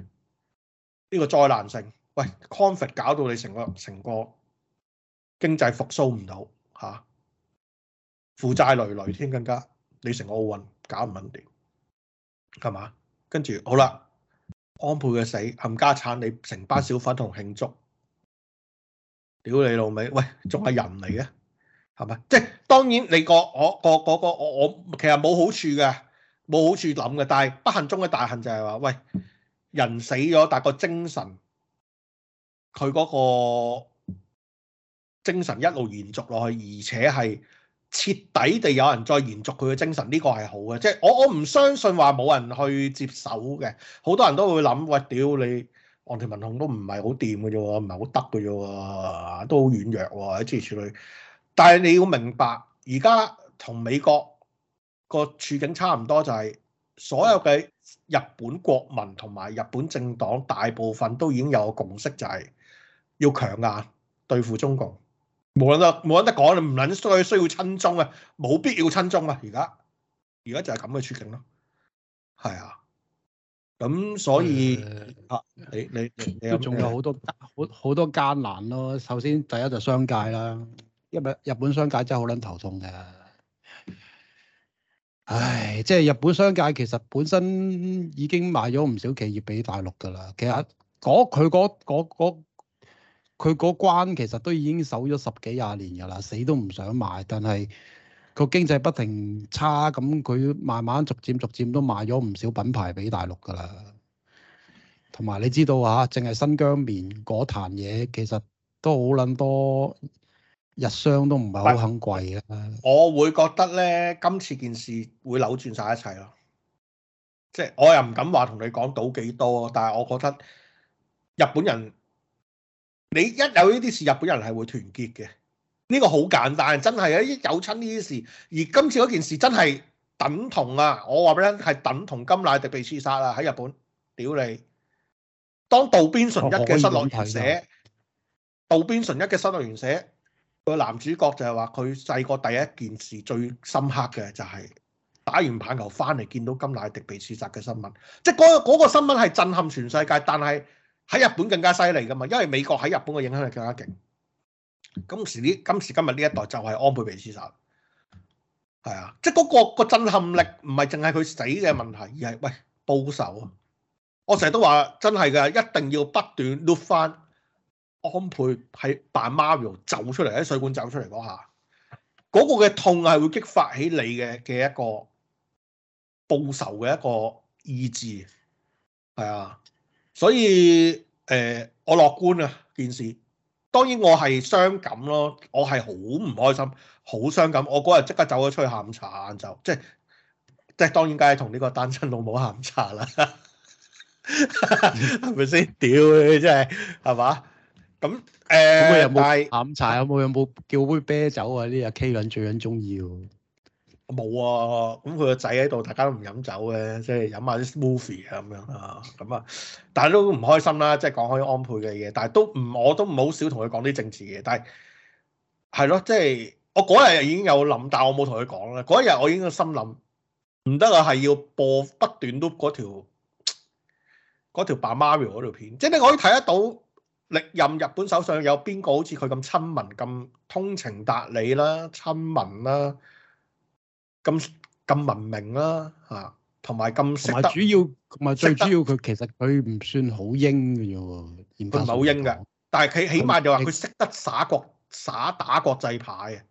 呢個災難性。喂，conflict 搞到你成個成個經濟復蘇唔到，吓負債累累添，更加你成個奧運搞唔穩定，係嘛？跟住好啦。安倍嘅死冚家鏟，你成班小粉同慶祝，屌你老味，喂，仲係人嚟嘅，係咪？即係當然你，你個我個嗰個我我，我，我，其實冇好處嘅，冇好處諗嘅。但係不幸中嘅大幸就係話，喂，人死咗，但係個精神，佢嗰個精神一路延續落去，而且係。徹底地有人再延續佢嘅精神，呢、這個係好嘅。即係我我唔相信話冇人去接手嘅，好多人都會諗：，喂、哎，屌你岸田文雄都唔係好掂嘅啫，喎唔係好得嘅啫，喎都好軟弱喎喺諸如此類。但係你要明白，而家同美國個處境差唔多、就是，就係所有嘅日本國民同埋日本政黨大部分都已經有共識、就是，就係要強硬對付中共。冇捻得，冇捻得講，你唔捻需需要親中啊，冇必要親中啊，而家而家就係咁嘅處境咯，係啊，咁所以、嗯、啊，你你你仲有好多好好多艱難咯，首先第一就商界啦，因為日本商界真係好捻頭痛嘅，唉，即係日本商界其實本身已經賣咗唔少企業俾大陸噶啦，其實佢嗰。佢嗰關其實都已經守咗十幾廿年㗎啦，死都唔想賣。但係佢經濟不停差，咁佢慢慢逐漸逐漸都賣咗唔少品牌俾大陸㗎啦。同埋你知道啊，淨係新疆棉嗰壇嘢，其實都好撚多日商都唔係好肯貴啊。我會覺得咧，今次件事會扭轉晒一切咯。即係我又唔敢話同你講到幾多，但係我覺得日本人。你一有呢啲事，日本人係會團結嘅。呢、這個好簡單，真係有親呢啲事，而今次嗰件事真係等同啊！我話俾你聽，係等同甘迺迪被刺殺啊！喺日本，屌你！當道邊純一嘅失樂園寫，聽聽道邊純一嘅失樂園寫，個男主角就係話佢細個第一件事最深刻嘅就係、是、打完棒球翻嚟見到甘迺迪被刺殺嘅新聞，即係嗰嗰個新聞係震撼全世界，但係。喺日本更加犀利噶嘛，因為美國喺日本嘅影響力更加勁。今時呢，今時今日呢一代就係安倍被刺殺，係啊，即係嗰個震撼力唔係淨係佢死嘅問題，而係喂報仇。啊。我成日都話真係嘅，一定要不斷 look 翻安倍喺扮 Mario 走出嚟，喺水管走出嚟嗰下，嗰、嗰個嘅痛係會激發起你嘅嘅一個報仇嘅一個意志，係啊。所以誒、呃，我樂觀啊件事，當然我係傷感咯，我係好唔開心，好傷感。我嗰日即刻走咗出去下午茶，晏晝即係即係當然梗係同呢個單親老母下午茶啦，係咪先？屌你真係係嘛？咁誒，有冇下午茶有冇有冇叫杯啤酒啊？呢日 K 兩最緊鍾意。冇啊，咁佢個仔喺度，大家都唔飲酒嘅，即係飲下啲 smoothie 啊咁樣啊，咁啊，但係都唔開心啦，即係講開安倍嘅嘢，但係都唔我都唔好少同佢講啲政治嘅嘢，但係係咯，即係、就是、我嗰日已經有諗，但係我冇同佢講啦。嗰一日我已經心諗唔得啊，係要播不斷都嗰條嗰條扮 Mario 嗰條片，即係你可以睇得到歷任日本首相有邊個好似佢咁親民咁通情達理啦，親民啦、啊。咁咁文明啦、啊，吓、啊，同埋咁識得，主要同埋最主要佢得其實佢唔算好英嘅啫唔係好英嘅，但係佢起碼就話佢識得耍國耍打國際牌啊，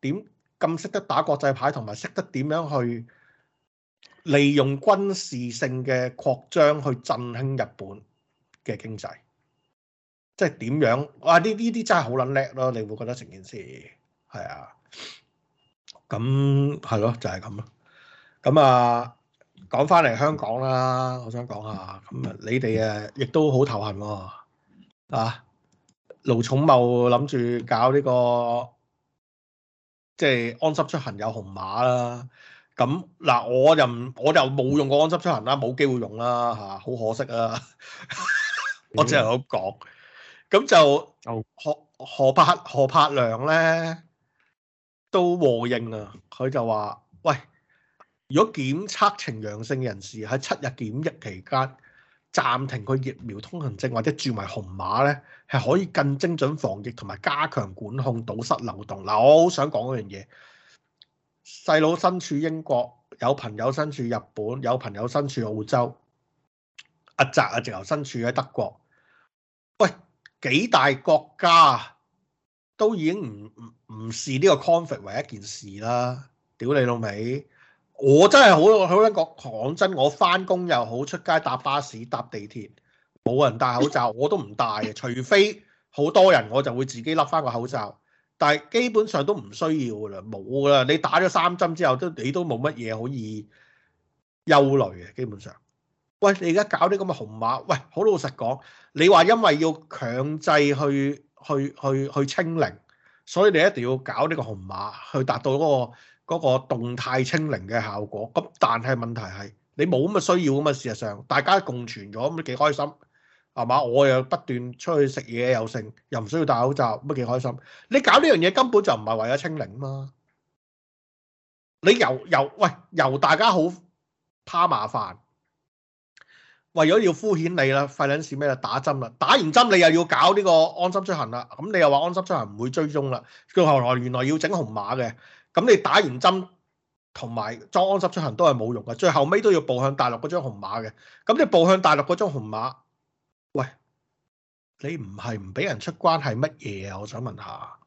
點咁識得打國際牌，同埋識得點樣去利用軍事性嘅擴張去振興日本嘅經濟，即係點樣哇？呢呢啲真係好撚叻咯！你會覺得成件事係啊？咁係咯，就係咁咯。咁啊，講翻嚟香港啦，我想講下。咁啊，你哋誒，亦都好頭痕喎。啊，盧寵茂諗住搞呢個，即係安心出行有紅碼啦。咁嗱，我就唔，我就冇用過安心出行啦，冇機會用啦，吓，好可惜啊。我只係咁講。咁就何何柏何柏良咧？都和應啊！佢就話：「喂，如果檢測呈陽性人士喺七日檢疫期間，暫停佢疫苗通行證或者住埋紅碼呢，係可以更精準防疫同埋加強管控堵塞漏洞。嗱，我好想講一樣嘢。細佬身處英國，有朋友身處日本，有朋友身處澳洲，阿澤啊，直頭身處喺德國。喂，幾大國家都已經唔唔視呢個 conflict 為一件事啦，屌你老味，我真係好好想講，講真，我翻工又好，出街搭巴士、搭地鐵，冇人戴口罩，我都唔戴嘅。除非好多人，我就會自己笠翻個口罩。但係基本上都唔需要噶啦，冇噶啦。你打咗三針之後，都你都冇乜嘢可以憂慮嘅。基本上，喂，你而家搞啲咁嘅紅碼，喂，好老實講，你話因為要強制去，去去去清零，所以你一定要搞呢個紅碼，去達到嗰個嗰個動態清零嘅效果。咁但係問題係你冇咁嘅需要咁嘛。事實上大家共存咗，咁都幾開心，係嘛？我又不斷出去食嘢有剩，又唔需要戴口罩，乜幾開心？你搞呢樣嘢根本就唔係為咗清零啊嘛！你由由喂由大家好怕麻煩。為咗要敷衍你啦，費撚事咩啦？打針啦，打完針你又要搞呢個安心出行啦。咁你又話安心出行唔會追蹤啦。佢後來原來要整紅碼嘅。咁你打完針同埋裝安心出行都係冇用嘅。最後尾都要步向大陸嗰張紅碼嘅。咁你步向大陸嗰張紅碼，喂，你唔係唔俾人出關係乜嘢啊？我想問下。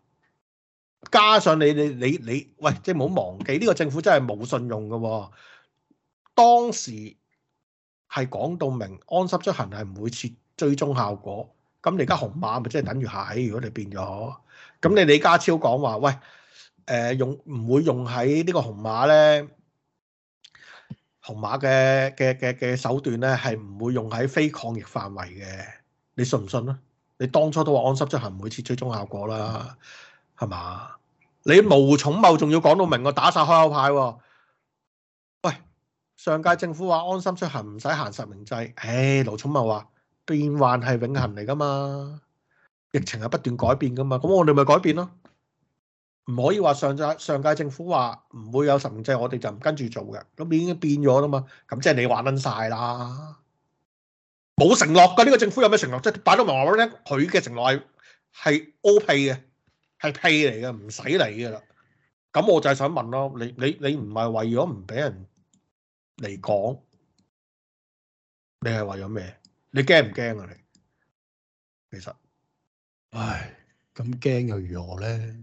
加上你你你你，喂，即係唔好忘記呢個政府真係冇信用㗎喎。當時。係講到明，安心出行係唔會設追蹤效果，咁你而家紅碼咪即係等於喺。如果你變咗，咁你李家超講話，喂，誒，用唔會用喺呢個紅碼咧？紅碼嘅嘅嘅嘅手段咧，係唔會用喺非抗疫範圍嘅，你信唔信啊？你當初都話安心出行唔會設追蹤效果啦，係嘛？你冇孔某仲要講到明，我打晒開口牌喎。上屆政府話安心出行唔使行實名制，唉、哎，盧寵茂話變幻係永恆嚟噶嘛，疫情係不斷改變噶嘛，咁我哋咪改變咯，唔可以話上屆上屆政府話唔會有實名制，我哋就唔跟住做嘅，咁已經變咗啦嘛，咁即係你玩撚晒啦，冇承諾噶，呢、這個政府有咩承諾？即係擺到明話咧，佢嘅承諾係係 O k 嘅，係屁嚟嘅，唔使理噶啦。咁我就係想問咯，你你你唔係為咗唔俾人？嚟講，你係為咗咩？你驚唔驚啊？你其實，唉，咁驚又如何咧？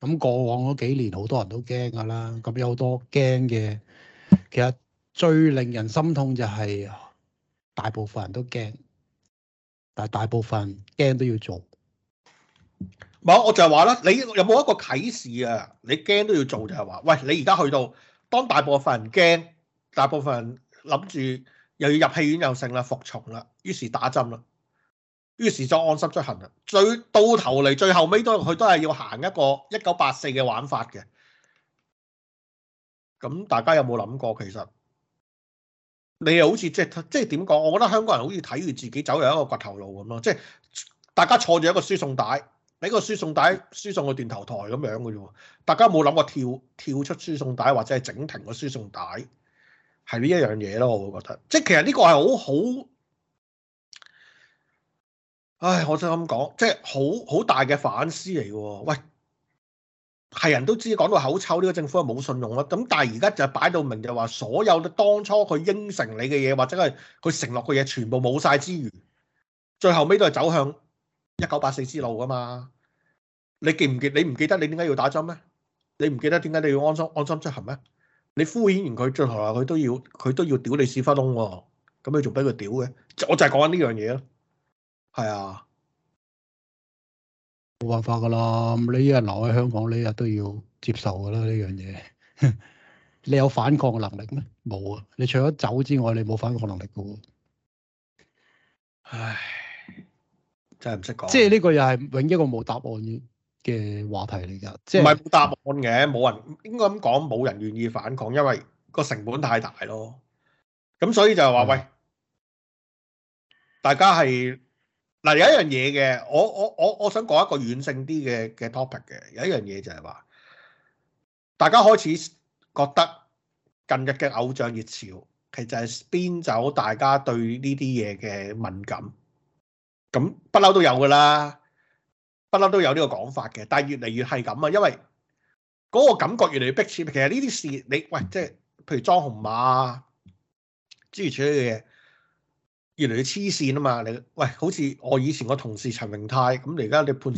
咁過往嗰幾年，好多人都驚噶啦。咁有好多驚嘅，其實最令人心痛就係大部分人都驚，但係大部分人驚都要做。冇，我就係話啦，你有冇一個啟示啊？你驚都要做，就係話，喂，你而家去到當大部分人驚。大部分人諗住又要入戲院又剩啦，服從啦，於是打針啦，於是就安心出行啦。最到頭嚟，最後尾都佢都係要行一個一九八四嘅玩法嘅。咁、嗯、大家有冇諗過？其實你又好似即係即係點講？我覺得香港人好似睇住自己走入一個掘頭路咁咯。即係大家坐住一個輸送帶，俾個輸送帶輸送去斷頭台咁樣嘅啫喎。大家有冇諗過跳跳出輸送帶，或者係整停個輸送帶？係呢一樣嘢咯，我會覺得，即係其實呢個係好好，唉，我想咁講，即係好好大嘅反思嚟喎。喂，係人都知講到口臭，呢個政府係冇信用啦。咁但係而家就擺到明，就話所有當初佢應承你嘅嘢，或者係佢承諾嘅嘢，全部冇晒之餘，最後尾都係走向一九八四之路噶嘛。你記唔記？你唔記得你點解要打針咩？你唔記得點解你要安心安心出行咩？你敷衍完佢，最後同佢，佢都要，佢都要屌你屎忽窿喎。咁你仲俾佢屌嘅？我就係講緊呢樣嘢咯。係啊，冇辦法噶啦。咁你一日留喺香港，你日都要接受噶啦呢樣嘢。 你有反抗嘅能力咩？冇啊！你除咗走之外，你冇反抗能力噶喎。唉，真係唔識講。即係呢個又係永一個冇答案嘅嘅話題嚟噶，即係唔係冇答案嘅，冇人應該咁講，冇人願意反抗，因為個成本太大咯。咁所以就係話，喂，大家係嗱有一樣嘢嘅，我我我我想講一個軟性啲嘅嘅 topic 嘅，有一樣嘢就係話，大家開始覺得近日嘅偶像熱潮，其實係邊走？大家對呢啲嘢嘅敏感，咁不嬲都有噶啦。不嬲都有呢個講法嘅，但係越嚟越係咁啊！因為嗰個感覺越嚟越逼切，其實呢啲事你喂，即係譬如裝紅碼，諸如此類嘅嘢，越嚟越黐線啊嘛！你喂，好似我以前個同事陳榮泰咁，你而家你判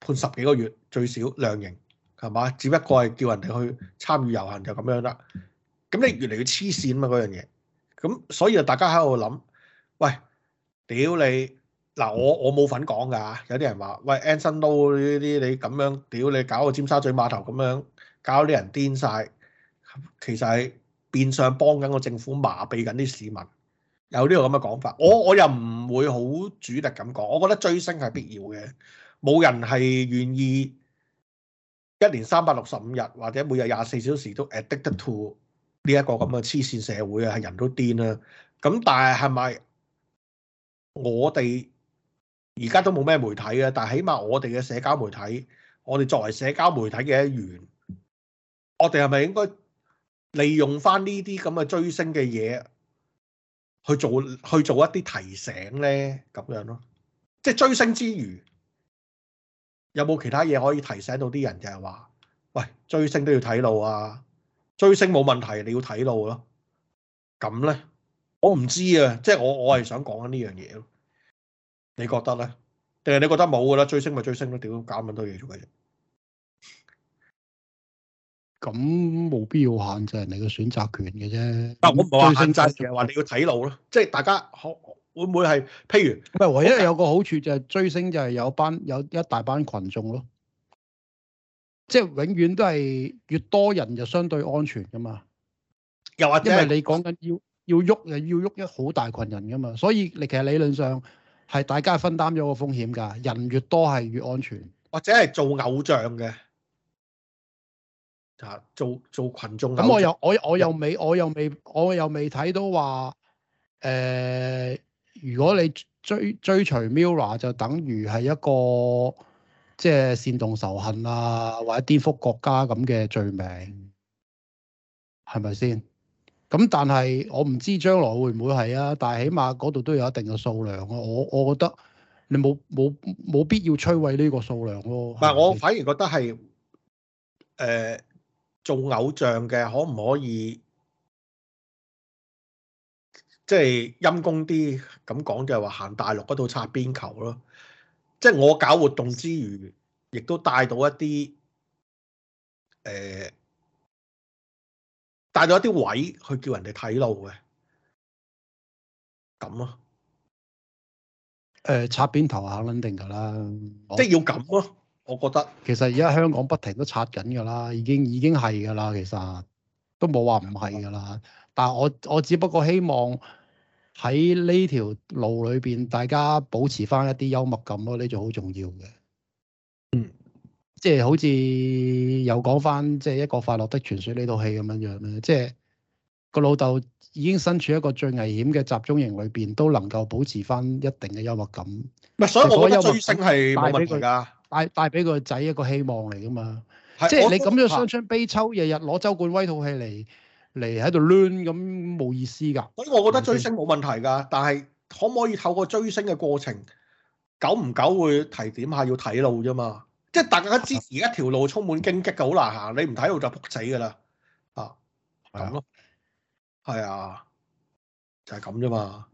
判十幾個月最少量刑係嘛？只不過係叫人哋去參與遊行就咁樣啦。咁你越嚟越黐線啊嘛！嗰樣嘢，咁所以啊，大家喺度諗，喂，屌你，你！嗱，我我冇份講㗎，有啲人話：喂，Anson Lo 呢啲你咁樣，屌你搞個尖沙咀碼頭咁樣，搞到啲人癲曬，其實係變相幫緊個政府麻痹緊啲市民，有呢個咁嘅講法。我我又唔會好主力咁講，我覺得追星係必要嘅，冇人係願意一年三百六十五日或者每日廿四小時都 addicted to 呢一個咁嘅黐線社會啊，係人都癲啦。咁但係係咪我哋？而家都冇咩媒體啊，但係起碼我哋嘅社交媒體，我哋作為社交媒體嘅一員，我哋係咪應該利用翻呢啲咁嘅追星嘅嘢去做去做一啲提醒呢？咁樣咯，即係追星之餘，有冇其他嘢可以提醒到啲人就係話：喂，追星都要睇路啊！追星冇問題，你要睇路咯，啊。咁呢，我唔知啊，即係我我係想講緊呢樣嘢你覺得咧？定係你覺得冇噶啦？追星咪追星咯，屌，搞咁多嘢做嘅啫。咁冇必要限制人哋嘅選擇權嘅啫。嗱，我唔話限制，係話你要睇路咯。即係大家可會唔會係？譬如唔係，唯一有個好處就係追星就係有一班有一大班群眾咯。即係永遠都係越多人就相對安全噶嘛。又或者係你講緊要要喐，又要喐一好大群人噶嘛。所以你其實理論上。係大家係分擔咗個風險㗎，人越多係越安全。或者係做偶像嘅啊，做做羣眾。咁我又我我又未我又未我又未睇到話誒、呃，如果你追追隨 MIRROR 就等於係一個即係、就是、煽動仇恨啊，或者顛覆國家咁嘅罪名，係咪先？咁但係我唔知將來會唔會係啊，但係起碼嗰度都有一定嘅數量啊！我我覺得你冇冇冇必要摧毀呢個數量咯、啊。但係，我反而覺得係誒、呃、做偶像嘅可唔可以即係、就是、陰功啲咁講就係話行大陸嗰度插邊球咯，即係我搞活動之餘，亦都帶到一啲誒。呃帶咗一啲位去叫人哋睇路嘅，咁啊，誒、呃，擦邊頭下肯定㗎啦，即係要咁咯、啊。我，我覺得其實而家香港不停都擦緊㗎啦，已經已經係㗎啦。其實都冇話唔係㗎啦，的但係我我只不過希望喺呢條路裏邊，大家保持翻一啲幽默感咯，呢種好重要嘅。即係好似又講翻，即係一個快樂的傳說呢套戲咁樣樣咧。即係個老豆已經身處一個最危險嘅集中營裏邊，都能夠保持翻一定嘅幽默感。唔係，所以我覺得追星係冇問題㗎，帶帶俾個仔一個希望嚟㗎嘛。的即係你咁樣傷春悲秋，日日攞周冠威套戲嚟嚟喺度攣咁，冇意思㗎。所以我覺得追星冇問題㗎，但係可唔可以透過追星嘅過程，久唔久會提點下要睇路啫嘛？即係大家支持，而家條路充滿荊棘嘅，好難行。你唔睇路就僕死㗎啦，啊，咁咯，係啊、哎，就係咁啫嘛。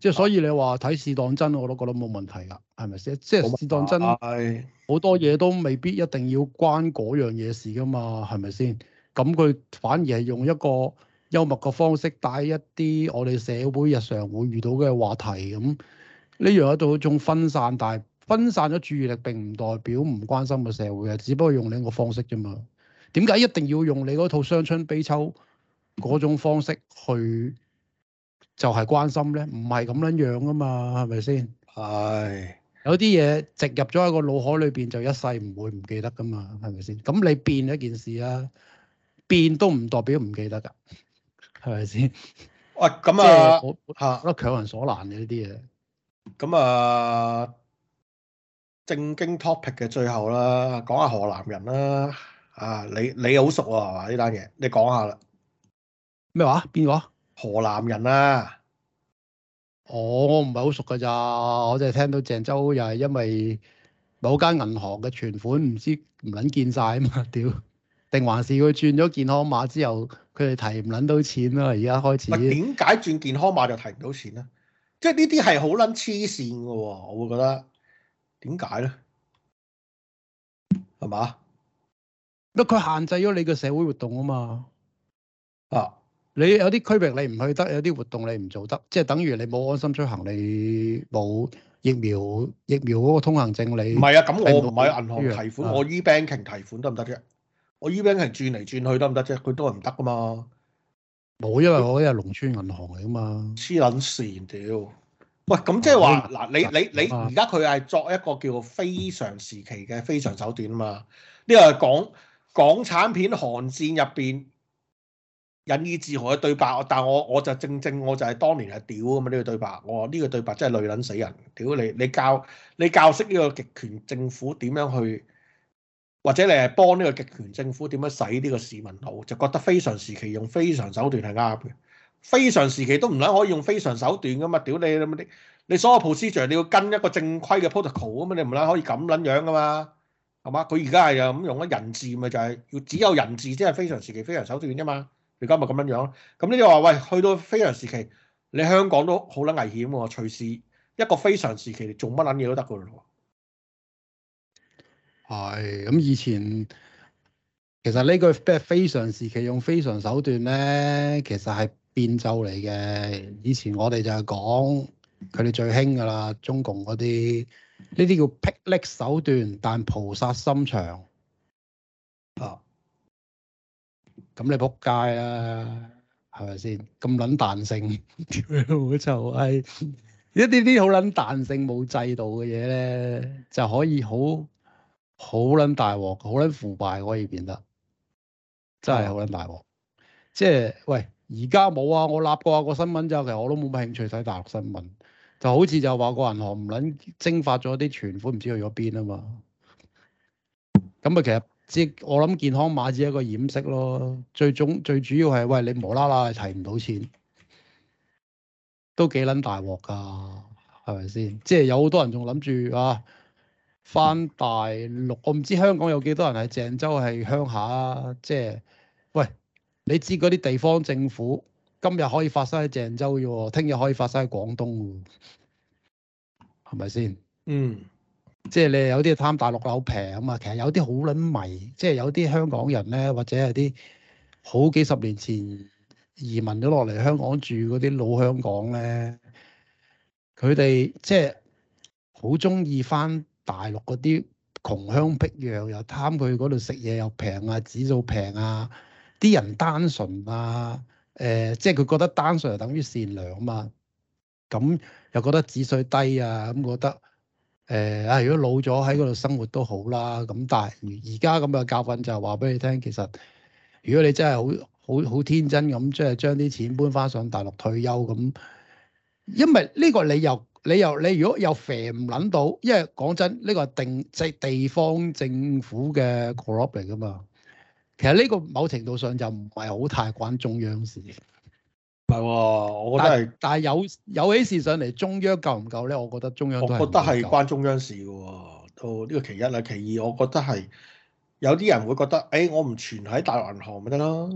即係所以你話睇事當真，我都覺得冇問題㗎，係咪先？即係事當真，好多嘢都未必一定要關嗰樣嘢事㗎嘛，係咪先？咁佢反而係用一個幽默嘅方式帶一啲我哋社會日常會遇到嘅話題咁，呢樣有到一種分散，但分散咗注意力，並唔代表唔關心個社會啊，只不過用另一個方式啫嘛。點解一定要用你嗰套傷春悲秋嗰種方式去就係關心咧？唔係咁樣樣噶嘛，係咪先？係是。有啲嘢植入咗喺個腦海裏邊，就一世唔會唔記得噶嘛，係咪先？咁你變一件事啊，變都唔代表唔記得噶，係咪先？喂、啊，咁啊嚇，都強人所難嘅呢啲嘢。咁啊～正經 topic 嘅最後啦，講下河南人啦。啊，你你好熟啊，係嘛？呢單嘢你講下啦。咩話？邊個？河南人啊？我我唔係好熟㗎咋，我淨係聽到鄭州又係因為某間銀行嘅存款唔知唔撚見晒啊嘛，屌！定還是佢轉咗健康碼之後，佢哋提唔撚到錢啦、啊？而家開始。點解轉健康碼就提唔到錢咧？即係呢啲係好撚黐線㗎喎，我會覺得。點解咧？係嘛？乜佢吧限制咗你嘅社會活動啊嘛？啊！你有啲區域你唔去得，有啲活動你唔做得，即係等於你冇安心出行，你冇疫苗疫苗嗰個通行證，你唔係啊？咁我唔係銀行提款，嗯、我 e banking 提款得唔得啫？我 e banking 轉嚟轉去得唔得啫？佢都係唔得噶嘛？冇，因為我呢係農村銀行嚟啊嘛。黐捻線屌！喂，咁即係話嗱，你你你而家佢係作一個叫做非常時期嘅非常手段啊嘛？呢個係講港產片寒戰入邊引以自豪嘅對白，但我我就正正我就係當年係屌吖嘛。呢個對白，我話呢個對白真係累撚死人，屌你你教你教識呢個極權政府點樣去，或者你係幫呢個極權政府點樣使呢個市民好，就覺得非常時期用非常手段係啱嘅。非常時期都唔撚可以用非常手段噶嘛？屌你你，你所有 procedure 你要跟一個正規嘅 protocol 啊嘛？你唔撚可以咁撚樣噶嘛？係嘛？佢而家係啊咁用咗人治咪就係、是、要只有人治即係非常時期非常手段啫嘛？而家咪咁樣樣咯。咁你又話喂，去到非常時期，你香港都好撚危險喎！隨時一個非常時期你做乜撚嘢都得噶咯喎。係咁，以前其實呢句咩非常時期用非常手段咧，其實係。變奏嚟嘅，以前我哋就係講佢哋最興㗎啦，中共嗰啲呢啲叫霹靂手段，但菩薩心腸啊！咁、啊、你仆街啦，係咪先咁撚彈性？就係 一啲啲好撚彈性、冇制度嘅嘢咧， 就可以好好撚大鑊，好撚腐敗可以變得真係好撚大鑊，即係、啊就是、喂。而家冇啊！我攬過個新聞之後，其實我都冇乜興趣睇大陸新聞，就好似就話個銀行唔撚蒸發咗啲存款，唔知去咗邊啊嘛。咁啊，其實即係我諗健康碼只係一個掩飾咯，最終最主要係喂你無啦啦係提唔到錢，都幾撚大鑊㗎，係咪先？即係有好多人仲諗住啊，翻大陸。我唔知香港有幾多人喺鄭州係鄉下，即係喂。你知嗰啲地方政府今日可以發生喺鄭州嘅喎、哦，聽日可以發生喺廣東喎，係咪先？嗯，即係你有啲貪大陸樓平啊嘛，其實有啲好撚迷，即係有啲香港人咧，或者係啲好幾十年前移民咗落嚟香港住嗰啲老香港咧，佢哋即係好鍾意返大陸嗰啲窮鄉僻壤，又貪佢嗰度食嘢又平啊，指數平啊。啲人單純啊，誒、呃，即係佢覺得單純係等於善良啊嘛，咁又覺得紙稅低啊，咁覺得誒啊、呃，如果老咗喺嗰度生活都好啦，咁但係而家咁嘅教訓就係話俾你聽，其實如果你真係好好好天真咁，即係將啲錢搬翻上大陸退休咁，因為呢個你又你又你如果又肥唔諗到，因為講真，呢個係定即係地方政府嘅 corrupt 嚟㗎嘛。其實呢個某程度上就唔係好太關中央事、哦，唔係，我覺得係。但係有有起事上嚟，中央夠唔夠咧？我覺得中央都，都覺得係關中央事嘅喎、啊。呢、哦呢個其一啦、啊，其二，我覺得係有啲人會覺得，誒、欸，我唔存喺大陸銀行咪得咯？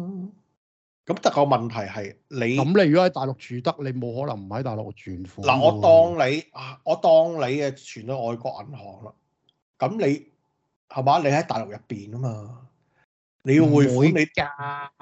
咁、那、得個問題係你咁，你如果喺大陸住得，你冇可能唔喺大陸存款、啊。嗱，我當你啊，我當你嘅存喺外國銀行啦。咁你係嘛？你喺大陸入邊啊嘛？你要匯款你噶，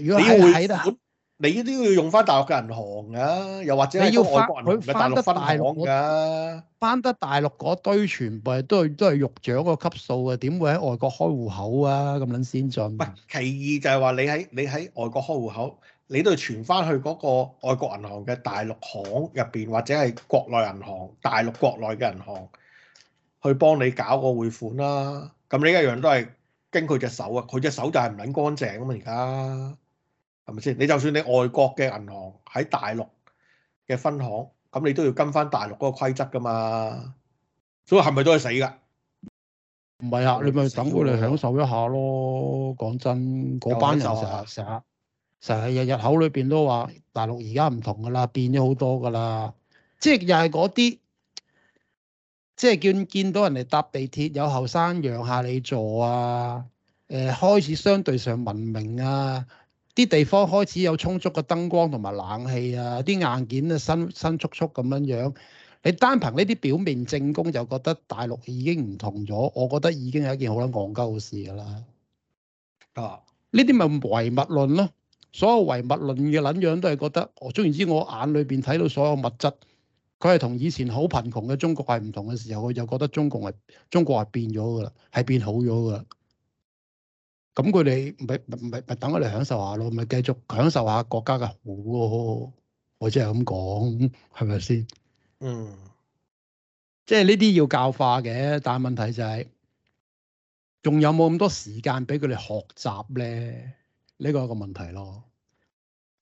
你要匯款的你都要用翻大陸嘅銀行噶、啊，又或者、啊、你要外國銀行唔嘅大陸分行噶，翻得大陸嗰堆全部都係都係肉掌個級數嘅、啊，點會喺外國開戶口啊？咁樣先進？唔其二就係話你喺你喺外國開戶口，你都要傳翻去嗰個外國銀行嘅大陸行入邊，或者係國內銀行大陸國內嘅銀行去幫你搞個匯款啦、啊。咁呢一樣都係。經佢隻手啊，佢隻手就係唔撚乾淨吖嘛，而家係咪先？你就算你外國嘅銀行喺大陸嘅分行，咁你都要跟返大陸嗰個規則㗎嘛，所以係咪都係死㗎？唔係啊，你咪等佢嚟享受一下咯。講真，嗰班人成日成日成日日日口裏面都話大陸而家唔同㗎啦，變咗好多㗎啦，即係又係嗰啲。即係見，見到人哋搭地鐵有後生讓下你坐啊，誒、呃、開始相對上文明啊，啲地方開始有充足嘅燈光同埋冷氣啊，啲硬件咧，新新速速咁樣樣。你單憑呢啲表面證供就覺得大陸已經唔同咗，我覺得已經係一件好撚戇鳩嘅事㗎啦。啊，呢啲咪唯物論咯，所有唯物論嘅撚樣都係覺得，我總言之，我眼裏邊睇到所有物質。佢係同以前好貧窮嘅中國係唔同嘅時候，佢就覺得中國係中國係變咗噶啦，係變好咗噶啦。咁佢哋咪咪咪等佢哋享受下咯，咪繼續享受下國家嘅好咯，啊。我只係咁講，係咪先？嗯，即係呢啲要教化嘅，但係問題就係、是、仲有冇咁多時間俾佢哋學習咧？呢，這個係個問題咯。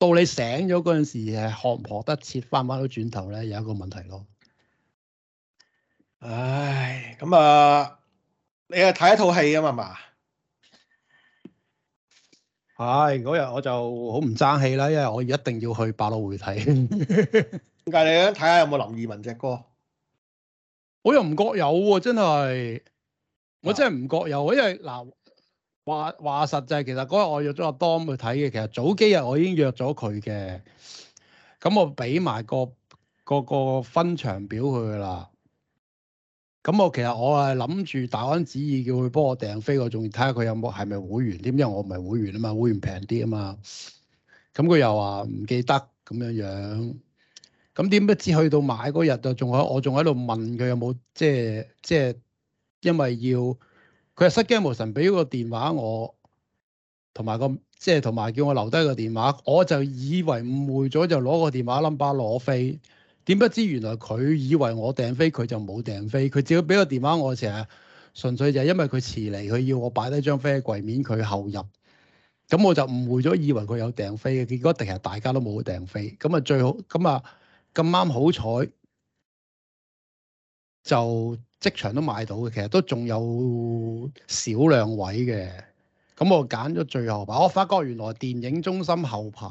到你醒咗嗰陣時，誒學唔學得切翻翻到轉頭咧，有一個問題咯、啊。唉，咁啊，你係睇一套戲啊嘛嘛。係嗰日我就好唔爭氣啦，因為我一定要去百老匯睇。點 解你咧？睇下有冇林二汶隻歌？我又唔覺有喎、啊，真係，我真係唔覺有，因為嗱。啊話話實際，其實嗰日我約咗阿 d 去睇嘅。其實早幾日我已經約咗佢嘅，咁我俾埋個個個分場表佢啦。咁我其實我係諗住打番主意，叫佢幫我訂飛，我仲要睇下佢有冇係咪會員添，因為我唔係會員啊嘛，會員平啲啊嘛。咁佢又話唔記得咁樣樣。咁點不知去到買嗰日就仲我我仲喺度問佢有冇即係即係，因為要。佢係失驚無神俾個電話我，同埋個即係同埋叫我留低個電話，我就以為誤會咗，就攞個電話冧巴攞飛。點不知原來佢以為我訂飛，佢就冇訂飛。佢只要俾個電話我嘅時候，純粹就係因為佢遲嚟，佢要我擺低張飛喺櫃面，佢後入。咁我就誤會咗，以為佢有訂飛嘅。結果第日大家都冇訂飛。咁啊最好，咁啊咁啱好彩就。即場都買到嘅，其實都仲有少量位嘅。咁我揀咗最後排，我發覺原來電影中心後排，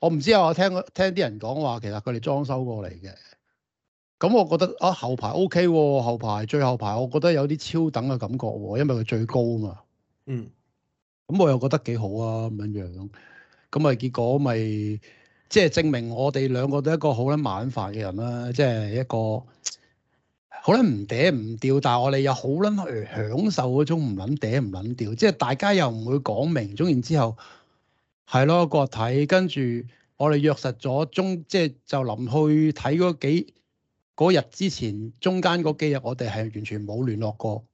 我唔知啊，我聽聽啲人講話，其實佢哋裝修過嚟嘅。咁我覺得啊，後排 OK 喎，後排最後排，我覺得有啲超等嘅感覺喎，啊，因為佢最高啊嘛。嗯。咁我又覺得幾好啊，咁樣樣。咁咪結果咪、就是，即、就、係、是、證明我哋兩個都係一個好撚晚飯嘅人啦，啊，即、就、係、是、一個。可能唔嗲唔掉，但係我哋又好撚去享受嗰種唔撚嗲唔撚掉，即係大家又唔會講明。總然之，之後，係咯，個睇跟住我哋約實咗中，即係就臨去睇嗰幾嗰日之前，中間嗰幾日我哋係完全冇聯絡過，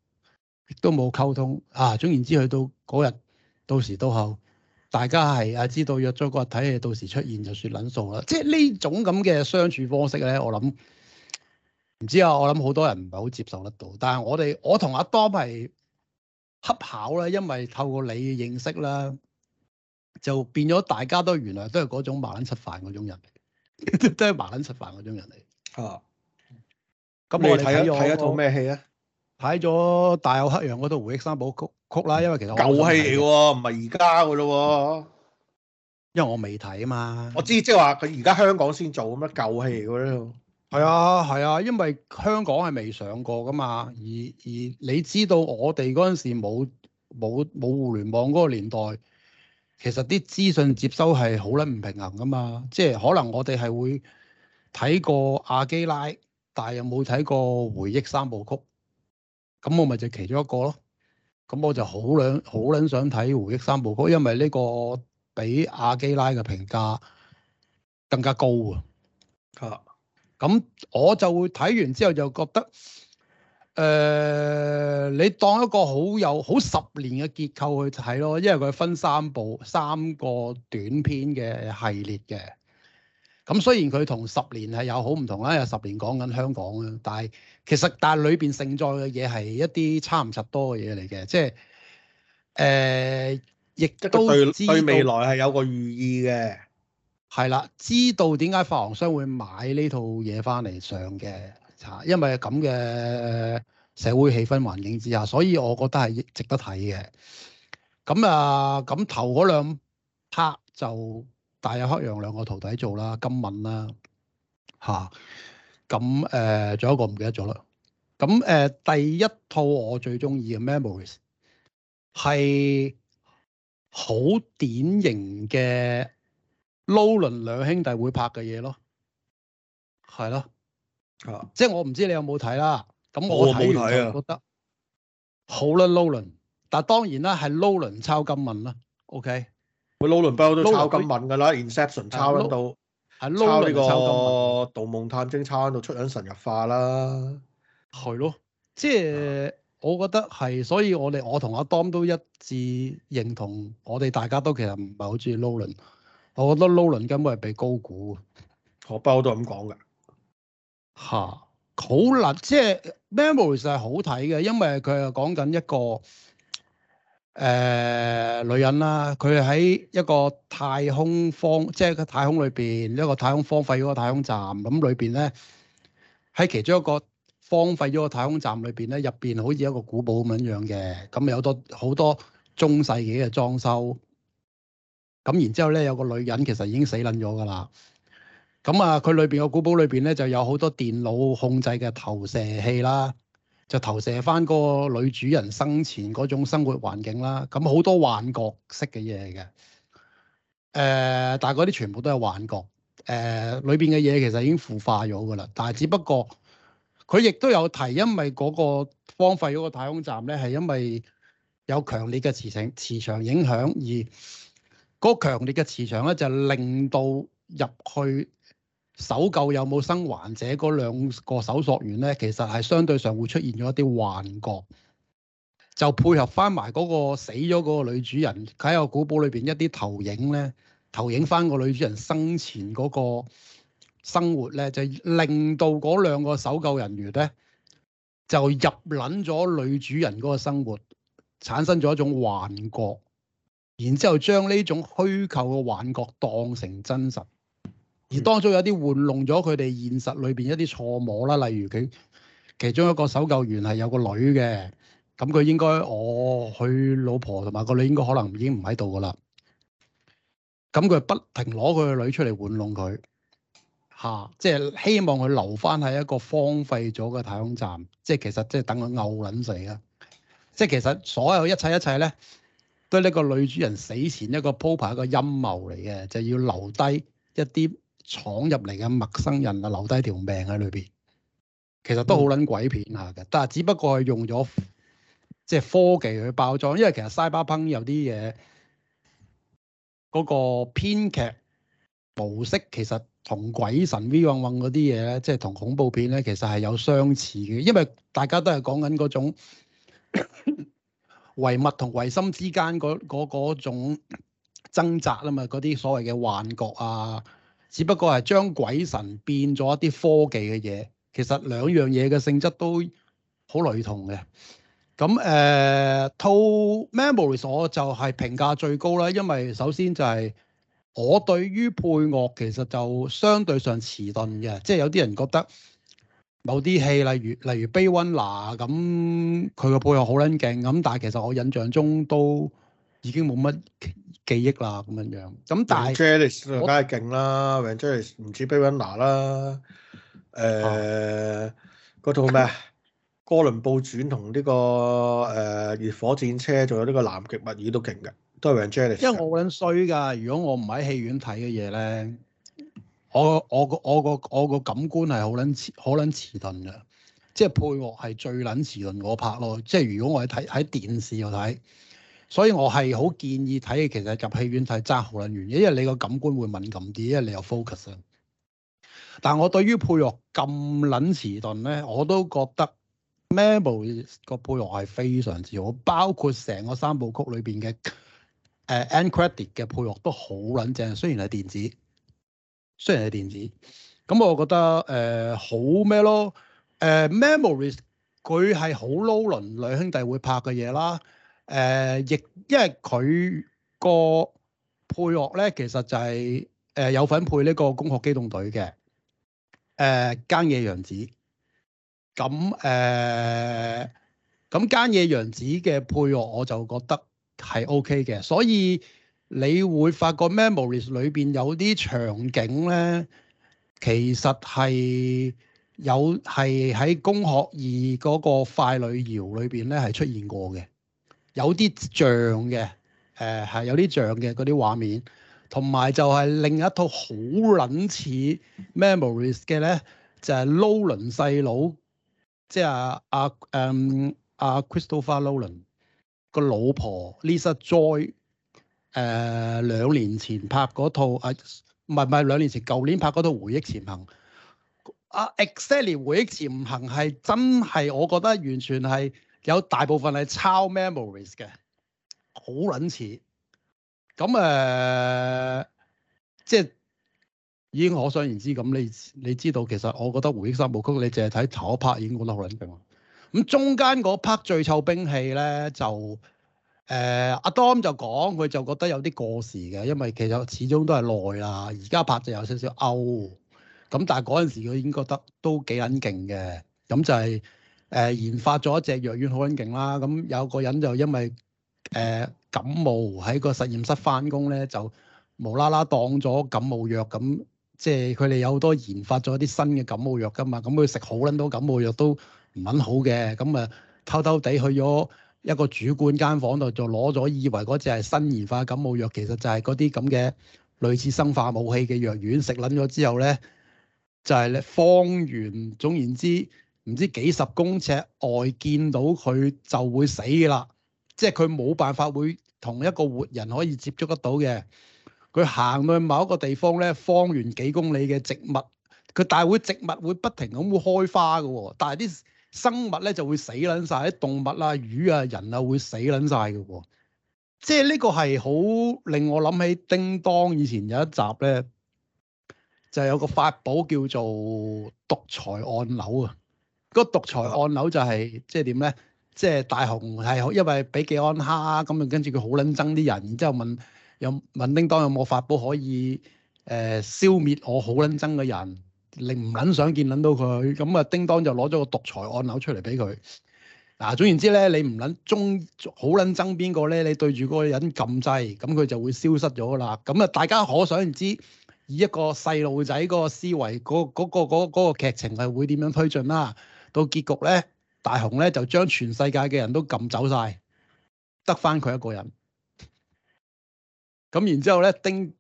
亦都冇溝通啊。總然之去到嗰日，到時到後大家係啊知道約咗個睇，到時出現就算捻數啦。即係呢種咁嘅相處方式咧，我諗。唔知啊，我諗好多人唔係好接受得到，但係我哋我同阿 Dom 係恰巧咧，因為透過你認識啦，就變咗大家都原來都係嗰種麻捻食飯嗰種人，嚟。 都係麻捻食飯嗰種人嚟。哦，咁我睇睇咗套咩戲啊？睇咗、嗯《我說 大友克洋》嗰套《回憶三部曲曲》啦，因為其實舊戲嚟嘅喎，唔係而家嘅咯。因為我未睇啊嘛。我知，即係話佢而家香港先做咁樣舊戲嚟嘅咧。係啊，係啊，因為香港係未上過噶嘛，而而你知道我哋嗰陣時冇冇冇互聯網嗰個年代，其實啲資訊接收係好撚唔平衡噶嘛，即係可能我哋係會睇過阿基拉，但係又冇睇過《回憶三部曲》，咁我咪就其中一個咯。咁我就好撚好撚想睇《回憶三部曲》，因為呢個比阿基拉嘅評價更加高啊！啊～咁我就會睇完之後就覺得，誒、呃，你當一個好有好十年嘅結構去睇咯，因為佢分三部三個短篇嘅系列嘅。咁、嗯、雖然佢同十年係有好唔同啦，有十年講緊香港嘅，但係其實但係裏邊盛載嘅嘢係一啲差唔多嘅嘢嚟嘅，即係誒亦都對未來係有個寓意嘅。係啦，知道點解發行商會買呢套嘢翻嚟上嘅，吓，因為咁嘅社會氣氛環境之下，所以我覺得係值得睇嘅。咁啊，咁頭嗰兩 part 就大友克洋兩個徒弟做啦，今敏啦，嚇。咁誒，仲、呃、有一個唔記得咗啦。咁誒、呃，第一套我最中意嘅 Memories 係好典型嘅。Nolan 兩兄弟會拍嘅嘢咯，係咯，啊，即係我唔知你有冇睇啦。咁我冇睇完我我覺得好啦，Nolan 但係當然啦，係 Nolan 抄今敏啦。O.K. 佢 Nolan 不嬲都抄今敏㗎啦。Nolan，Inception 抄到，喺度，抄呢、這個《盜夢探偵》抄喺度，出緊神入化啦。係咯，即係、啊、我覺得係，所以我哋我同阿 Dom 都一致認同，我哋大家都其實唔係好中意 Nolan。.我覺得 Low 輪根本係被高估嘅，學包都係咁講嘅。嚇，好啦！即係 Memories 係好睇嘅，因為佢又講緊一個誒女人啦，佢喺一個太空荒，即係個太空裏邊一個太空荒廢嗰個太空站，咁裏邊咧，喺其中一個荒廢咗嘅太空站裏邊咧，入邊好似一個古堡咁樣嘅，咁有多好多中世紀嘅裝修。咁然之後咧，有個女人其實已經死撚咗㗎啦。咁、嗯、啊，佢裏邊個古堡裏邊咧，就有好多電腦控制嘅投射器啦，就投射翻嗰個女主人生前嗰種生活環境啦。咁、嗯、好多幻覺式嘅嘢嘅。誒、呃，但係嗰啲全部都係幻覺。誒、呃，裏邊嘅嘢其實已經腐化咗㗎啦。但係只不過佢亦都有提，因為嗰個荒廢嗰個太空站咧，係因為有強烈嘅磁性磁場影響而。嗰強烈嘅磁場咧，就令到入去搜救有冇生還者嗰兩個搜索員咧，其實係相對上會出現咗一啲幻覺，就配合翻埋嗰個死咗嗰個女主人佢喺個古堡裏邊一啲投影咧，投影翻個女主人生前嗰個生活咧，就令到嗰兩個搜救人員咧就入撚咗女主人嗰個生活，產生咗一種幻覺。然之後將呢種虛構嘅幻覺當成真實，而當中有啲玩弄咗佢哋現實裏邊一啲錯誤啦，例如佢其中一個搜救員係有個女嘅，咁佢應該我佢、哦、老婆同埋個女應該可能已經唔喺度噶啦，咁佢不停攞佢個女出嚟玩弄佢，吓、啊，即係希望佢留翻喺一個荒廢咗嘅太空站，即係其實即係等佢嘔撚死啦，即係其實所有一切一切咧，都係呢個女主人死前一個鋪排一個陰謀嚟嘅，就要留低一啲闖入嚟嘅陌生人啊，留低條命喺裏邊。其實都好撚鬼片下嘅，但係只不過係用咗即係科技去包裝，因為其實《西巴烹》有啲嘢嗰個編劇模式其實同鬼神 V R、V R 嗰啲嘢咧，即係同恐怖片咧，其實係有相似嘅，因為大家都係講緊嗰種。 唯物同唯心之間嗰嗰種掙扎啊嘛，嗰啲所謂嘅幻覺啊，只不過係將鬼神變咗一啲科技嘅嘢，其實兩樣嘢嘅性質都好雷同嘅。咁誒套、呃、Memories 我就係評價最高啦，因為首先就係我對於配樂其實就相對上遲鈍嘅，即係有啲人覺得。某啲戲，例如例如 Beau Willa 咁，佢個配樂好撚勁咁，但係其實我印象中都已經冇乜記憶啦，咁樣樣。咁但係，Vangelis 梗係勁啦，Vangelis 唔似 Beau Willa 啦。誒，嗰套咩？哥倫布傳同呢個誒熱、呃、火戰車，仲有呢個南極物語都勁嘅，都係 Vangelis。因為我好撚衰噶，如果我唔喺戲院睇嘅嘢咧。我我個我個我個感官係好撚遲，好撚遲鈍嘅，即係配樂係最撚遲鈍我拍咯。即係如果我喺睇喺電視度睇，所以我係好建議睇嘅，其實入戲院睇揸好撚遠嘅，因為你個感官會敏感啲，因為你有 focusing。但我對於配樂咁撚遲鈍咧，我都覺得 Mabel 個配樂係非常之好，包括成個三部曲裏邊嘅誒 End Credit 嘅配樂都好撚正，雖然係電子。雖然係電子，咁、嗯、我覺得誒、呃、好咩咯？誒、呃、，Memories 佢係好 Low 輪兩兄弟會拍嘅嘢啦。誒、呃，亦因為佢個配樂咧，其實就係、是、誒、呃、有份配呢個攻殼機動隊嘅誒菅野洋子。咁、嗯、誒，咁、呃、菅野洋子嘅配樂我就覺得係 O K 嘅，所以。你會發覺 Memories 裏邊有啲場景咧，其實係有係喺《公學二》嗰個《快女搖》裏邊咧係出現過嘅，有啲像嘅，誒、呃、係有啲像嘅嗰啲畫面，同埋就係另一套好撚似 Memories 嘅咧，就係、是、Nolan 細佬，即係阿阿誒阿 Christopher Nolan 個老婆 Lisa Joy。誒、呃、兩年前拍嗰套啊，唔係唔係兩年前，舊年拍嗰套《回憶潛行》啊，《Excel 回憶潛行》係真係，我覺得完全係有大部分係抄 Memories 嘅，好撚似。咁誒、呃，即係已經可想而知。咁你你知道其實我覺得《回憶三部曲》你淨係睇頭一 part 已經覺得好撚勁。咁中間嗰 part 最臭兵器咧就～誒，阿、uh，當就講，佢就覺得有啲過時嘅，因為其實始終都係耐啦。而家拍就有少少 out 咁但係嗰陣時佢已經覺得都幾撚勁嘅。咁就係誒研發咗一隻藥丸好撚勁啦。咁有個人就因為誒、呃、感冒喺個實驗室翻工咧，就無啦啦當咗感冒藥，咁即係佢哋有好多研發咗啲新嘅感冒藥噶嘛。咁佢食好撚多感冒藥都唔撚好嘅，咁啊偷偷地去咗。一個主管間房度就攞咗，以為嗰隻係新研化感冒藥，其實就係嗰啲咁嘅類似生化武器嘅藥丸。食撚咗之後咧，就係咧，方圓總言之，唔知幾十公尺外見到佢就會死㗎啦。即係佢冇辦法會同一個活人可以接觸得到嘅。佢行到去某一個地方咧，方圓幾公里嘅植物，佢大會植物會不停咁會開花㗎喎、哦，但係啲，生物咧就會死撚晒，啲動物啊、魚啊、人啊會死撚晒嘅喎，即係呢個係好令我諗起叮當以前有一集咧，就係、是、有個法寶叫做獨裁按鈕啊。嗰、那個、獨裁按鈕就係即係點咧？即係大雄係因為俾技安蝦咁，跟住佢好撚憎啲人，然之後問有問叮當有冇法寶可以誒、呃、消滅我好撚憎嘅人。你唔捻想見撚到佢，咁啊叮當就攞咗個獨裁按鈕出嚟俾佢。嗱、啊，總言之咧，你唔捻中好捻憎邊個咧，你對住嗰個人撳掣，咁佢就會消失咗啦。咁啊，大家可想而知，以一個細路仔個思維，嗰、嗰、嗰個嗰、嗰個嗰個嗰個、劇情係會點樣推進啦？到結局咧，大雄咧就將全世界嘅人都撳走晒，得翻佢一個人。咁然之後咧，叮。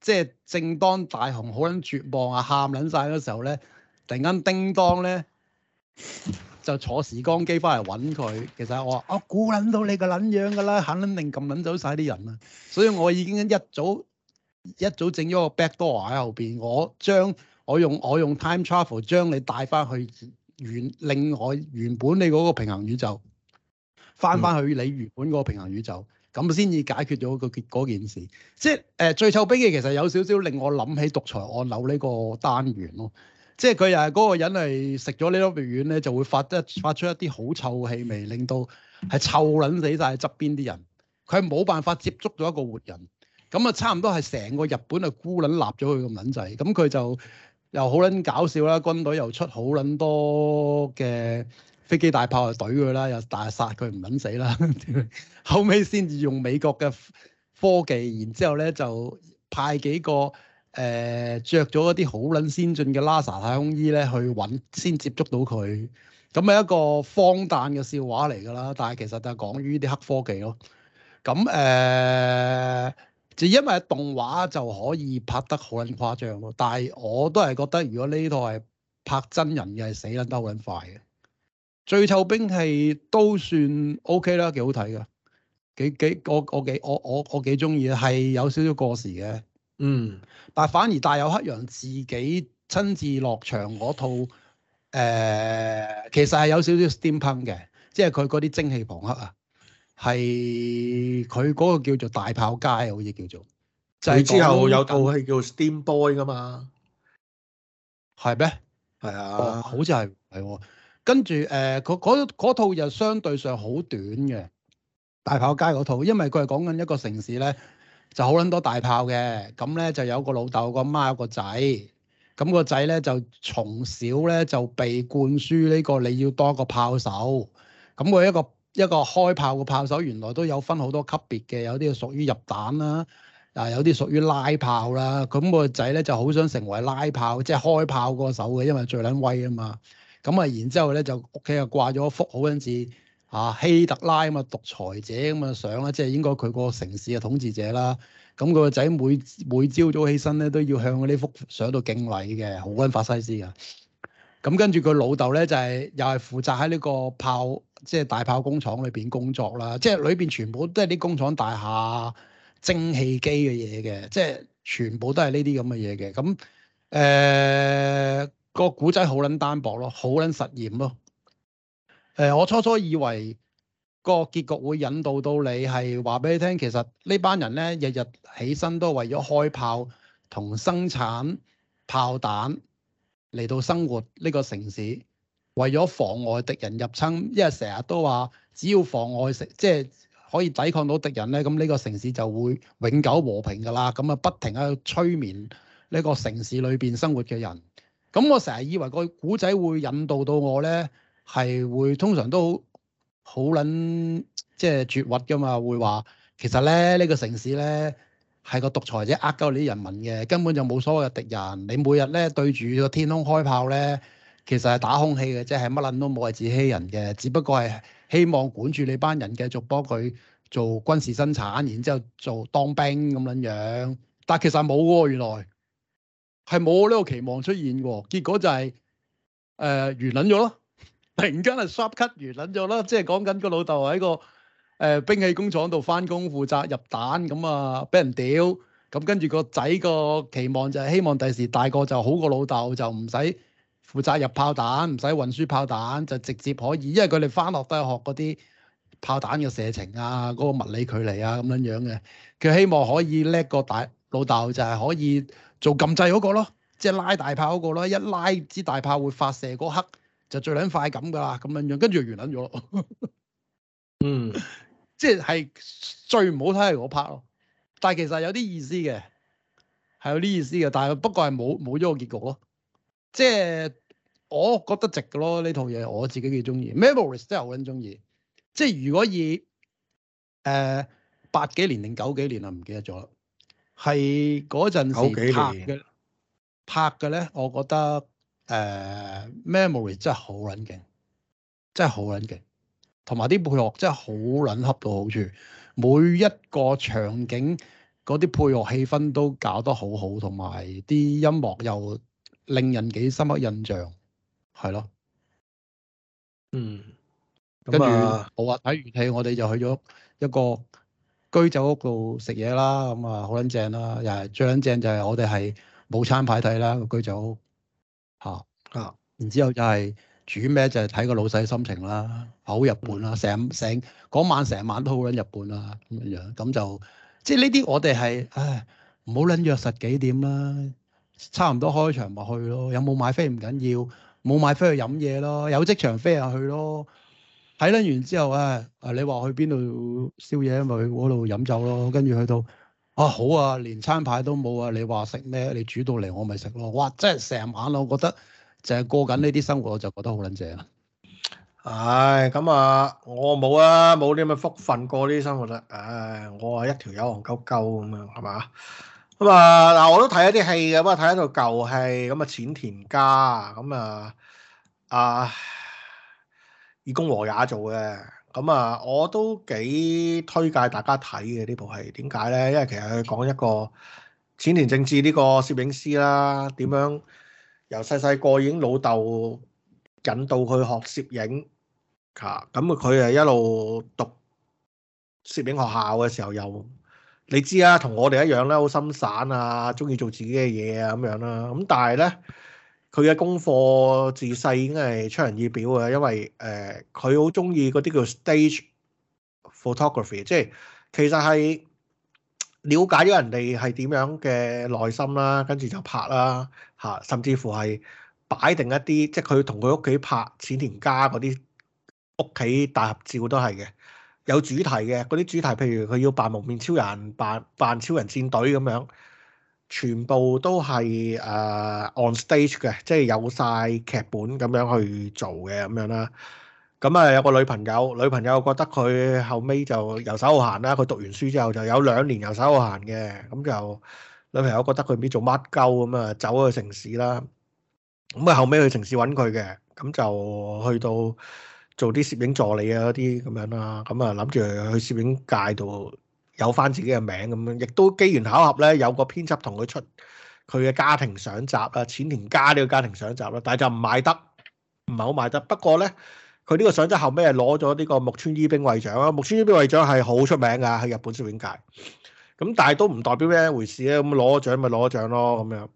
即係，正當大雄好撚絕望啊，喊撚晒嘅時候咧，突然間叮當咧就坐時光機翻嚟揾佢。其實我話我估撚到你個撚樣㗎啦，肯撚定撳撚走晒啲人啦，所以我已經一早一早整咗個 back door 喺後邊。我將我用我用 time travel 將你帶翻去原另外原本你嗰個平衡宇宙翻翻去你原本嗰個平衡宇宙。咁先至解決咗個結嗰件事，即係誒、呃、最臭兵器其實有少少令我諗起獨裁按鈕呢個單元咯，即係佢又係嗰個人係食咗呢粒藥丸咧，就會發一發出一啲好臭嘅氣味，令到係臭撚死晒側邊啲人，佢冇辦法接觸到一個活人，咁啊差唔多係成個日本啊孤撚立咗佢咁撚滯，咁佢就又好撚搞笑啦，軍隊又出好撚多嘅。飛機大炮就懟佢啦，又大殺佢唔撚死啦。 後尾先至用美國嘅科技，然之後咧就派幾個誒著咗一啲好撚先進嘅 Laser 太空衣咧去揾，先接觸到佢。咁係一個荒誕嘅笑話嚟㗎啦。但係其實就係講於啲黑科技咯。咁誒、呃、就因為動畫就可以拍得好撚誇張咯。但係我都係覺得，如果呢套係拍真人嘅，係死撚得好撚快嘅。最臭兵器都算 O K 啦，幾好睇嘅，幾幾我我幾我我我幾中意啊，係有少少過時嘅，嗯，但係反而大友克洋自己親自落場嗰套誒、呃，其實係有少少 Steam Punk 嘅，即係佢嗰啲蒸汽朋克啊，係佢嗰個叫做大炮街啊，好似叫做，就係、是那個、之後有套戲叫 Steam Boy 噶嘛，係咩嗎？係啊，好似係係跟住誒，嗰、嗰、嗰套又相對上好短嘅《大炮街》嗰套，因為佢係講緊一個城市咧，就好撚多大炮嘅。咁咧就有個老豆、個媽、個仔。咁個仔咧就從小咧就被灌輸呢個你要當個炮手。咁佢一個一個開炮嘅炮手，原來都有分好多級別嘅，有啲屬於入彈啦，啊有啲屬於拉炮啦。咁個仔咧就好想成為拉炮，即係開炮嗰手嘅，因為最撚威啊嘛。咁啊，然之後咧就屋企啊掛咗一幅好軍字啊希特拉咁啊獨裁者咁嘅相啦，即係應該佢個城市嘅統治者啦。咁個仔每每朝早起身咧都要向呢幅相度敬禮嘅，好軍法西斯嘅。咁、嗯、跟住佢老豆咧就係、是、又係負責喺呢個炮即係大炮工廠裏邊工作啦。即係裏邊全部都係啲工廠大廈、蒸汽機嘅嘢嘅，即係全部都係呢啲咁嘅嘢嘅。咁、嗯、誒。呃個古仔好撚單薄咯，好撚實驗咯。誒、呃，我初初以為、這個結局會引導到你係話俾你聽，其實呢班人咧日日起身都係為咗開炮同生產炮彈嚟到生活呢個城市，為咗妨礙敵人入侵。因為成日都話只要妨礙城，即係可以抵抗到敵人咧，咁呢個城市就會永久和平㗎啦。咁啊，不停喺度催眠呢個城市裏邊生活嘅人。咁我成日以為個古仔會引導到我咧，係會通常都好好撚即係絕核㗎嘛，會話其實咧呢個城市咧係個獨裁者呃鳩你啲人民嘅，根本就冇所謂敵人。你每日咧對住個天空開炮咧，其實係打空氣嘅，即係乜撚都冇係自欺人嘅，只不過係希望管住你班人繼續幫佢做軍事生產，然之後做當兵咁樣樣。但其實冇喎，原來。係冇呢個期望出現，結果就係、是、誒，愚諗咗咯，突然間係 sharp cut 愚諗咗咯，即係講緊個老豆喺個誒、呃、兵器工廠度翻工負責入彈，咁啊俾人屌，咁跟住個仔個期望就係希望第時大個就好過老豆，就唔使負責入炮彈，唔使運輸炮彈，就直接可以，因為佢哋翻學都係學嗰啲炮彈嘅射程啊，嗰、那個物理距離啊咁樣樣嘅，佢希望可以叻過大老豆就係可以。做禁掣嗰個咯，即係拉大炮嗰個咯，一拉支大炮會發射嗰刻就最撚快咁噶啦，咁樣樣跟住就完撚咗。 嗯，即係最唔好睇係嗰 part 咯，但係其實有啲意思嘅，係有啲意思嘅，但係不過係冇冇咗個結局咯。即係我覺得值㗎咯，呢套嘢我自己幾中意。Memories 真係好撚中意。即係如果以誒、呃、八幾年定九幾年啊，唔記得咗啦。係嗰陣時拍嘅，拍嘅咧，我覺得誒、呃《Memory》真係好撚勁，真係好撚勁。同埋啲配樂真係好撚恰到好處，每一個場景嗰啲配樂氣氛都搞得好好，同埋啲音樂又令人幾深刻印象，係咯。嗯，跟住好啊，睇完戲，我哋就去咗一個居酒屋度食嘢啦，咁啊好撚正啦！又係最撚正就係我哋係冇餐牌睇啦，個居酒屋吓，啊，啊然之後就係煮咩就係睇個老細心情啦，嗯啊，好日本啦，成成嗰晚成晚都好撚日本啦咁樣樣，咁就即係呢啲我哋係唉唔好撚約十幾點啦，差唔多開場咪去咯，有冇買飛唔緊要，冇買飛去飲嘢咯，有即場飛下去咯。睇撚完之後啊，啊你話去邊度宵夜，咪去嗰度飲酒咯。跟住去到，啊好啊，連餐牌都冇啊。你話食咩？你煮到嚟我咪食咯。哇！真係成晚我覺得淨係過緊呢啲生活，我就覺得好撚正啦。唉、哎，咁啊，我冇啊，冇你咁嘅福分過呢啲生活啦。唉、哎，我係一條友戇鳩鳩咁樣，係嘛？咁、嗯、啊嗱，我都睇一啲戲嘅，咁啊睇套舊戲，咁啊淺田家啊，咁啊啊。啊啊以宮和也做嘅，咁啊，我都幾推介大家睇嘅呢部戲。點解呢？因為其實佢講一個淺田政治呢個攝影師啦，點樣由細細個已經老豆引導佢學攝影，嚇、啊。咁佢誒一路讀攝影學校嘅時候又，又你知啦、啊，同我哋一樣啦，好心散啊，中意做自己嘅嘢啊咁樣啦、啊。咁但係呢。佢嘅功課自細已經係出人意表嘅，因為誒佢好中意嗰啲叫 stage photography，即係其實係了解咗人哋係點樣嘅內心啦，跟住就拍啦嚇，甚至乎係擺定一啲，即係佢同佢屋企拍淺田家嗰啲屋企大合照都係嘅，有主題嘅嗰啲主題，譬如佢要扮蒙面超人，扮扮超人戰隊咁樣。全部都係誒、uh, on stage 嘅，即係有晒劇本咁樣去做嘅咁樣啦。咁啊有個女朋友，女朋友覺得佢後尾就遊手好閒啦。佢讀完書之後就有兩年遊手好閒嘅，咁就女朋友覺得佢唔知做乜鳩，咁啊走咗去城市啦。咁啊後尾去城市揾佢嘅，咁就去到做啲攝影助理啊嗰啲咁樣啦。咁啊諗住去攝影界度。有翻自己嘅名咁樣，亦都機緣巧合咧，有個編輯同佢出佢嘅家庭相集啊，淺田家呢個家庭相集啦，但係就唔賣得，唔係好賣得。不過咧，佢呢個相集後尾係攞咗呢個木村伊兵衛獎啊，木村伊兵衛獎係好出名㗎，喺日本攝影界。咁但係都唔代表咩回事咧，咁攞獎咪攞獎咯咁樣。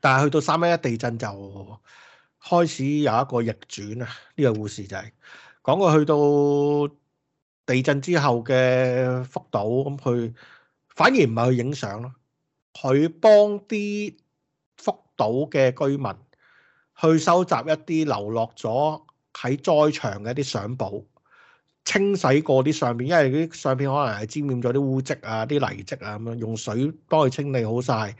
但係去到三一一地震就開始有一個逆轉啊，呢、呢個故事就係、是、講過去到。地震之後嘅福島咁，佢反而唔係去影相咯，佢幫啲福島嘅居民去收集一啲流落咗喺災場嘅一啲相簿，清洗過啲相片，因為啲相片可能係沾染咗啲污跡啊、啲泥跡啊咁樣，用水幫佢清理好晒。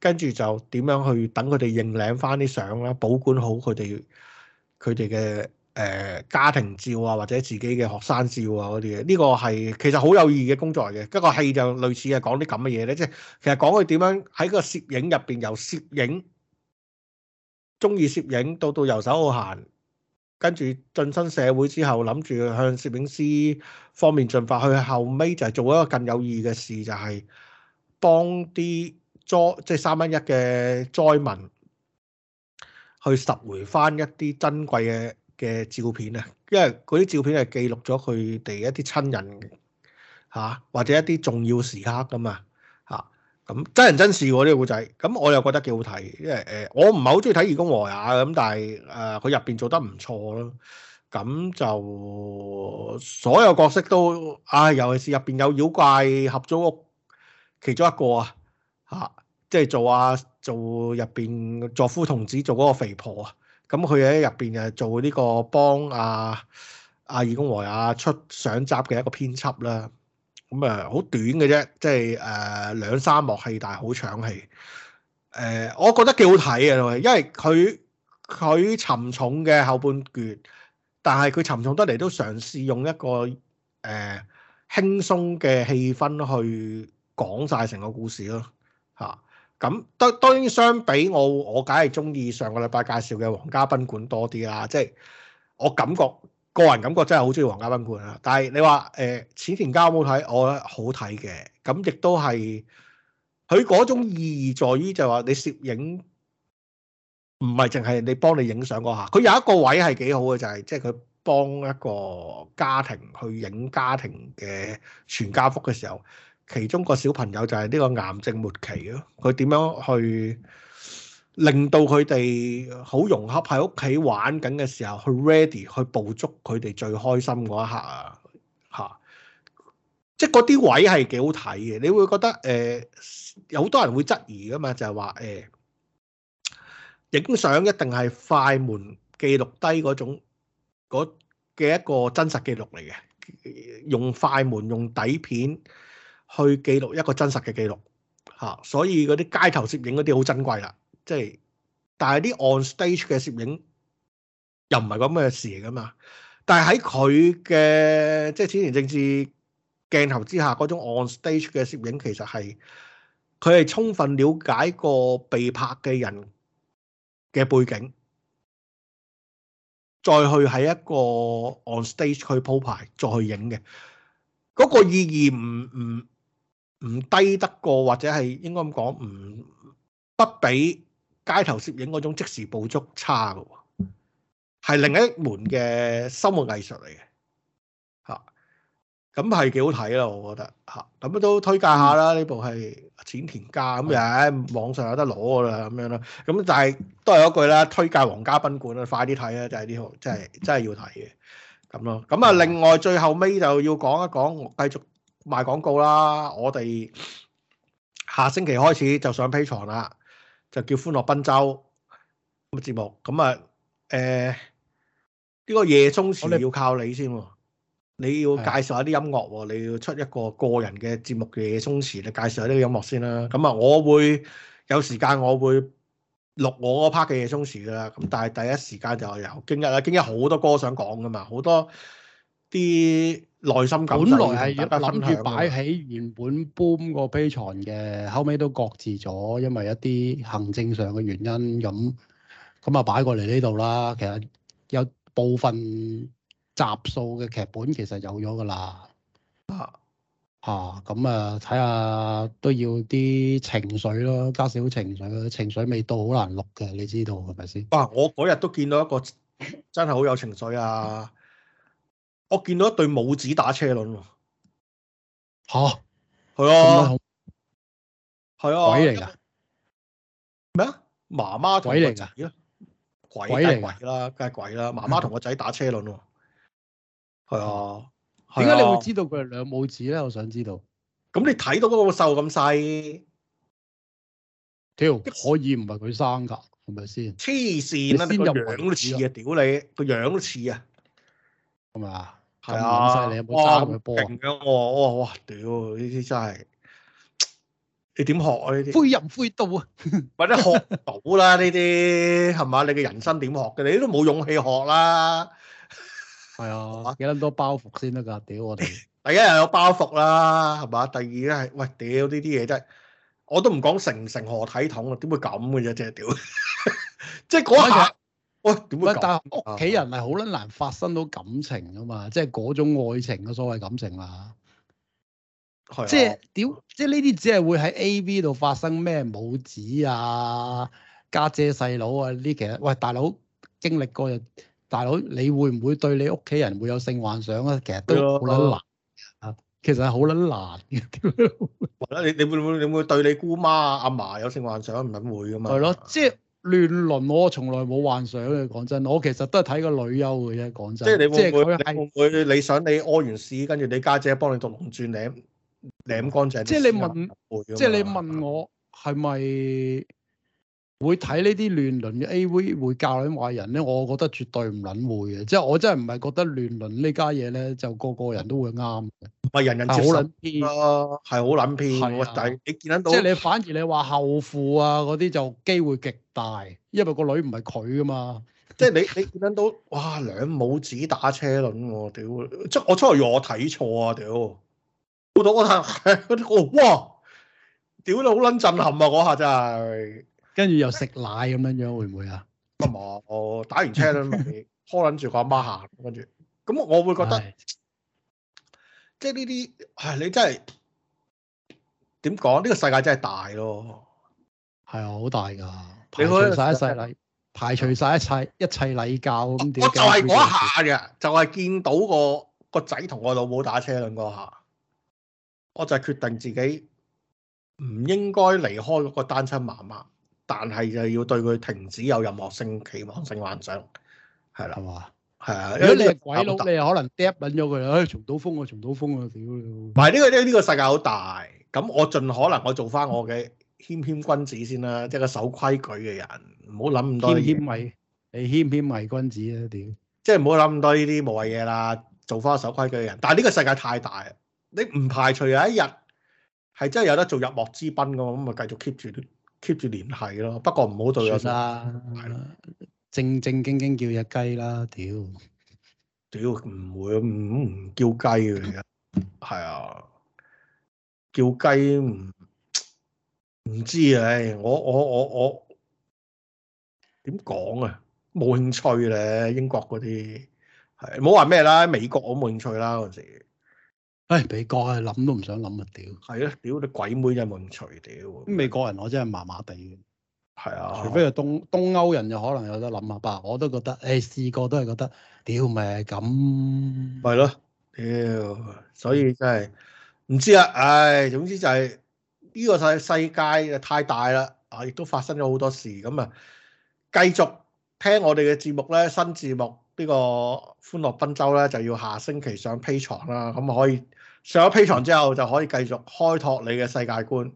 跟住就點樣去等佢哋認領翻啲相咧，保管好佢哋佢哋嘅。誒家庭照啊，或者自己嘅學生照啊，嗰啲嘢，呢個係其實好有意義嘅工作嚟嘅。一個戲就類似係講啲咁嘅嘢呢，即係其實講佢點樣喺個攝影入邊，由攝影鍾意攝影到到遊手好閒，跟住晉身社會之後，諗住向攝影師方面進發，去後尾就係做一個更有意義嘅事，就係幫啲災即係三蚊一嘅災民去拾回翻一啲珍貴嘅嘅照片啊，因為嗰啲照片係記錄咗佢哋一啲親人嚇、啊，或者一啲重要時刻噶嘛嚇，咁、啊啊、真人真事喎呢個古仔，咁我又覺得幾好睇，因為誒、呃、我唔係好中意睇二宮和也咁、啊，但係誒佢入邊做得唔錯咯，咁、啊、就所有角色都啊，尤其是入邊有妖怪合租屋其中一個啊嚇，即係做啊做入邊座敷童子做嗰個肥婆啊。咁佢喺入邊就做呢個幫阿阿義工和阿出上集嘅一個編輯啦，咁誒好短嘅啫，即係誒、呃、兩三幕戲，但係好搶戲。誒、呃，我覺得幾好睇啊，因為佢佢沉重嘅後半段，但係佢沉重得嚟都嘗試用一個誒、呃、輕鬆嘅氣氛去講晒成個故事咯，嚇、啊。咁都當然相比我，我我梗係中意上個禮拜介紹嘅皇家賓館多啲啦。即係我感覺個人感覺真係好中意皇家賓館啊。但係你話誒淺田家好唔好睇？我覺得好睇嘅。咁亦都係佢嗰種意義在於就話你攝影唔係淨係你幫你影相嗰下，佢有一個位係幾好嘅，就係即係佢幫一個家庭去影家庭嘅全家福嘅時候。其中個小朋友就係呢個癌症末期咯，佢點樣去令到佢哋好融洽喺屋企玩緊嘅時候，去 ready 去捕捉佢哋最開心嗰一刻啊！嚇、啊，即係嗰啲位係幾好睇嘅，你會覺得誒、呃、有好多人會質疑噶嘛？就係話誒，影相一定係快門記錄低嗰種嘅一個真實記錄嚟嘅，用快門用底片。去記錄一個真實嘅記錄嚇、啊，所以嗰啲街頭攝影嗰啲好珍貴啦。即係，但係啲 on stage 嘅攝影又唔係咁嘅事嚟噶嘛。但係喺佢嘅即係淺田政志鏡頭之下嗰種 on stage 嘅攝影，其實係佢係充分了解個被拍嘅人嘅背景，再去喺一個 on stage 去鋪排，再去影嘅嗰個意義唔唔。唔低得過，或者係應該咁講，唔不，不比街頭攝影嗰種即時捕捉差嘅喎，係另一門嘅生活藝術嚟嘅嚇，咁係幾好睇啦，我覺得嚇，咁、啊、都推介下啦，呢、嗯、部係淺田家咁又喺網上有得攞嘅啦，咁樣啦，咁、啊、但係都係一句啦，推介《皇家賓館》啊，快啲睇啊，就係呢套真係真係要睇嘅，咁咯，咁啊另外最後尾就要講一講，繼續。賣廣告啦！我哋下星期開始就上 Patreon 啦，就叫歡樂賓州咁嘅節目。咁啊，誒、欸、呢、這個夜中時要靠你先、啊，你要介紹一啲音樂、啊，是的 你要出一個個人嘅節目嘅夜中時，你介紹下啲音樂先啦、啊。咁啊，我會有時間我會錄我嗰 part 嘅夜中時噶啦。咁但係第一時間就由經日，啦，經日好多歌想講噶嘛，好多啲。內心感受，本來係諗住擺喺原本搬個 Patreon 嘅，後尾都擱置咗，因為一啲行政上嘅原因咁，咁啊擺過嚟呢度啦。其實有部分集數嘅劇本其實有咗噶啦。啊啊，咁啊睇下都要啲情緒咯，加少情緒，情緒未到好難錄嘅，你知道係咪先？哇！我嗰日都見到一個真係好有情緒啊！我見到一對母子打車輪喎，吓，係啊，係啊，鬼嚟噶。咩啊？媽媽同個仔，鬼嚟噶，鬼嚟啦，梗係鬼啦。媽媽同個仔打車輪喎，係啊，點解你會知道佢係兩母子咧？我想知道。咁你睇到嗰個瘦咁細，屌可以唔係佢生噶，係咪先？黐線啊！邊個樣都似啊！屌你個樣都似啊！係嘛？係啊，你有哇，平嘅我我我，屌呢啲真係，你點學啊呢啲？灰入灰到啊，或者學到啦呢啲係嘛？你嘅人生點學嘅？你都冇勇氣學啦。係啊，幾、啊、多，多包袱先得噶？屌我哋，第一又有包袱啦，係嘛？第二咧係，喂，屌呢啲嘢真係，我都唔講成唔成何體統啊？點會咁嘅啫？即係屌， 即係嗰下。喂，唔係、哎，啊、但屋企人係好撚難發生到感情噶嘛，即係嗰種愛情嘅所謂感情啦。係、啊、即係點？即係呢啲只係會喺 A.V. 度發生咩母子啊、家姐細佬啊呢啲，其實喂，大佬經歷過，大佬你會唔會對你屋企人會有性幻想啊？其實都好撚難。啊，其實係好撚難嘅。或者、啊、 你你會唔會你會對你姑媽啊阿嫲有性幻想、啊？唔撚會噶嘛。係咯、啊，即係。亂倫我從來冇幻想嘅，講真，我其實都係睇個女優嘅啫，講真。即係你會唔會？即係你會，會你想你屙完屎，姐姐跟住你家姐幫你讀龍轉舐舐乾淨？即係你問，即係你問我係咪？會睇呢啲亂倫嘅 AV 會教你壞人咧？我覺得絕對唔捻會嘅，即係我真係唔係覺得亂倫呢家嘢咧，就個個人都會啱嘅，唔係人人接受，係好捻偏咯，係好捻偏。啊、但係你見到即係你反而你話後父啊嗰啲就機會極大，因為個女唔係佢噶嘛。即係你你見到哇兩母子打車輪，啊，我屌即我出嚟以我睇錯啊屌，我睇嗰啲我哇屌你好捻震撼啊嗰下真係。跟住又食奶咁樣樣，會唔會啊？唔係，我打完車咧，拖捻住個阿媽行，跟住，咁我會覺得，是即係呢啲係你真係點講？呢、呢個世界真係大咯，係啊，好大噶。你看排除晒一世禮，看排除晒一,是一切一切禮教咁點？我就係嗰下嘅，就係、是、見到個個仔同我老母打車兩個下，我就決定自己唔應該離開嗰個單親媽媽。但係就要對佢停止有任何性期望、性幻想，係啦，係嘛？係啊，如果你係鬼佬，你又可能 dump 咗佢，唉，重到峯啊，重到峯啊，屌！唔係，呢個呢個世界好大，咁我盡可能我做翻我嘅謙謙君子先啦，即係個守規矩嘅人，唔好諗咁多。謙謙你謙謙謎君子啊，點！即係唔好諗咁多呢啲無謂嘢啦，做翻守規矩嘅人。但係呢個世界太大，你唔排除有一日係真係有得做入幕之賓噶嘛，咁咪繼續 keep 住。keep 住聯繫咯，不過唔好做嘢啦，的的正正經經叫隻雞啦，屌！ 屌唔會唔唔叫雞嘅，而家係啊，叫雞唔唔知啊，我我我我點講啊？冇興趣咧，英國嗰啲係冇話咩啦，美國我冇興趣啦嗰陣時。唉，美國、哎、啊，諗都唔想諗啊！屌，係啊！屌你鬼妹嘅命除屌！美國人我真係麻麻地嘅，係啊的！除非係東東歐人就可能有得諗下吧，我都覺得，誒、哎、試過都係覺得，屌咪係咁，係咯，屌！所以真係唔知啦，唉、哎，總之就係呢個世世界太大啦，啊亦都發生咗好多事咁啊！繼續聽我哋嘅節目咧，新節目呢、呢個歡樂賓州咧就要下星期上 Patreon 啦，咁可以。上咗 P 床之後就可以繼續開拓你嘅世界觀，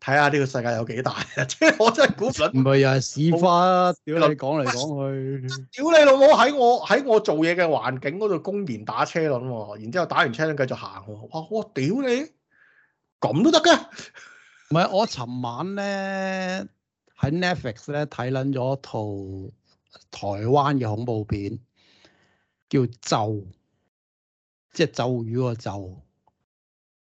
睇下呢個世界有幾大。即係我真係估唔到，唔係又係屎花，我屌你講嚟講去，屌你老母喺我喺我做嘢嘅環境嗰度公然打車輪，然之後打完車輪繼續行，哇！我屌你，咁都得嘅？唔係我尋晚咧喺 Netflix 咧睇捻咗一套台灣嘅恐怖片，叫咒，即係咒語個咒。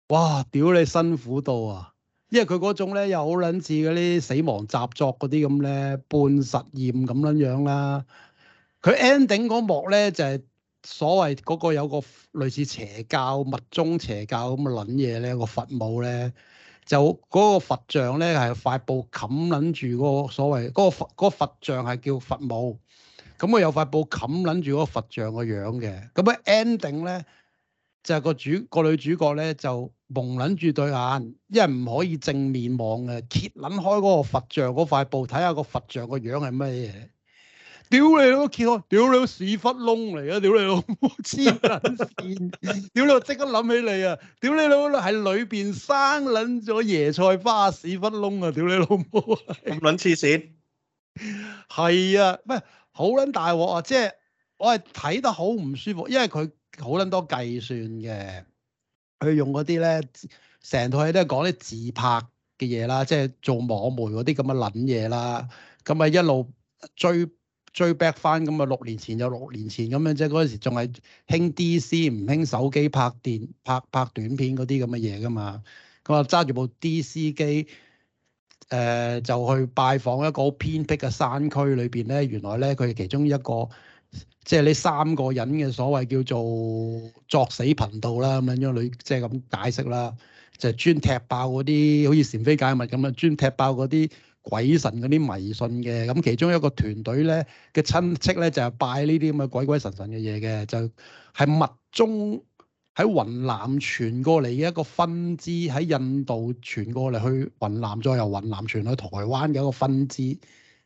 哇！屌你辛苦到啊！因為佢嗰種咧，又好捻似嗰啲死亡習作嗰啲咁咧，半實驗咁樣樣啦。佢 ending 嗰幕咧就係、係、所謂嗰個有個類似邪教、密宗邪教咁嘅捻嘢咧，嗰個佛母咧就嗰、嗰個佛像咧係塊布冚捻住嗰個所謂嗰、嗰個佛、嗰個佛像係叫佛母，咁佢有塊布冚捻住嗰個佛像個樣、嗰個樣嘅。咁佢 ending 咧就係、係、個主個女主角咧就。蒙捻住對眼，因為唔可以正面望嘅，揭捻開嗰個佛像嗰塊布，睇下個佛像個樣係乜嘢。屌、呃、你老母，屌、呃、你老屎忽窿嚟啊，屌、呃、你老母黐捻線，屌、 呃、你！即刻諗起你啊，屌、呃、你老母，係裏邊生捻咗椰菜花屎忽窿、呃哎、啊！屌你老母，咁捻黐線。係啊，唔係好捻大鑊啊，即係我係睇得好唔舒服，因為佢好捻多計算嘅。佢用嗰啲咧，成套戲都係講啲自拍嘅嘢啦，即係做網媒嗰啲咁嘅撚嘢啦。咁啊一路追追 back 翻，咁啊六年前就六年前咁樣啫。嗰陣時仲係興 D.C. 唔興手機拍電拍拍短片嗰啲咁嘅嘢噶嘛。咁啊揸住部 D.C. 機，誒、呃、就去拜訪一個好偏僻嘅山區裏邊咧。原來咧佢係其中一個。即係呢三個人嘅所謂叫做作死頻道啦，咁樣樣你即係咁解釋啦，就係、專踢爆嗰啲好似神飛解密咁啊，專踢爆嗰啲鬼神嗰啲迷信嘅。咁其中一個團隊咧嘅親戚咧就係、係、拜呢啲咁嘅鬼鬼神神嘅嘢嘅，就係、係、密宗喺雲南傳過嚟嘅一個分支，喺印度傳過嚟去雲南再由雲南傳去台灣嘅一個分支。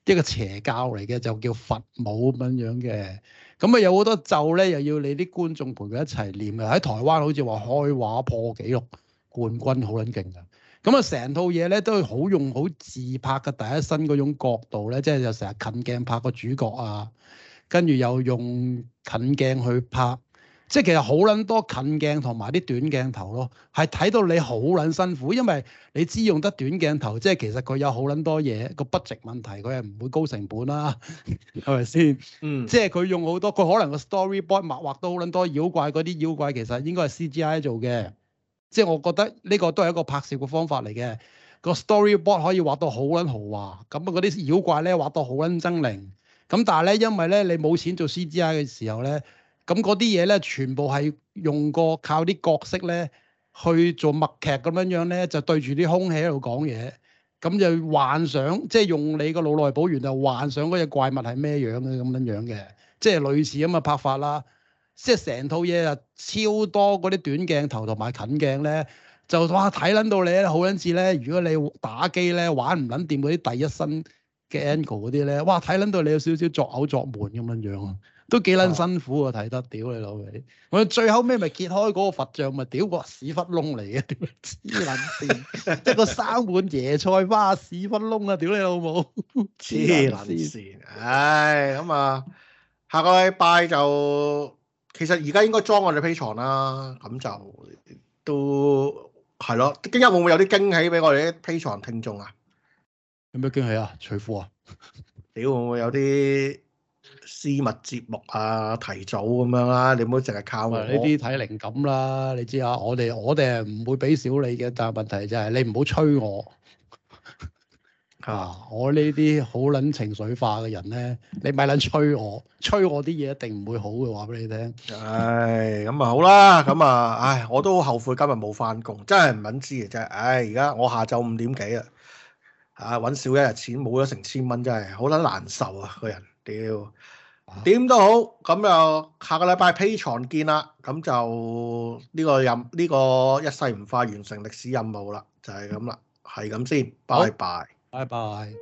一個邪教嚟嘅就叫佛母咁樣樣嘅，咁啊有好多咒咧，又要你啲觀眾陪佢一齊念嘅。喺台灣好似話開畫破紀錄，冠軍好撚勁㗎。咁啊成套嘢咧都係好用好自拍嘅，第一身嗰種角度咧，即係就成日近鏡拍個主角啊，跟住又用近鏡去拍。即係其實好撚多近鏡同埋啲短鏡頭咯，係睇到你好撚辛苦，因為你知用得短鏡頭，即係其實佢有好撚多嘢個 budget 問題，佢係唔會高成本啦，係咪先？嗯，即係佢用好多，佢可能個 storyboard 畫到好撚多妖怪嗰啲妖怪，其實應該係 CGI 做嘅，即係我覺得呢個都係一個拍攝嘅方法嚟嘅，個 storyboard 可以畫到好撚豪華，咁啊嗰啲妖怪咧畫到好撚猙獰，咁但係咧因為咧你冇錢做 CGI 嘅時候咧。咁嗰啲嘢咧，全部係用過靠啲角色咧去做默劇咁樣樣咧，就對住啲空氣喺度講嘢，咁就幻想，即係用你個腦內補完就幻想嗰隻怪物係咩樣嘅咁樣樣嘅，即係類似咁嘅拍法啦。即係成套嘢啊，超多嗰啲短鏡頭同埋近鏡咧，就哇睇撚到你好撚似咧。如果你打機咧玩唔撚掂嗰啲第一身嘅 angle 嗰啲咧，哇睇撚到你有少少作嘔作悶咁樣樣。都幾撚辛苦啊，睇得屌你老味！我最後尾咪揭開嗰個佛像咪屌個屎窟窿嚟嘅，黐撚線！即係 個三碗椰菜花屎窟窿啊！屌你老母，黐撚線！唉，咁啊、 哎嗯，下個禮拜就其實而家應該裝我哋坯床啦，咁就都係咯。今日會唔會有啲驚喜俾我哋啲坯床聽眾啊？有咩驚喜啊？取貨啊，屌會唔會有啲？私密節目啊，提早咁樣啦、啊，你唔好成日靠我呢啲睇靈感啦。你知啊 啊，啊，我哋我哋係唔會俾少你嘅，但係問題就係你唔好催我啊！我呢啲好撚情緒化嘅人咧，你咪撚催我，催我啲嘢一定唔會好嘅，話俾你聽。唉、 哎，咁啊好啦，咁啊唉，我都好後悔今日冇翻工，真係唔撚知嘅啫。唉，而家我下晝五點幾啊，啊揾少一日錢冇咗成千蚊，真係好撚難受啊！個人屌～點都好，咁又下個禮拜 Patreon 見啦。咁就呢個任呢、呢個一世唔化完成歷史任務啦，就係咁啦。係咁先，拜拜，拜拜。